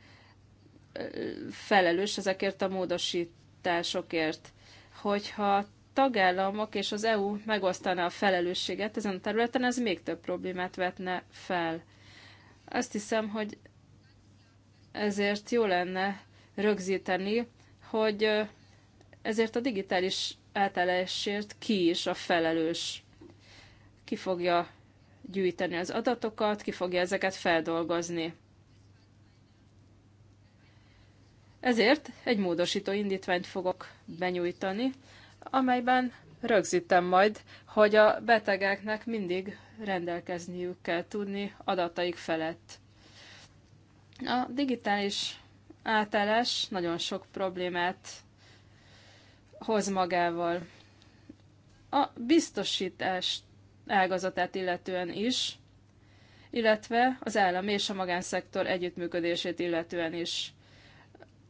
Speaker 3: felelős ezekért a módosításokért. Hogyha a tagállamok és az EU megosztaná a felelősséget ezen a területen, ez még több problémát vetne fel. Azt hiszem, hogy ezért jó lenne rögzíteni, hogy ezért a digitális átállásért ki is a felelős. Ki fogja gyűjteni az adatokat, ki fogja ezeket feldolgozni. Ezért egy módosító indítványt fogok benyújtani, amelyben rögzítem majd, hogy a betegeknek mindig rendelkezniük kell tudni adataik felett. A digitális átállás nagyon sok problémát hoz magával. A biztosítás ágazatát illetően is, illetve az állam és a magánszektor együttműködését illetően is.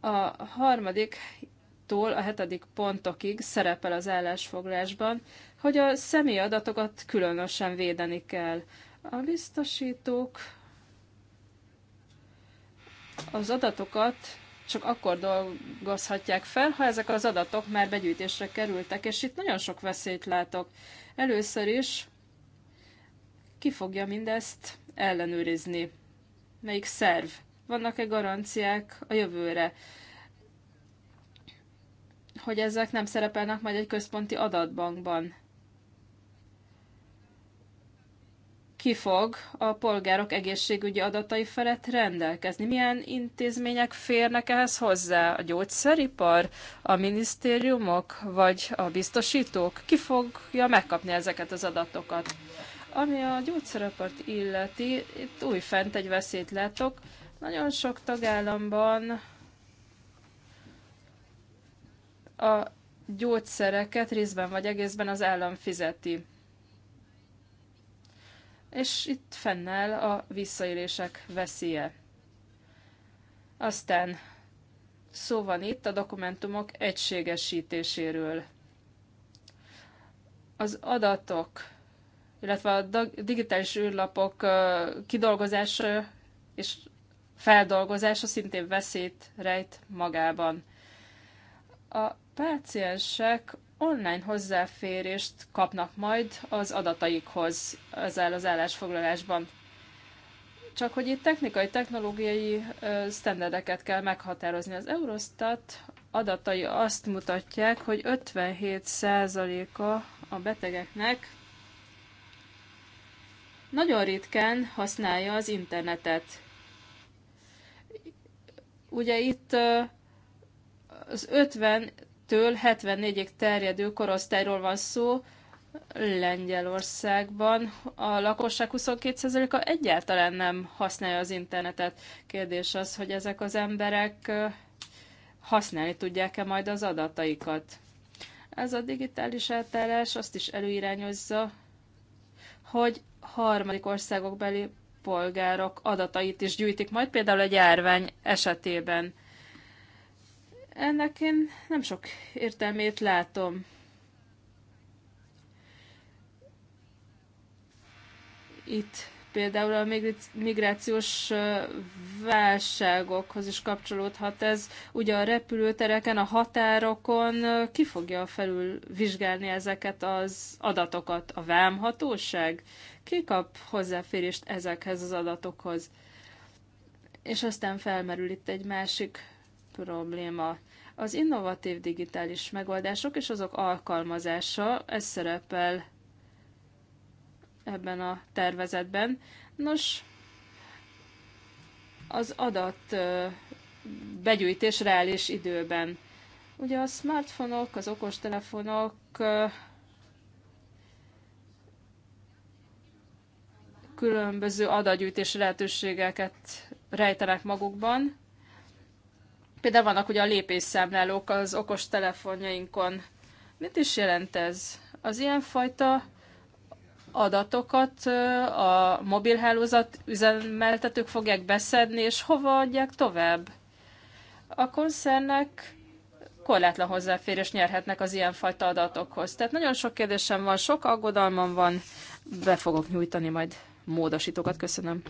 Speaker 3: A harmadik tól a hetedik pontokig szerepel az állásfoglásban, hogy a személyadatokat különösen védeni kell. A biztosítók az adatokat csak akkor dolgozhatják fel, ha ezek az adatok már begyűjtésre kerültek, és itt nagyon sok veszélyt látok. Először is ki fogja mindezt ellenőrizni? Melyik szerv? Vannak-e garanciák a jövőre? Hogy ezek nem szerepelnek majd egy központi adatbankban. ki fog a polgárok egészségügyi adatai felett rendelkezni? Milyen intézmények férnek ehhez hozzá? A gyógyszeripar, a minisztériumok, vagy a biztosítók? Ki fogja megkapni ezeket az adatokat? Ami a gyógyszerepart illeti, itt újfent egy veszélyt látok. Nagyon sok tagállamban a gyógyszereket részben vagy egészben az állam fizeti és itt fennel a visszaélések veszélye. Aztán szó van itt a dokumentumok egységesítéséről. Az adatok, illetve a digitális űrlapok kidolgozása és feldolgozása szintén veszélyt rejt magában. A páciensek online hozzáférést kapnak majd az adataikhoz ezzel az állásfoglalásban. Csak hogy itt technikai, technológiai sztenderdeket kell meghatározni. Az Eurostat adatai azt mutatják, hogy 57%-a a betegeknek nagyon ritkán használja az internetet. Ugye itt az 50 től 74-ig terjedő korosztályról van szó, Lengyelországban a lakosság 22%-a egyáltalán nem használja az internetet. Kérdés az, hogy ezek az emberek használni tudják-e majd az adataikat. Ez a digitális eltárás azt is előirányozza, hogy harmadik országok beli polgárok adatait is gyűjtik, majd például a járvány esetében. Ennek én nem sok értelmét látom. Itt például a migrációs válságokhoz is kapcsolódhat ez. Ugye a repülőtereken, a határokon ki fogja felül vizsgálni ezeket az adatokat? A vámhatóság? Ki kap hozzáférést ezekhez az adatokhoz? És aztán felmerül itt egy másik probléma. Az innovatív digitális megoldások és azok alkalmazása, ez szerepel ebben a tervezetben. Nos, az adat begyűjtés reális időben. Ugye a smartfonok, az okostelefonok különböző adatgyűjtési lehetőségeket rejtenek magukban, Például vannak ugye a lépésszámlálók az okos telefonjainkon. Mit is jelent ez? Az ilyenfajta adatokat a mobilhálózat üzemeltetők fogják beszedni, és hova adják tovább? A koncernek korlátlan hozzáférés nyerhetnek az ilyenfajta adatokhoz. Tehát nagyon sok kérdésem van, sok aggodalmam van, be fogok nyújtani majd módosítókat. Köszönöm.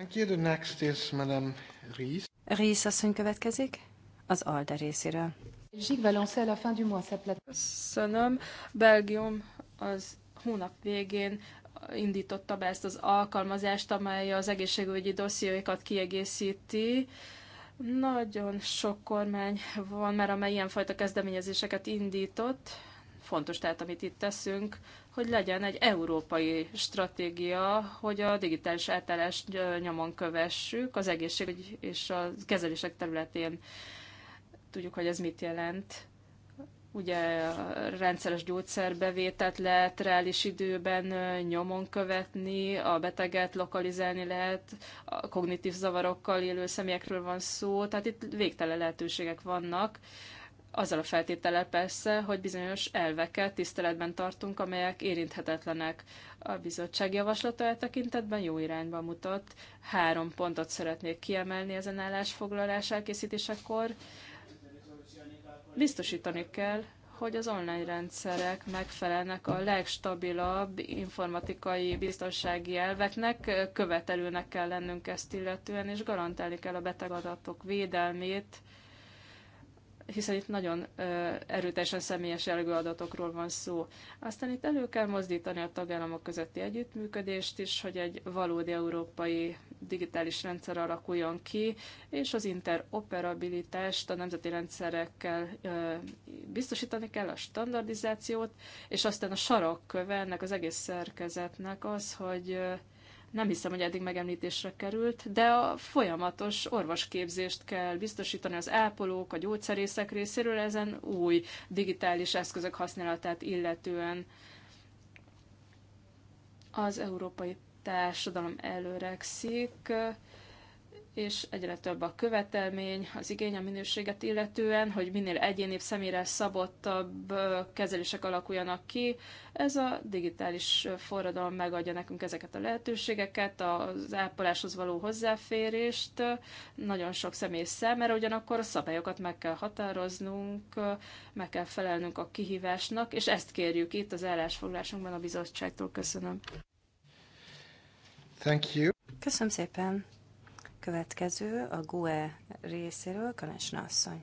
Speaker 1: Thank you. The next is Madame Ries. Ries asszony következik az ALDE részéről.
Speaker 2: Köszönöm.
Speaker 3: Belgium az hónap végén indította be ezt az alkalmazást, amely az egészségügyi dosszióikat kiegészíti. Nagyon sok kormány van már, amely ilyenfajta kezdeményezéseket indított, Fontos tehát, amit itt teszünk, hogy legyen egy európai stratégia, hogy a digitális átállást nyomon kövessük az egészség és a kezelések területén. Tudjuk, hogy ez mit jelent ugye rendszeres gyógyszerbevételt lehet reális időben nyomon követni, a beteget lokalizálni lehet, a kognitív zavarokkal élő személyekről van szó, tehát itt végtelen lehetőségek vannak, azzal a feltétellel persze, hogy bizonyos elveket tiszteletben tartunk, amelyek érinthetetlenek. A bizottság javaslata e tekintetben jó irányba mutat. Három pontot szeretnék kiemelni ezen állásfoglalás elkészítésekor. Biztosítani kell, hogy az online rendszerek megfelelnek a legstabilabb informatikai biztonsági elveknek, követelőnek kell lennünk ezt illetően, és garantálni kell a betegadatok védelmét, hiszen itt nagyon erőteljesen személyes jellegű adatokról van szó. Aztán itt elő kell mozdítani a tagállamok közötti együttműködést is, hogy egy valódi európai digitális rendszer alakuljon ki, és az interoperabilitást a nemzeti rendszerekkel biztosítani kell, a standardizációt, és aztán a sarokköve ennek az egész szerkezetnek az, hogy nem hiszem, hogy eddig megemlítésre került, de a folyamatos orvosképzést kell biztosítani az ápolók, a gyógyszerészek részéről ezen új digitális eszközök használatát illetően az európai társadalom előrekszik, és egyre több a követelmény, az igény a minőséget illetően, hogy minél egyénibb személyre szabottabb kezelések alakuljanak ki. Ez a digitális forradalom megadja nekünk ezeket a lehetőségeket, az ápoláshoz való hozzáférést nagyon sok személy számára, ugyanakkor a szabályokat meg kell határoznunk, meg kell felelnünk a kihívásnak, és
Speaker 1: ezt kérjük itt az állásfoglásunkban a bizottságtól. Köszönöm. Thank you. Köszönöm szépen. Következő a GUE részéről, Kanesna asszony.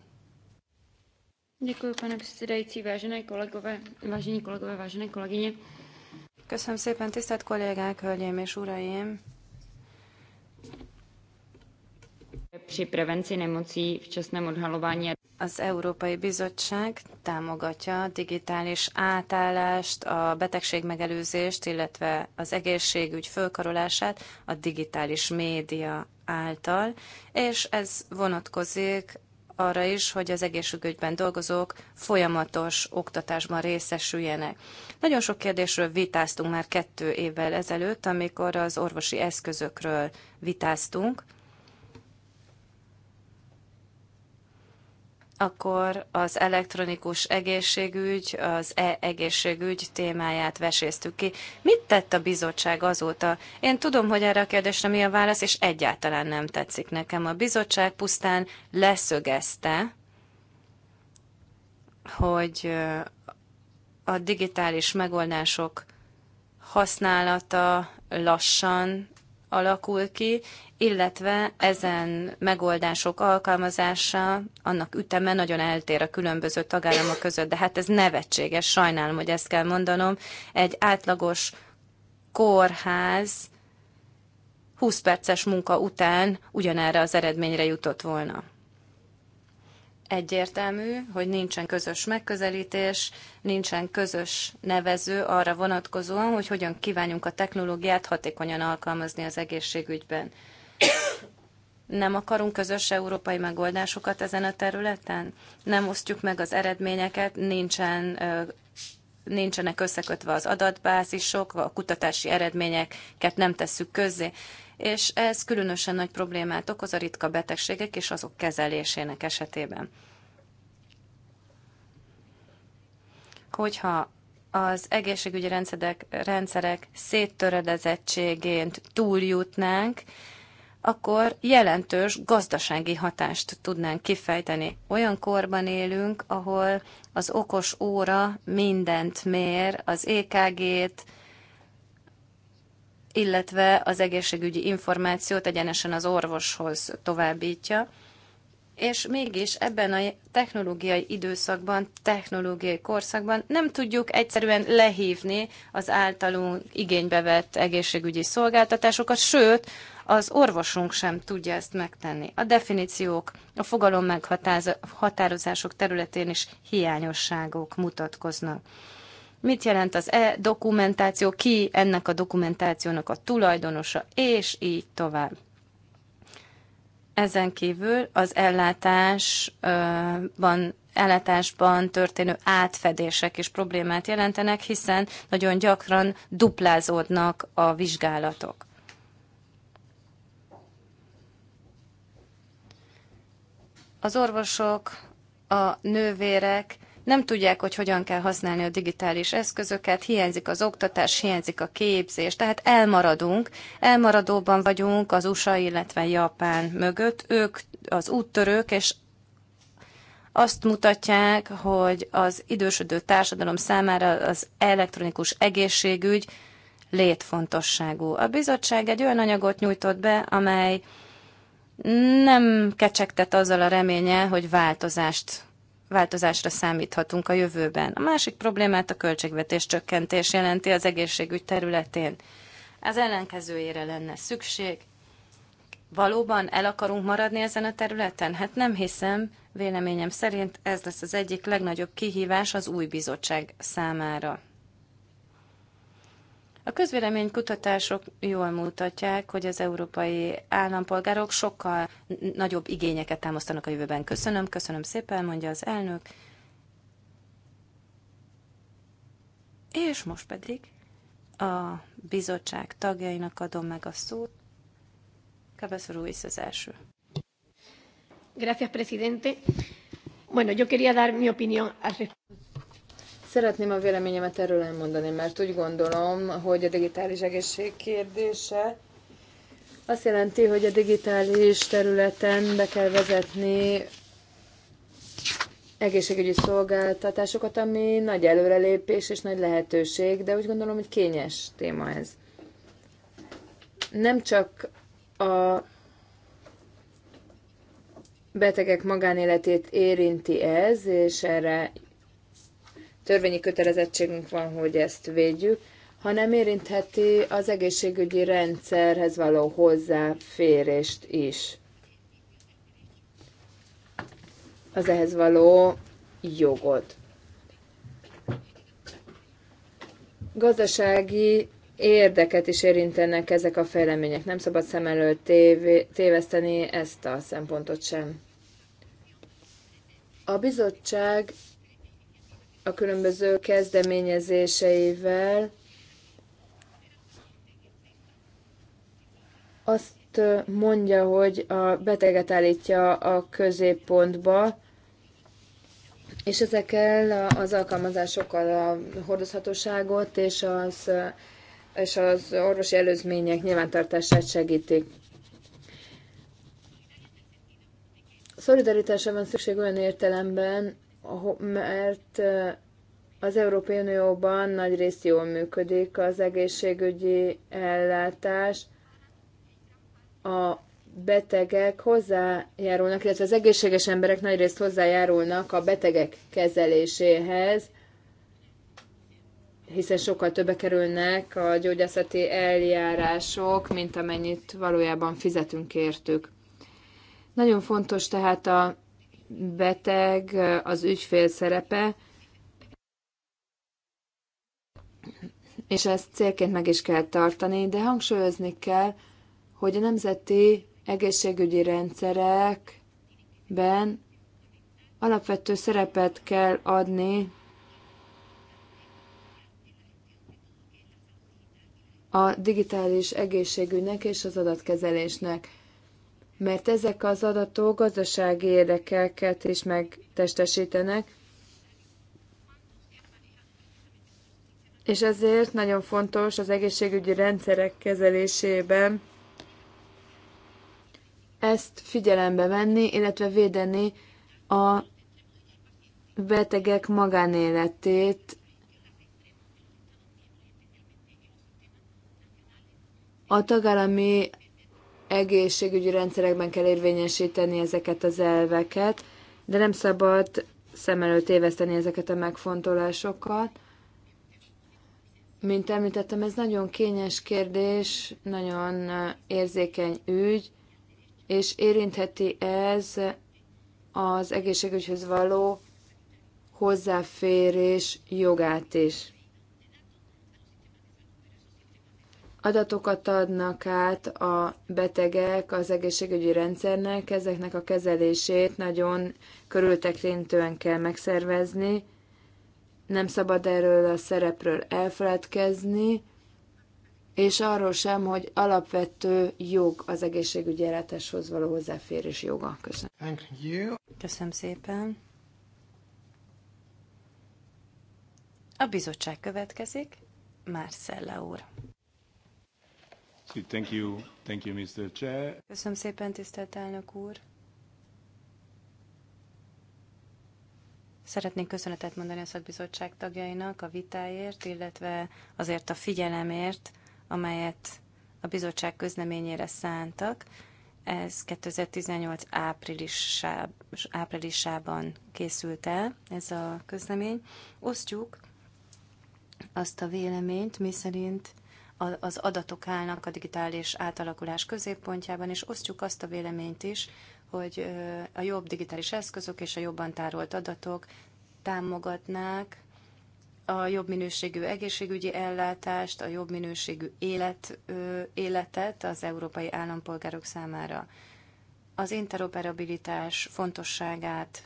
Speaker 1: Děkuji, pane předsedající, vážené kolegové, vážení kolegové, vážené kolegyně. Köszönöm szépen, tisztelt kollégák, hölgyeim és uraim! Při prevenci nemocí, včasném odhalování. Az Európai Bizottság támogatja a digitális átállást, a betegségmegelőzést, illetve az egészségügy fölkarolását a digitális média által, és ez vonatkozik arra is, hogy az egészségügyben dolgozók folyamatos oktatásban részesüljenek. Nagyon sok kérdésről vitáztunk már kettő évvel ezelőtt, amikor az orvosi eszközökről vitáztunk, akkor az elektronikus egészségügy, az e-egészségügy témáját veséztük ki. Mit tett a bizottság azóta? Én tudom, hogy erre a kérdésre mi a válasz, és egyáltalán nem tetszik nekem. A bizottság pusztán leszögezte, hogy a digitális megoldások használata lassan alakul ki, illetve ezen megoldások alkalmazása, annak üteme nagyon eltér a különböző tagállamok között, de hát ez nevetséges, sajnálom, hogy ezt kell mondanom. Egy átlagos kórház 20 perces munka után ugyanerre az eredményre jutott volna egyértelmű, hogy nincsen közös megközelítés, nincsen közös nevező arra vonatkozóan, hogy hogyan kívánjunk a technológiát hatékonyan alkalmazni az egészségügyben. Nem akarunk közös európai megoldásokat ezen a területen? Nem osztjuk meg az eredményeket, nincsen, nincsenek összekötve az adatbázisok, a kutatási eredményeket nem tesszük közzé és ez különösen nagy problémát okoz a ritka betegségek és azok kezelésének esetében. Hogyha az egészségügyi rendszerek, rendszerek széttöredezettségét túljutnánk, akkor jelentős gazdasági hatást tudnánk kifejteni. Olyan korban élünk, ahol az okos óra mindent mér, az EKG-t, illetve az egészségügyi információt egyenesen az orvoshoz továbbítja. És mégis ebben a technológiai időszakban, technológiai korszakban nem tudjuk egyszerűen lehívni az általunk igénybe vett egészségügyi szolgáltatásokat, sőt, az orvosunk sem tudja ezt megtenni. A definíciók, a fogalom meghatározások területén is hiányosságok mutatkoznak mit jelent az e-dokumentáció, ki ennek a dokumentációnak a tulajdonosa, és így tovább. Ezen kívül az ellátásban, ellátásban történő átfedések is problémát jelentenek, hiszen nagyon gyakran duplázódnak a vizsgálatok. Az orvosok, a nővérek nem tudják, hogy hogyan kell használni a digitális eszközöket, hiányzik az oktatás, hiányzik a képzés, tehát elmaradunk, elmaradóban vagyunk az USA, illetve Japán mögött, ők az úttörők, és azt mutatják, hogy az idősödő társadalom számára az elektronikus egészségügy létfontosságú. A bizottság egy olyan anyagot nyújtott be, amely nem kecsegtet azzal a reménye, hogy változást változásra számíthatunk a jövőben. A másik problémát a költségvetés csökkentés jelenti az egészségügy területén. Az ellenkezőjére lenne szükség. Valóban el akarunk maradni ezen a területen? Hát nem hiszem, véleményem szerint ez lesz az egyik legnagyobb kihívás az új bizottság számára. A közvéleménykutatások jól mutatják, hogy az európai állampolgárok sokkal nagyobb igényeket támasztanak a jövőben. Köszönöm, köszönöm szépen, mondja az elnök. És most pedig a bizottság tagjainak adom meg a szót. Cabezor Ruiz az első. Gracias, presidente. Bueno, yo quería dar mi opinión al respecto.
Speaker 2: Szeretném a véleményemet erről elmondani, mert úgy gondolom, hogy a digitális egészség kérdése azt jelenti, hogy a digitális területen be kell vezetni egészségügyi szolgáltatásokat, ami nagy előrelépés és nagy lehetőség, de úgy gondolom, hogy kényes téma ez. Nem csak a betegek magánéletét érinti ez, és erre törvényi kötelezettségünk van, hogy ezt védjük, hanem érintheti az egészségügyi rendszerhez való hozzáférést is. Az ehhez való jogot. Gazdasági érdeket is érintenek ezek a fejlemények. Nem szabad szem előtt téveszteni ezt a szempontot sem. A bizottság a különböző kezdeményezéseivel azt mondja, hogy a beteget állítja a középpontba, és ezekkel az alkalmazásokkal a hordozhatóságot és az, és az orvosi előzmények nyilvántartását segítik. Szolidaritásra van szükség olyan értelemben, mert az Európai Unióban nagy részt jól működik az egészségügyi ellátás, a betegek hozzájárulnak, illetve az egészséges emberek nagy részt hozzájárulnak a betegek kezeléséhez, hiszen sokkal többe kerülnek a gyógyászati eljárások, mint amennyit valójában fizetünk értük. Nagyon fontos tehát a beteg, az ügyfél szerepe, és ezt célként meg is kell tartani, de hangsúlyozni kell, hogy a nemzeti egészségügyi rendszerekben alapvető szerepet kell adni a digitális egészségügynek és az adatkezelésnek mert ezek az adatok gazdasági érdekeket is megtestesítenek, és ezért nagyon fontos az egészségügyi rendszerek kezelésében ezt figyelembe venni, illetve védeni a betegek magánéletét, a tagállami egészségügyi rendszerekben kell érvényesíteni ezeket az elveket, de nem szabad szem előtt éveszteni ezeket a megfontolásokat. Mint említettem, ez nagyon kényes kérdés, nagyon érzékeny ügy, és érintheti ez az egészségügyhöz való hozzáférés jogát is. adatokat adnak át a betegek az egészségügyi rendszernek, ezeknek a kezelését nagyon körültekintően kell megszervezni, nem szabad erről a szerepről elfeledkezni, és arról sem, hogy alapvető jog az egészségügyi ellátáshoz való hozzáférés joga. Köszönöm.
Speaker 1: Thank you. Köszönöm szépen. A bizottság következik. Marcella úr. Thank you,
Speaker 3: thank you, Mr. Chair.
Speaker 1: Köszönöm szépen, tisztelt elnök úr. Szeretnék köszönetet mondani a szakbizottság tagjainak a vitáért, illetve azért a figyelemért, amelyet a bizottság közleményére szántak. Ez 2018 áprilisá, áprilisában készült el ez a közlemény. Osztjuk azt a véleményt, mi szerint az adatok állnak a digitális átalakulás középpontjában, és osztjuk azt a véleményt is, hogy a jobb digitális eszközök és a jobban tárolt adatok támogatnák a jobb minőségű egészségügyi ellátást, a jobb minőségű élet, életet az európai állampolgárok számára. Az interoperabilitás fontosságát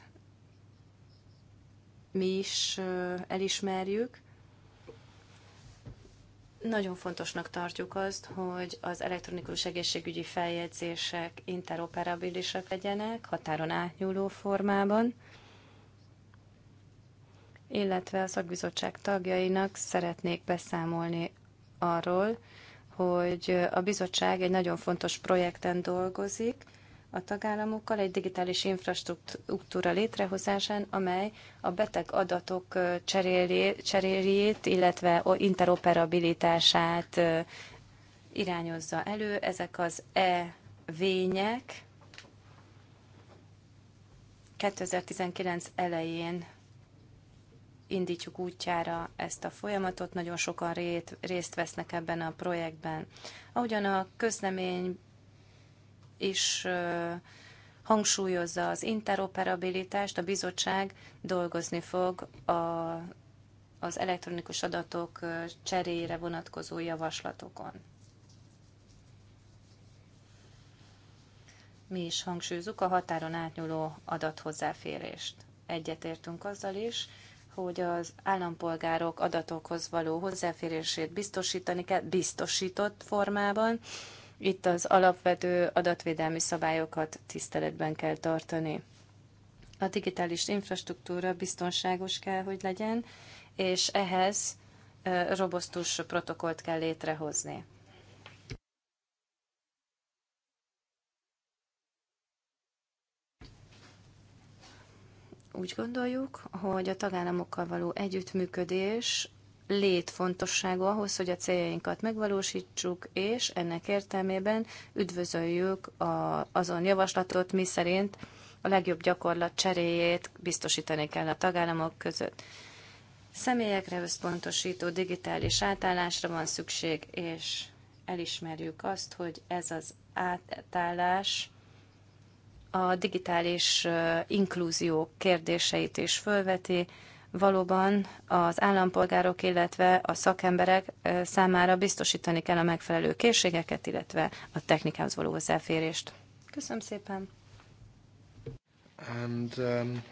Speaker 1: mi is elismerjük, nagyon fontosnak tartjuk azt, hogy az elektronikus egészségügyi feljegyzések interoperabilisek legyenek, határon átnyúló formában, illetve a szakbizottság tagjainak szeretnék beszámolni arról, hogy a bizottság egy nagyon fontos projekten dolgozik, a tagállamokkal egy digitális infrastruktúra létrehozásán, amely a beteg adatok cseréjét, illetve interoperabilitását irányozza elő. Ezek az e-vények 2019 elején indítjuk útjára ezt a folyamatot, nagyon sokan rét, részt vesznek ebben a projektben. Ahogyan a közlemény is hangsúlyozza az interoperabilitást, a bizottság dolgozni fog a, az elektronikus adatok cseréjére vonatkozó javaslatokon. Mi is hangsúlyozunk a határon átnyúló adathozzáférést. Egyetértünk azzal is, hogy az állampolgárok adatokhoz való hozzáférését biztosítani kell, biztosított formában, itt az alapvető adatvédelmi szabályokat tiszteletben kell tartani. A digitális infrastruktúra biztonságos kell, hogy legyen, és ehhez robosztus protokollt kell létrehozni. Úgy gondoljuk, hogy a tagállamokkal való együttműködés létfontosságú ahhoz, hogy a céljainkat megvalósítsuk, és ennek értelmében üdvözöljük a, azon javaslatot, mi szerint a legjobb gyakorlat cseréjét biztosítani kell a tagállamok között. Személyekre összpontosító digitális átállásra van szükség, és elismerjük azt, hogy ez az átállás a digitális inklúzió kérdéseit is fölveti, valóban az állampolgárok, illetve a szakemberek számára biztosítani kell a megfelelő készségeket, illetve a technikához való hozzáférést. Köszönöm szépen! And, um...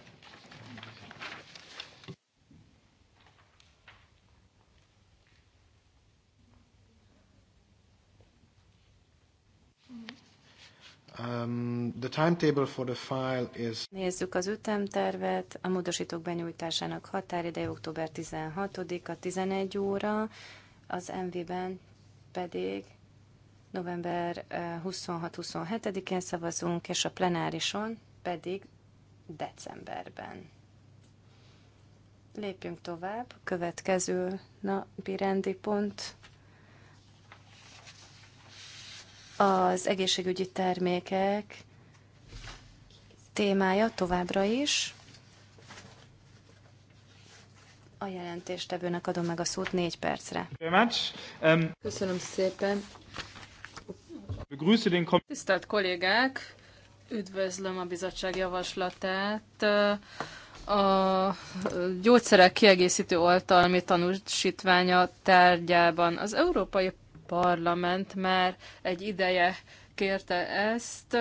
Speaker 1: Um, the timetable for the file is... Nézzük az ütemtervet. A módosítók benyújtásának határideje október 16-a 11 óra, az MV-ben pedig november 26-27-én eh, szavazunk, és a plenárison pedig decemberben. Lépjünk tovább. Következő napi rendi pont. az egészségügyi termékek témája továbbra is. A jelentéstevőnek adom meg a szót négy percre. Um, Köszönöm szépen.
Speaker 3: Tisztelt kollégák, üdvözlöm a bizottság javaslatát. A gyógyszerek kiegészítő oltalmi tanúsítványa tárgyában az Európai Parlament már egy ideje kérte ezt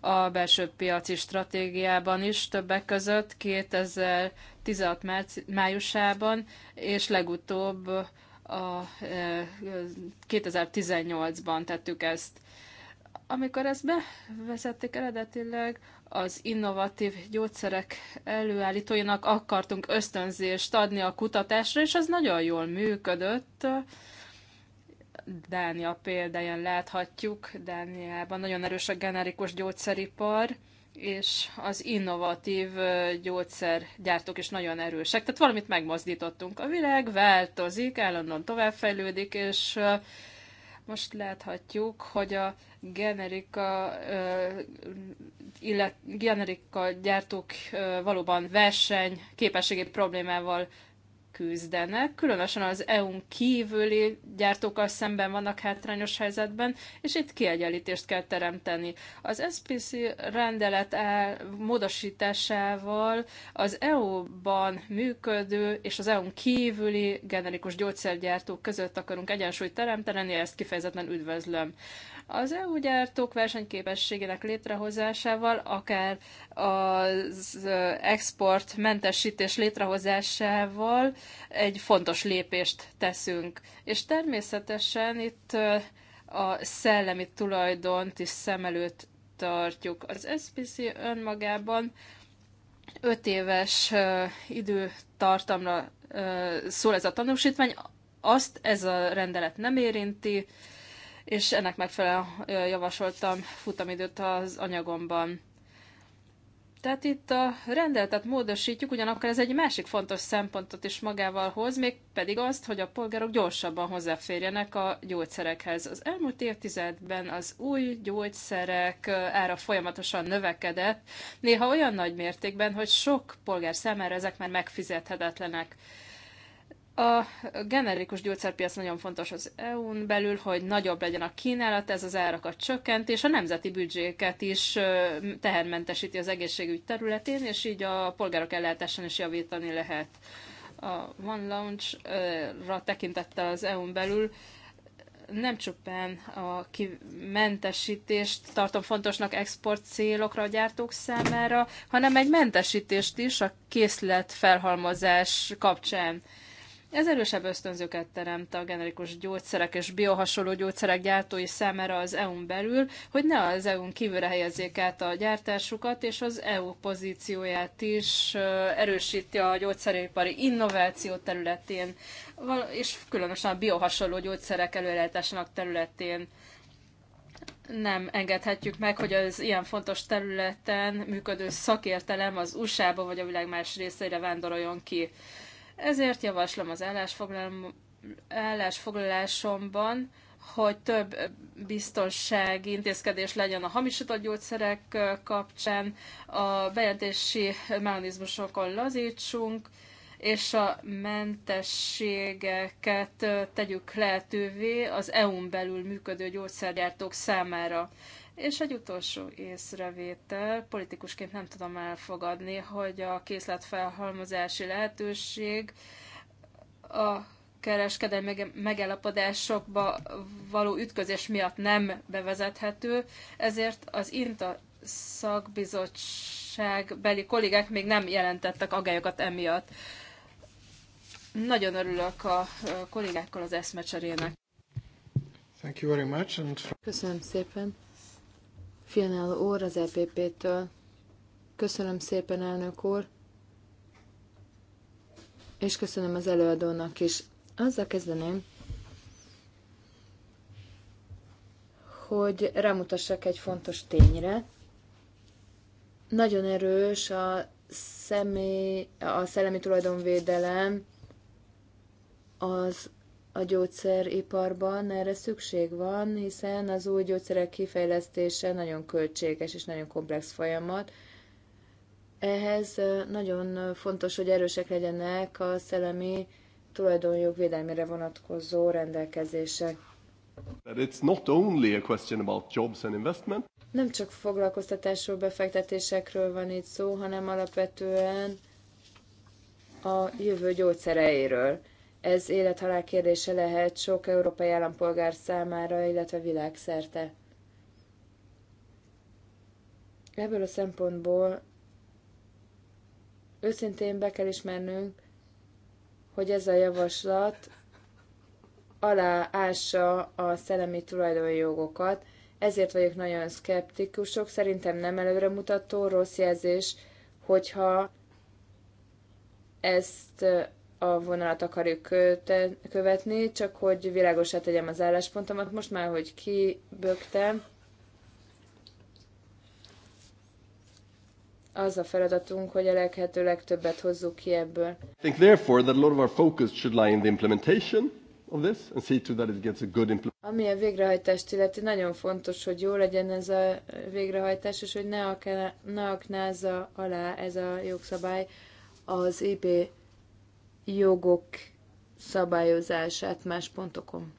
Speaker 3: a belső piaci stratégiában is többek között 2016 májusában, és legutóbb a 2018-ban tettük ezt. Amikor ezt bevezették eredetileg, az innovatív gyógyszerek előállítóinak akartunk ösztönzést adni a kutatásra, és ez nagyon jól működött. Dánia példáján láthatjuk. Dániában nagyon erős a generikus gyógyszeripar, és az innovatív gyógyszergyártók is nagyon erősek. Tehát valamit megmozdítottunk. A világ változik, állandóan továbbfejlődik, és most láthatjuk, hogy a generika, illet, generika gyártók valóban verseny képességi problémával küzdenek, különösen az EU-n kívüli gyártókkal szemben vannak hátrányos helyzetben, és itt kiegyenlítést kell teremteni. Az SPC rendelet e- módosításával az EU-ban működő és az EU-n kívüli generikus gyógyszergyártók között akarunk egyensúlyt teremteni, ezt kifejezetten üdvözlöm. Az EU gyártók versenyképességének létrehozásával, akár az export mentesítés létrehozásával egy fontos lépést teszünk. És természetesen itt a szellemi tulajdont is szem előtt tartjuk. Az SPC önmagában 5 éves időtartamra szól ez a tanúsítvány, azt ez a rendelet nem érinti, és ennek megfelelően javasoltam futamidőt az anyagomban. Tehát itt a rendeletet módosítjuk, ugyanakkor ez egy másik fontos szempontot is magával hoz, még pedig azt, hogy a polgárok gyorsabban hozzáférjenek a gyógyszerekhez. Az elmúlt évtizedben az új gyógyszerek ára folyamatosan növekedett, néha olyan nagy mértékben, hogy sok polgár számára ezek már megfizethetetlenek. A generikus gyógyszerpiac nagyon fontos az EU-n belül, hogy nagyobb legyen a kínálat, ez az árakat csökkent, és a nemzeti büdzséket is tehermentesíti az egészségügy területén, és így a polgárok ellátásán is javítani lehet. A One Launch-ra tekintettel az EU-n belül nem csupán a mentesítést tartom fontosnak export célokra a gyártók számára, hanem egy mentesítést is a készlet felhalmozás kapcsán ez erősebb ösztönzőket teremt a generikus gyógyszerek és biohasonló gyógyszerek gyártói számára az EU-n belül, hogy ne az EU-n kívülre helyezzék át a gyártásukat, és az EU pozícióját is erősíti a gyógyszeripari innováció területén, és különösen a biohasonló gyógyszerek előállításának területén nem engedhetjük meg, hogy az ilyen fontos területen működő szakértelem az USA-ba vagy a világ más részeire vándoroljon ki. Ezért javaslom az állásfoglalásomban, hogy több biztonsági intézkedés legyen a hamisított gyógyszerek kapcsán, a bejelentési mechanizmusokon lazítsunk, és a mentességeket tegyük lehetővé az EU-n belül működő gyógyszergyártók számára. És egy utolsó észrevétel, politikusként nem tudom elfogadni, hogy a készletfelhalmozási lehetőség a kereskedelmi megállapodásokba való ütközés miatt nem bevezethető, ezért az INTA szakbizottság beli kollégák még nem jelentettek agályokat emiatt. Nagyon örülök a
Speaker 2: kollégákkal az eszmecserének. Thank you very much and... Köszönöm szépen. Fianel úr az EPP-től. Köszönöm szépen, elnök úr, és köszönöm az előadónak is. Azzal kezdeném, hogy rámutassak egy fontos tényre. Nagyon erős a, személy, a szellemi tulajdonvédelem az a gyógyszeriparban erre szükség van, hiszen az új gyógyszerek kifejlesztése nagyon költséges és nagyon komplex folyamat. Ehhez nagyon fontos, hogy erősek legyenek a szellemi tulajdonjog védelmére vonatkozó rendelkezések.
Speaker 1: It's not only a question about jobs and investment.
Speaker 2: Nem csak foglalkoztatásról, befektetésekről van itt szó, hanem alapvetően a jövő gyógyszereiről. Ez élethalál kérdése lehet sok európai állampolgár számára, illetve világszerte. Ebből a szempontból őszintén be kell ismernünk, hogy ez a javaslat aláássa a szellemi tulajdonjogokat, ezért vagyok nagyon szkeptikusok, szerintem nem előremutató, rossz jelzés, hogyha ezt a vonalat akarjuk követni, csak hogy világosá tegyem az álláspontomat. Most már, hogy kibögtem, az a feladatunk, hogy a lehető legtöbbet hozzuk ki ebből. I think therefore that a lot of our focus should lie in the implementation
Speaker 1: of this and see to that it gets a good implementation.
Speaker 2: Ami a végrehajtást illeti, nagyon fontos, hogy jó legyen ez a végrehajtás, és hogy ne, akná, ne aknázza alá ez a jogszabály az IP jogok szabályozását más pontokon.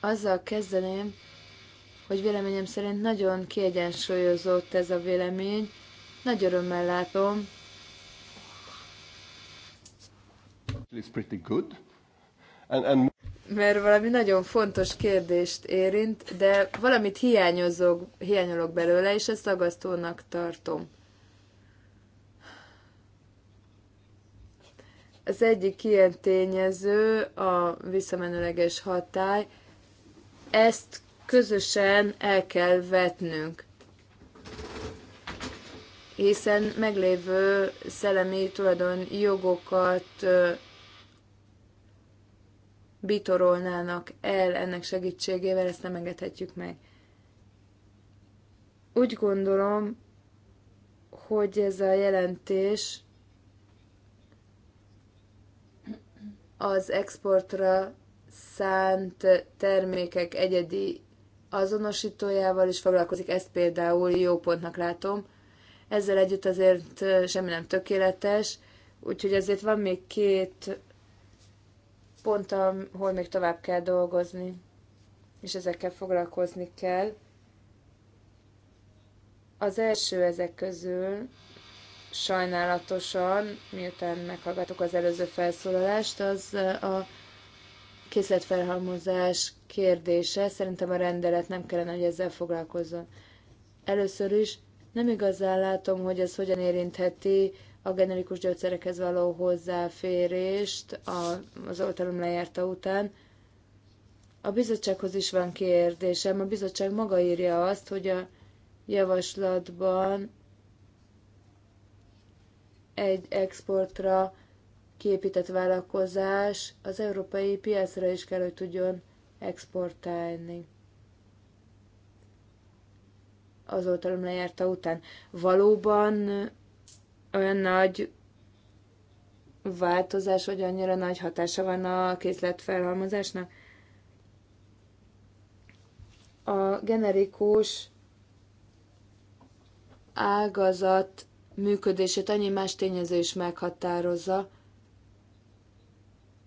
Speaker 2: Azzal kezdeném, hogy véleményem szerint nagyon kiegyensúlyozott ez a vélemény. Nagy örömmel látom. pretty good. And, and... Mert valami nagyon fontos kérdést érint, de valamit hiányozok, hiányolok belőle, és ezt aggasztónak tartom. Az egyik ilyen tényező a visszamenőleges hatály. Ezt közösen el kell vetnünk hiszen meglévő szellemi tulajdon jogokat bitorolnának el ennek segítségével, ezt nem engedhetjük meg. Úgy gondolom, hogy ez a jelentés az exportra szánt termékek egyedi azonosítójával is foglalkozik, ezt például jó pontnak látom. Ezzel együtt azért semmi nem tökéletes, úgyhogy azért van még két pont, ahol még tovább kell dolgozni, és ezekkel foglalkozni kell. Az első ezek közül sajnálatosan, miután meghallgattuk az előző felszólalást, az eh, a készletfelhalmozás kérdése. Szerintem a rendelet nem kellene, hogy ezzel foglalkozzon. Először is nem igazán látom, hogy ez hogyan érintheti a generikus gyógyszerekhez való hozzáférést az oltalom lejárta után. A bizottsághoz is van kérdésem. A bizottság maga írja azt, hogy a javaslatban egy exportra képített vállalkozás az európai piacra is kell, hogy tudjon exportálni. Az oltalom lejárta után. Valóban olyan nagy változás, vagy annyira nagy hatása van a készletfelhalmozásnak? A generikus ágazat működését annyi más tényező is meghatározza,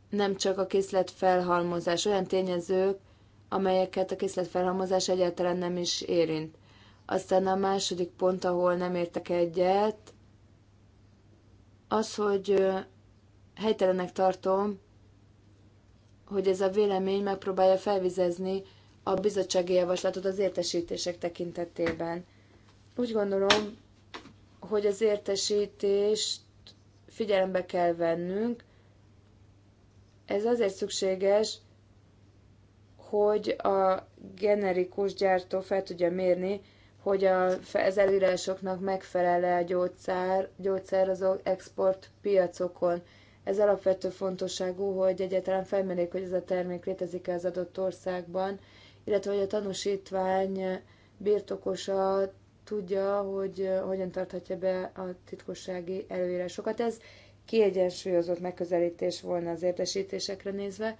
Speaker 2: nem csak a készletfelhalmozás, olyan tényezők, amelyeket a készletfelhalmozás egyáltalán nem is érint. Aztán a második pont, ahol nem értek egyet, az, hogy helytelenek tartom, hogy ez a vélemény megpróbálja felvizezni a bizottsági javaslatot az értesítések tekintetében. Úgy gondolom, hogy az értesítést figyelembe kell vennünk. Ez azért szükséges, hogy a generikus gyártó fel tudja mérni, hogy a, az előírásoknak megfelele a gyógyszer, gyógyszer az export piacokon. Ez alapvető fontosságú, hogy egyáltalán felmérjék, hogy ez a termék létezik-e az adott országban, illetve hogy a tanúsítvány birtokosa tudja, hogy hogyan tarthatja be a titkossági előírásokat. Ez kiegyensúlyozott megközelítés volna az értesítésekre nézve.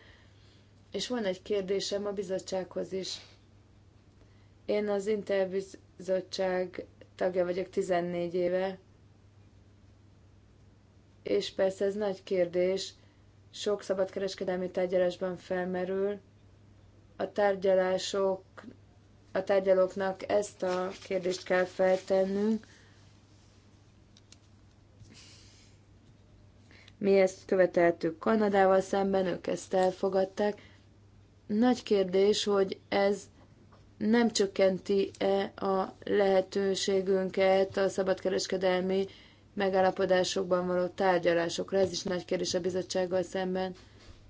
Speaker 2: És van egy kérdésem a bizottsághoz is. Én az interbizottság tagja vagyok 14 éve, és persze ez nagy kérdés, sok szabadkereskedelmi tárgyalásban felmerül, a tárgyalások a tárgyalóknak ezt a kérdést kell feltennünk. Mi ezt követeltük Kanadával szemben, ők ezt elfogadták. Nagy kérdés, hogy ez nem csökkenti-e a lehetőségünket a szabadkereskedelmi megállapodásokban való tárgyalásokra. Ez is nagy kérdés a bizottsággal szemben.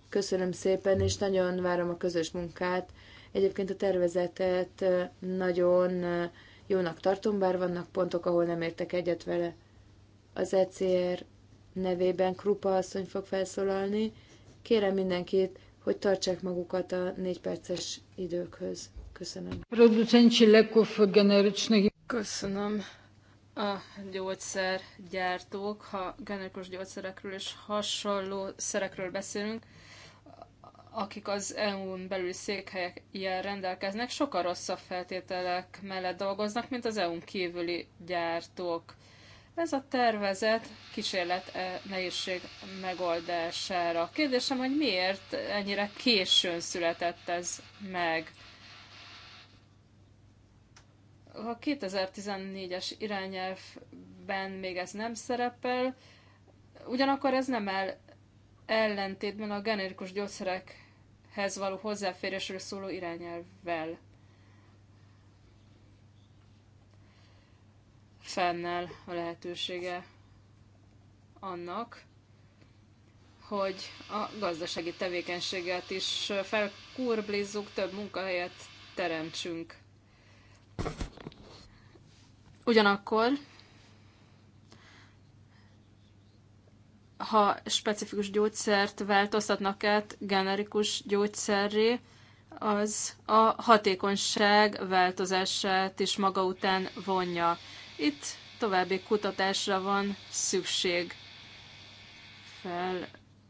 Speaker 2: Köszönöm szépen, és nagyon várom a közös munkát Egyébként a tervezetet nagyon jónak tartom, bár vannak pontok, ahol nem értek egyet vele. Az ECR nevében Krupa asszony fog felszólalni. Kérem mindenkit, hogy tartsák magukat a négy perces időkhöz. Köszönöm. lekov
Speaker 3: Köszönöm a gyógyszergyártók, ha generikus gyógyszerekről és hasonló szerekről beszélünk, akik az EU-n belüli székhelyen rendelkeznek, sokkal rosszabb feltételek mellett dolgoznak, mint az EU-n kívüli gyártók. Ez a tervezet kísérlet eh, nehézség megoldására. Kérdésem, hogy miért ennyire későn született ez meg? A 2014-es irányelvben még ez nem szerepel, ugyanakkor ez nem áll ellentétben a generikus gyógyszerek hez való hozzáférésről szóló irányelvvel. Fennel a lehetősége annak, hogy a gazdasági tevékenységet is felkurblízzuk több munkahelyet teremtsünk. Ugyanakkor ha specifikus gyógyszert változtatnak át generikus gyógyszerré, az a hatékonyság változását is maga után vonja. Itt további kutatásra van szükség.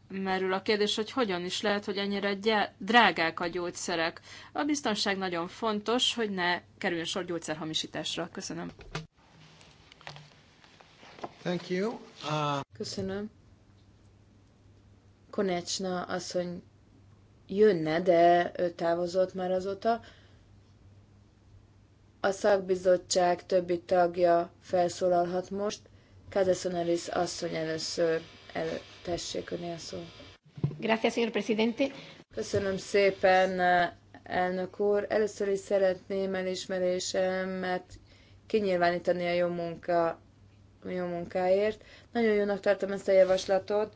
Speaker 3: Felmerül a kérdés, hogy hogyan is lehet, hogy ennyire drágák a gyógyszerek. A biztonság nagyon fontos, hogy ne kerüljön sor gyógyszerhamisításra.
Speaker 2: Köszönöm.
Speaker 1: Thank you. Uh...
Speaker 2: Köszönöm. Konecsna asszony jönne, de ő távozott már azóta. A szakbizottság többi tagja felszólalhat most. Cadesson Alice asszony először elő, tessék önni a szó. Gracias, señor presidente. Köszönöm szépen, elnök úr. Először is szeretném elismerésemet kinyilvánítani a jó munka a jó munkáért. Nagyon jónak tartom ezt a javaslatot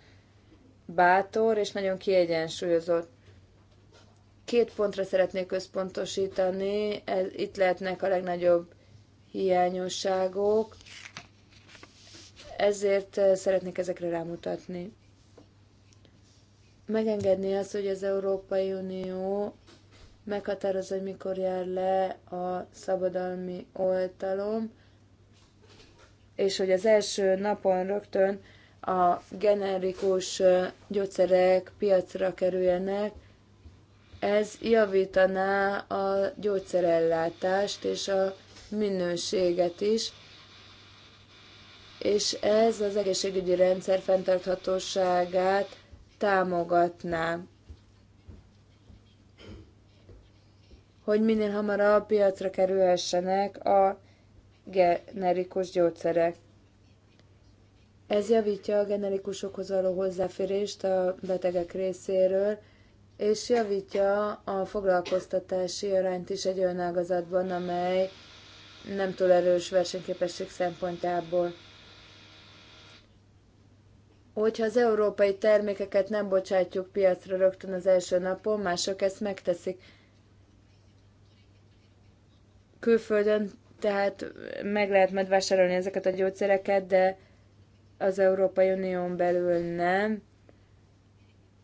Speaker 2: bátor és nagyon kiegyensúlyozott. Két pontra szeretnék összpontosítani, ez, itt lehetnek a legnagyobb hiányosságok, ezért eh, szeretnék ezekre rámutatni. Megengedni azt, hogy az Európai Unió meghatározza, hogy mikor jár le a szabadalmi oltalom, és hogy az első napon rögtön a generikus gyógyszerek piacra kerüljenek, ez javítaná a gyógyszerellátást és a minőséget is, és ez az egészségügyi rendszer fenntarthatóságát támogatná. Hogy minél hamarabb piacra kerülhessenek a generikus gyógyszerek. Ez javítja a generikusokhoz való hozzáférést a betegek részéről, és javítja a foglalkoztatási arányt is egy olyan ágazatban, amely nem túl erős versenyképesség szempontjából. Hogyha az európai termékeket nem bocsátjuk piacra rögtön az első napon, mások ezt megteszik. Külföldön tehát meg lehet majd vásárolni ezeket a gyógyszereket, de az Európai Unión belül nem,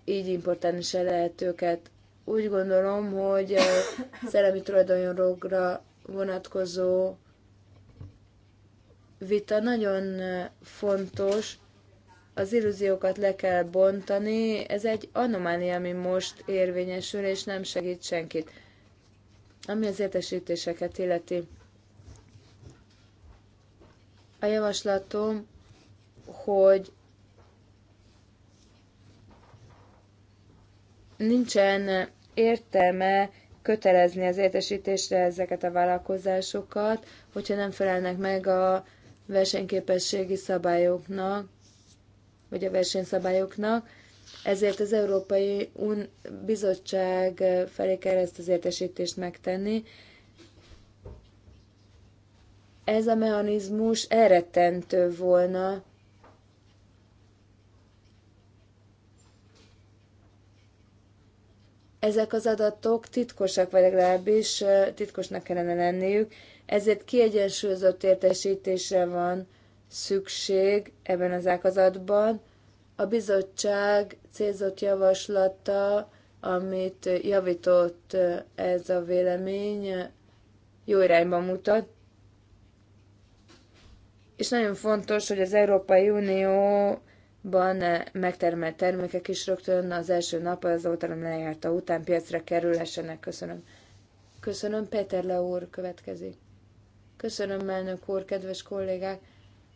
Speaker 2: így importálni se lehet őket. Úgy gondolom, hogy a szellemi tulajdonjogra vonatkozó vita nagyon fontos, az illúziókat le kell bontani, ez egy anomália, ami most érvényesül, és nem segít senkit. Ami az értesítéseket illeti. A javaslatom hogy nincsen értelme kötelezni az értesítésre ezeket a vállalkozásokat, hogyha nem felelnek meg a versenyképességi szabályoknak, vagy a versenyszabályoknak. Ezért az Európai Un Bizottság felé kell ezt az értesítést megtenni. Ez a mechanizmus elrettentő volna ezek az adatok titkosak, vagy legalábbis titkosnak kellene lenniük, ezért kiegyensúlyozott értesítésre van szükség ebben az ágazatban. A bizottság célzott javaslata, amit javított ez a vélemény, jó irányba mutat. És nagyon fontos, hogy az Európai Unió ban eh, megtermelt termékek is rögtön az első nap az oltalom lejárta után piacra kerülhessenek. Köszönöm. Köszönöm, Péter Le úr következik. Köszönöm, elnök úr, kedves kollégák.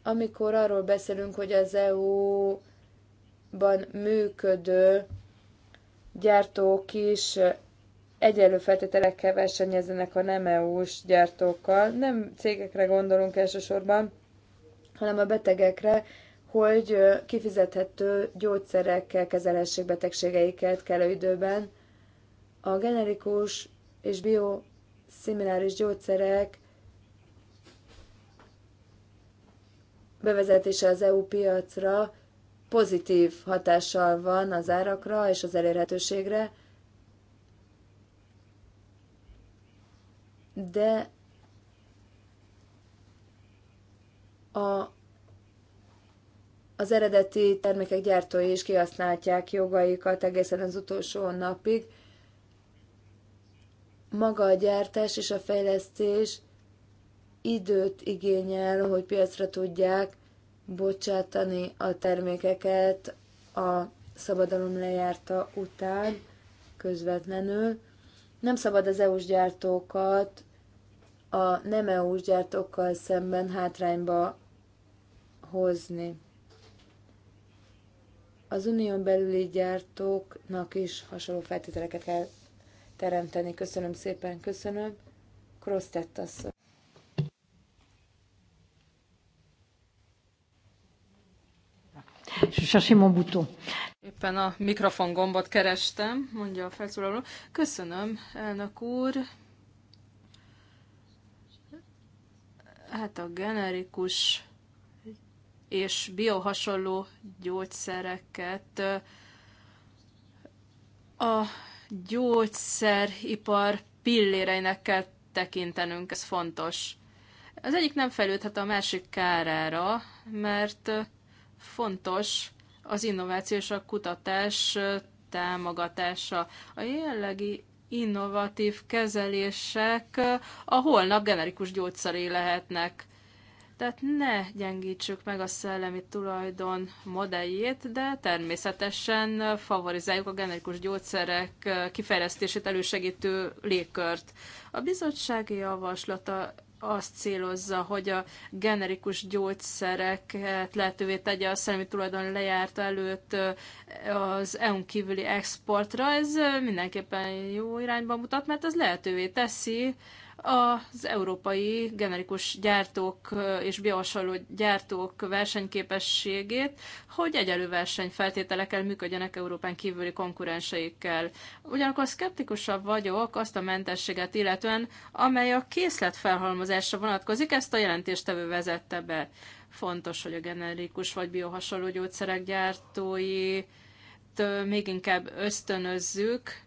Speaker 2: Amikor arról beszélünk, hogy az EU-ban működő gyártók is egyenlő feltételekkel versenyezzenek a nem EU-s gyártókkal, nem cégekre gondolunk elsősorban, hanem a betegekre, hogy kifizethető gyógyszerekkel kezelhessék betegségeiket kellő időben. A generikus és bioszimiláris gyógyszerek bevezetése az EU piacra pozitív hatással van az árakra és az elérhetőségre, de a az eredeti termékek gyártói is kihasználtják jogaikat egészen az utolsó napig. Maga a gyártás és a fejlesztés időt igényel, hogy piacra tudják bocsátani a termékeket a szabadalom lejárta után közvetlenül. Nem szabad az EU-s gyártókat a nem EU-s gyártókkal szemben hátrányba hozni az unión belüli gyártóknak is hasonló feltételeket kell teremteni. Köszönöm szépen, köszönöm. Krossz tett asszony. Je
Speaker 3: Éppen a mikrofon gombot kerestem, mondja a felszólaló. Köszönöm, elnök úr. Hát a generikus és biohasonló gyógyszereket a gyógyszeripar pilléreinek kell tekintenünk, ez fontos. Az egyik nem fejlődhet a másik kárára, mert fontos az innováció és a kutatás támogatása. A jelenlegi innovatív kezelések a holnap generikus gyógyszeré lehetnek. Tehát ne gyengítsük meg a szellemi tulajdon modelljét, de természetesen favorizáljuk a generikus gyógyszerek kifejlesztését elősegítő légkört. A bizottsági javaslata azt célozza, hogy a generikus gyógyszereket lehetővé tegye a szellemi tulajdon lejárt előtt az EU-n kívüli exportra. Ez mindenképpen jó irányba mutat, mert az lehetővé teszi, az európai generikus gyártók és biohasonló gyártók versenyképességét, hogy egyelő versenyfeltételekkel működjenek Európán kívüli konkurenseikkel. Ugyanakkor szkeptikusabb vagyok azt a mentességet illetően, amely a készletfelhalmozásra vonatkozik, ezt a jelentéstevő vezette be. Fontos, hogy a generikus vagy biohasonló gyógyszerek gyártói még inkább ösztönözzük,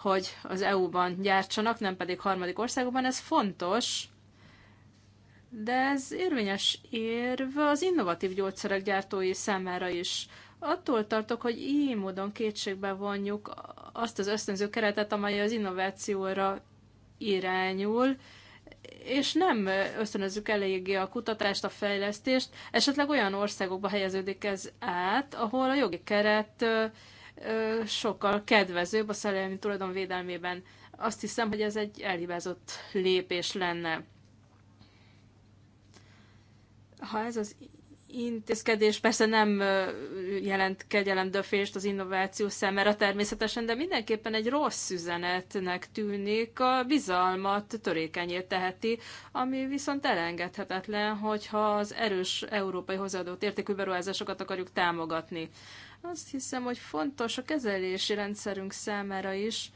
Speaker 3: hogy az EU-ban gyártsanak, nem pedig harmadik országokban. Ez fontos, de ez érvényes érv az innovatív gyógyszerek gyártói számára is. Attól tartok, hogy így módon kétségbe vonjuk azt az ösztönző keretet, amely az innovációra irányul, és nem ösztönözzük eléggé a kutatást, a fejlesztést, esetleg olyan országokba helyeződik ez át, ahol a jogi keret sokkal kedvezőbb a szerelmi tulajdon védelmében. Azt hiszem, hogy ez egy elhibázott lépés lenne. Ha ez az intézkedés persze nem jelent kegyelemdöfést az innováció szemére természetesen, de mindenképpen egy rossz üzenetnek tűnik, a bizalmat törékenyé teheti, ami viszont elengedhetetlen, hogyha az erős európai hozzáadott értékű beruházásokat akarjuk támogatni. Azt hiszem, hogy fontos a kezelési rendszerünk számára is,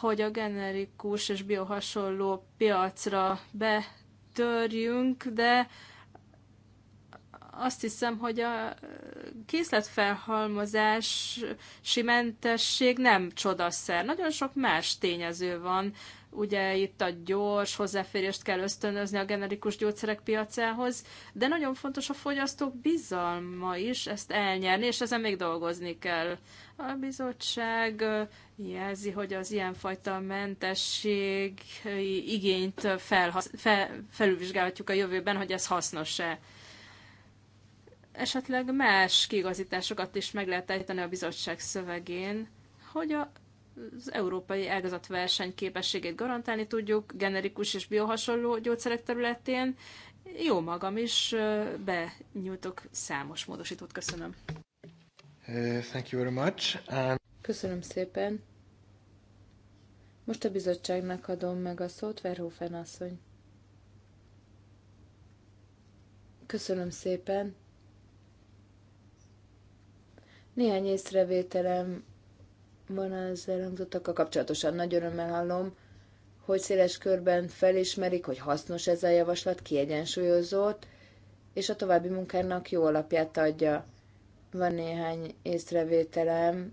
Speaker 3: hogy a generikus és biohasonló piacra betörjünk, de azt hiszem, hogy a készletfelhalmozási mentesség nem csodaszer. Nagyon sok más tényező van, Ugye itt a gyors hozzáférést kell ösztönözni a generikus gyógyszerek piacához, de nagyon fontos a fogyasztók bizalma is ezt elnyerni, és ezen még dolgozni kell. A bizottság jelzi, hogy az ilyenfajta mentesség igényt felhasz, fel, felülvizsgálhatjuk a jövőben, hogy ez hasznos-e esetleg más kigazításokat is meg lehet ejteni a bizottság szövegén, hogy a az európai ágazat versenyképességét garantálni tudjuk, generikus és biohasonló gyógyszerek területén. Jó magam is, benyújtok számos módosítót. Köszönöm.
Speaker 1: Uh, thank you very much. And...
Speaker 2: Köszönöm szépen. Most a bizottságnak adom meg a szót, Verhoeven asszony. Köszönöm szépen. Néhány észrevételem van az elhangzottakkal kapcsolatosan. Nagy örömmel hallom, hogy széles körben felismerik, hogy hasznos ez a javaslat, kiegyensúlyozott, és a további munkának jó alapját adja. Van néhány észrevételem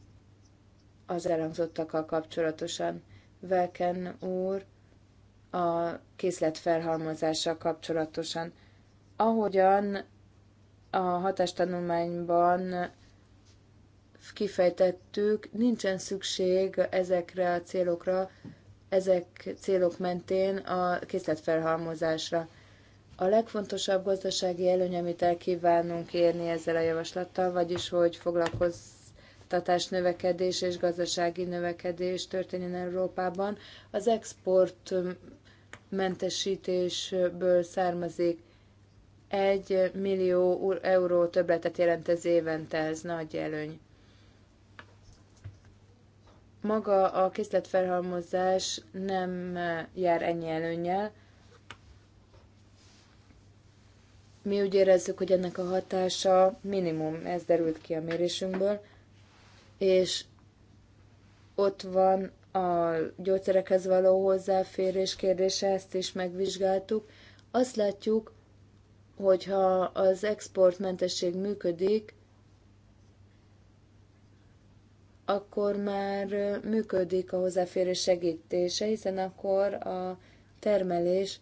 Speaker 2: az elhangzottakkal kapcsolatosan. Velken úr a készlet felhalmozással kapcsolatosan. Ahogyan a hatástanulmányban kifejtettük, nincsen szükség ezekre a célokra, ezek célok mentén a készletfelhalmozásra. A legfontosabb gazdasági előny, amit el kívánunk érni ezzel a javaslattal, vagyis hogy foglalkoztatás növekedés és gazdasági növekedés történjen Európában, az export mentesítésből származik. Egy millió euró többletet jelent ez évente, ez nagy előny maga a készletfelhalmozás nem eh, jár ennyi előnyel. Mi úgy érezzük, hogy ennek a hatása minimum, ez derült ki a mérésünkből, és ott van a gyógyszerekhez való hozzáférés kérdése, ezt is megvizsgáltuk. Azt látjuk, hogyha az exportmentesség működik, akkor már működik a hozzáférés segítése, hiszen akkor a termelés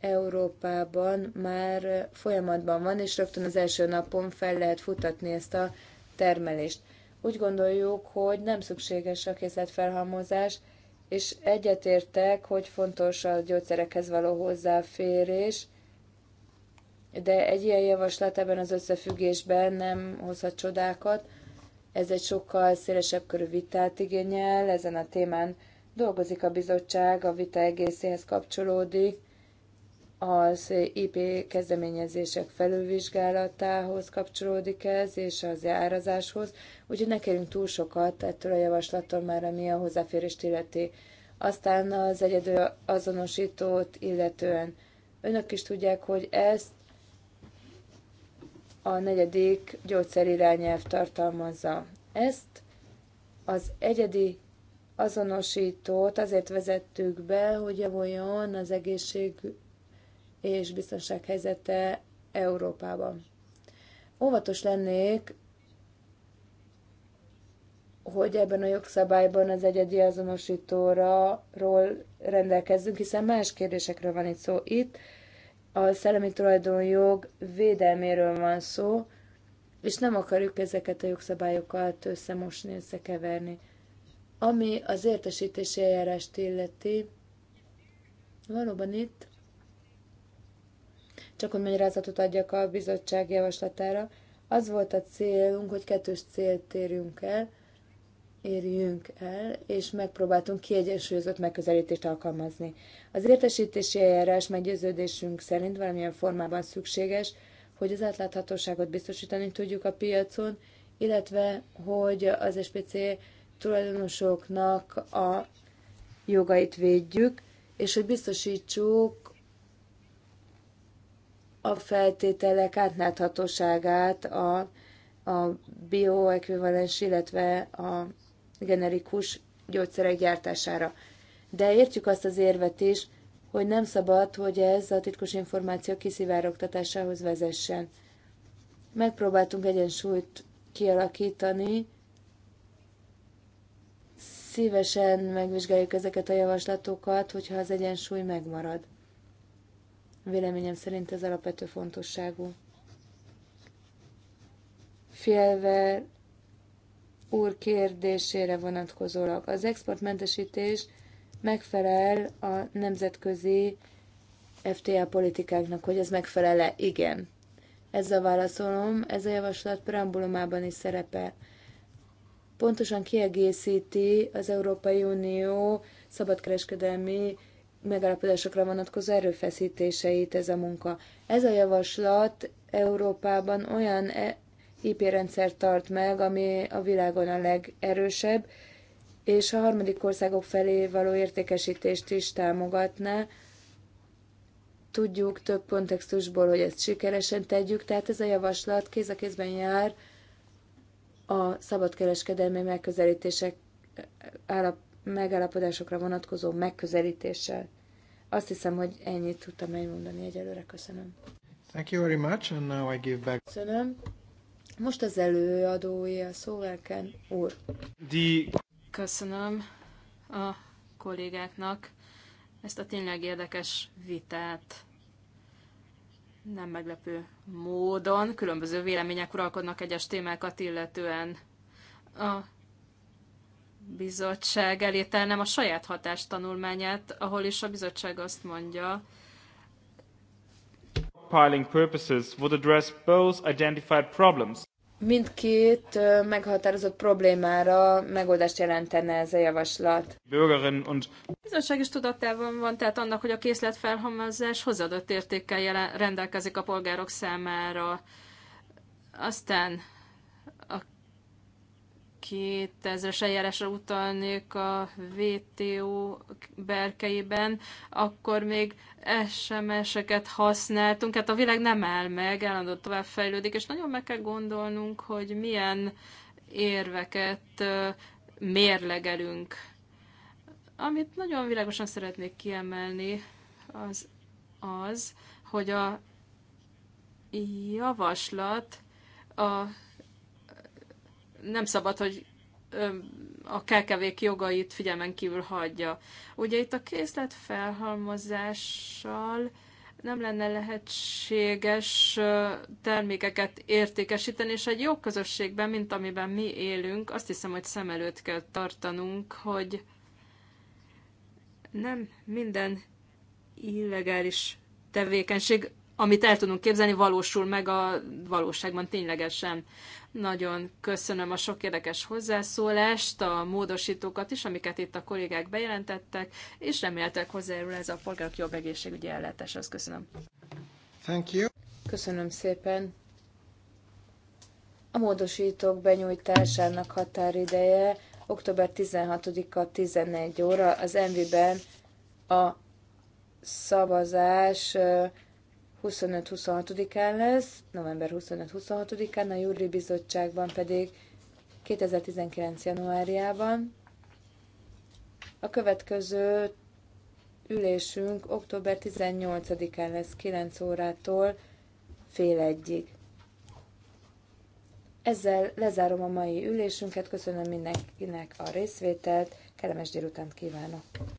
Speaker 2: Európában már folyamatban van, és rögtön az első napon fel lehet futatni ezt a termelést. Úgy gondoljuk, hogy nem szükséges a készletfelhalmozás, és egyetértek, hogy fontos a gyógyszerekhez való hozzáférés, de egy ilyen javaslat ebben az összefüggésben nem hozhat csodákat. Ez egy sokkal szélesebb körű vitát igényel, ezen a témán dolgozik a bizottság, a vita egészéhez kapcsolódik, az IP kezdeményezések felülvizsgálatához kapcsolódik ez, és az árazáshoz, úgyhogy ne kérünk túl sokat ettől a javaslattól már, ami a hozzáférést illeti. Aztán az egyedül azonosítót illetően önök is tudják, hogy ezt a negyedik gyógyszerirányelv tartalmazza. Ezt az egyedi azonosítót azért vezettük be, hogy javuljon az egészség és biztonság helyzete Európában. Óvatos lennék, hogy ebben a jogszabályban az egyedi azonosítóról rendelkezzünk, hiszen más kérdésekről van itt szó. Itt a szellemi tulajdonjog védelméről van szó, és nem akarjuk ezeket a jogszabályokat összemosni, összekeverni. Ami az értesítési eljárást illeti, valóban itt, csak hogy magyarázatot adjak a bizottság javaslatára, az volt a célunk, hogy kettős célt térjünk el – érjünk el, és megpróbáltunk kiegyensúlyozott megközelítést alkalmazni. Az értesítési eljárás meggyőződésünk szerint valamilyen formában szükséges, hogy az átláthatóságot biztosítani tudjuk a piacon, illetve hogy az SPC tulajdonosoknak a jogait védjük, és hogy biztosítsuk a feltételek átláthatóságát a, a bioekvivalens, illetve a generikus gyógyszerek gyártására. De értjük azt az érvet is, hogy nem szabad, hogy ez a titkos információ kiszivárogtatásához vezessen. Megpróbáltunk egyensúlyt kialakítani, szívesen megvizsgáljuk ezeket a javaslatokat, hogyha az egyensúly megmarad. Véleményem szerint ez alapvető fontosságú. Félve úr kérdésére vonatkozólag. Az exportmentesítés megfelel a nemzetközi FTA politikáknak, hogy ez megfelele? Igen. Ez a válaszolom, ez a javaslat preambulumában is szerepel. Pontosan kiegészíti az Európai Unió szabadkereskedelmi megállapodásokra vonatkozó erőfeszítéseit ez a munka. Ez a javaslat Európában olyan e- IP rendszer tart meg, ami a világon a legerősebb, és a harmadik országok felé való értékesítést is támogatná. Tudjuk több kontextusból, hogy ezt sikeresen tegyük, tehát ez a javaslat kéz a kézben jár a szabadkereskedelmi megközelítések állap, megállapodásokra vonatkozó megközelítéssel. Azt hiszem, hogy ennyit tudtam elmondani egyelőre. Köszönöm. Thank you very much, and now I give back. Köszönöm. Most az előadója, Szólerken úr. Di. Köszönöm a
Speaker 3: kollégáknak ezt a tényleg érdekes vitát. Nem meglepő módon különböző vélemények uralkodnak egyes témákat illetően. A bizottság elé nem a saját hatástanulmányát, ahol is a bizottság azt mondja,
Speaker 1: Piling purposes would address both identified problems
Speaker 2: mindkét meghatározott problémára megoldást jelentene ez a javaslat.
Speaker 1: Bürgerin
Speaker 3: is tudatában van, tehát annak, hogy a készletfelhalmozás hozadott értékkel jelen, rendelkezik a polgárok számára. Aztán 2000-es eljárásra utalnék a VTO berkeiben, akkor még SMS-eket használtunk, hát a világ nem áll meg, tovább fejlődik, és nagyon meg kell gondolnunk, hogy milyen érveket mérlegelünk. Amit nagyon világosan szeretnék kiemelni, az az, hogy a javaslat a nem szabad, hogy a kkv jogait figyelmen kívül hagyja. Ugye itt a készlet felhalmozással nem lenne lehetséges termékeket értékesíteni, és egy jó közösségben, mint amiben mi élünk, azt hiszem, hogy szem előtt kell tartanunk, hogy nem minden illegális tevékenység, amit el tudunk képzelni, valósul meg a valóságban ténylegesen. Nagyon köszönöm a sok érdekes hozzászólást, a módosítókat is, amiket itt a kollégák bejelentettek, és reméltek hozzájárul ez a polgárok jobb egészségügyi ellátáshoz. Köszönöm.
Speaker 2: Thank you. Köszönöm szépen. A módosítók benyújtásának határideje október 16-a 11 óra. Az MV-ben a szavazás 25-26-án lesz, november 25-26-án, a Júri Bizottságban pedig 2019. januárjában. A következő ülésünk október 18-án lesz 9 órától fél egyig. Ezzel lezárom a mai ülésünket, köszönöm mindenkinek a részvételt, kellemes délutánt kívánok!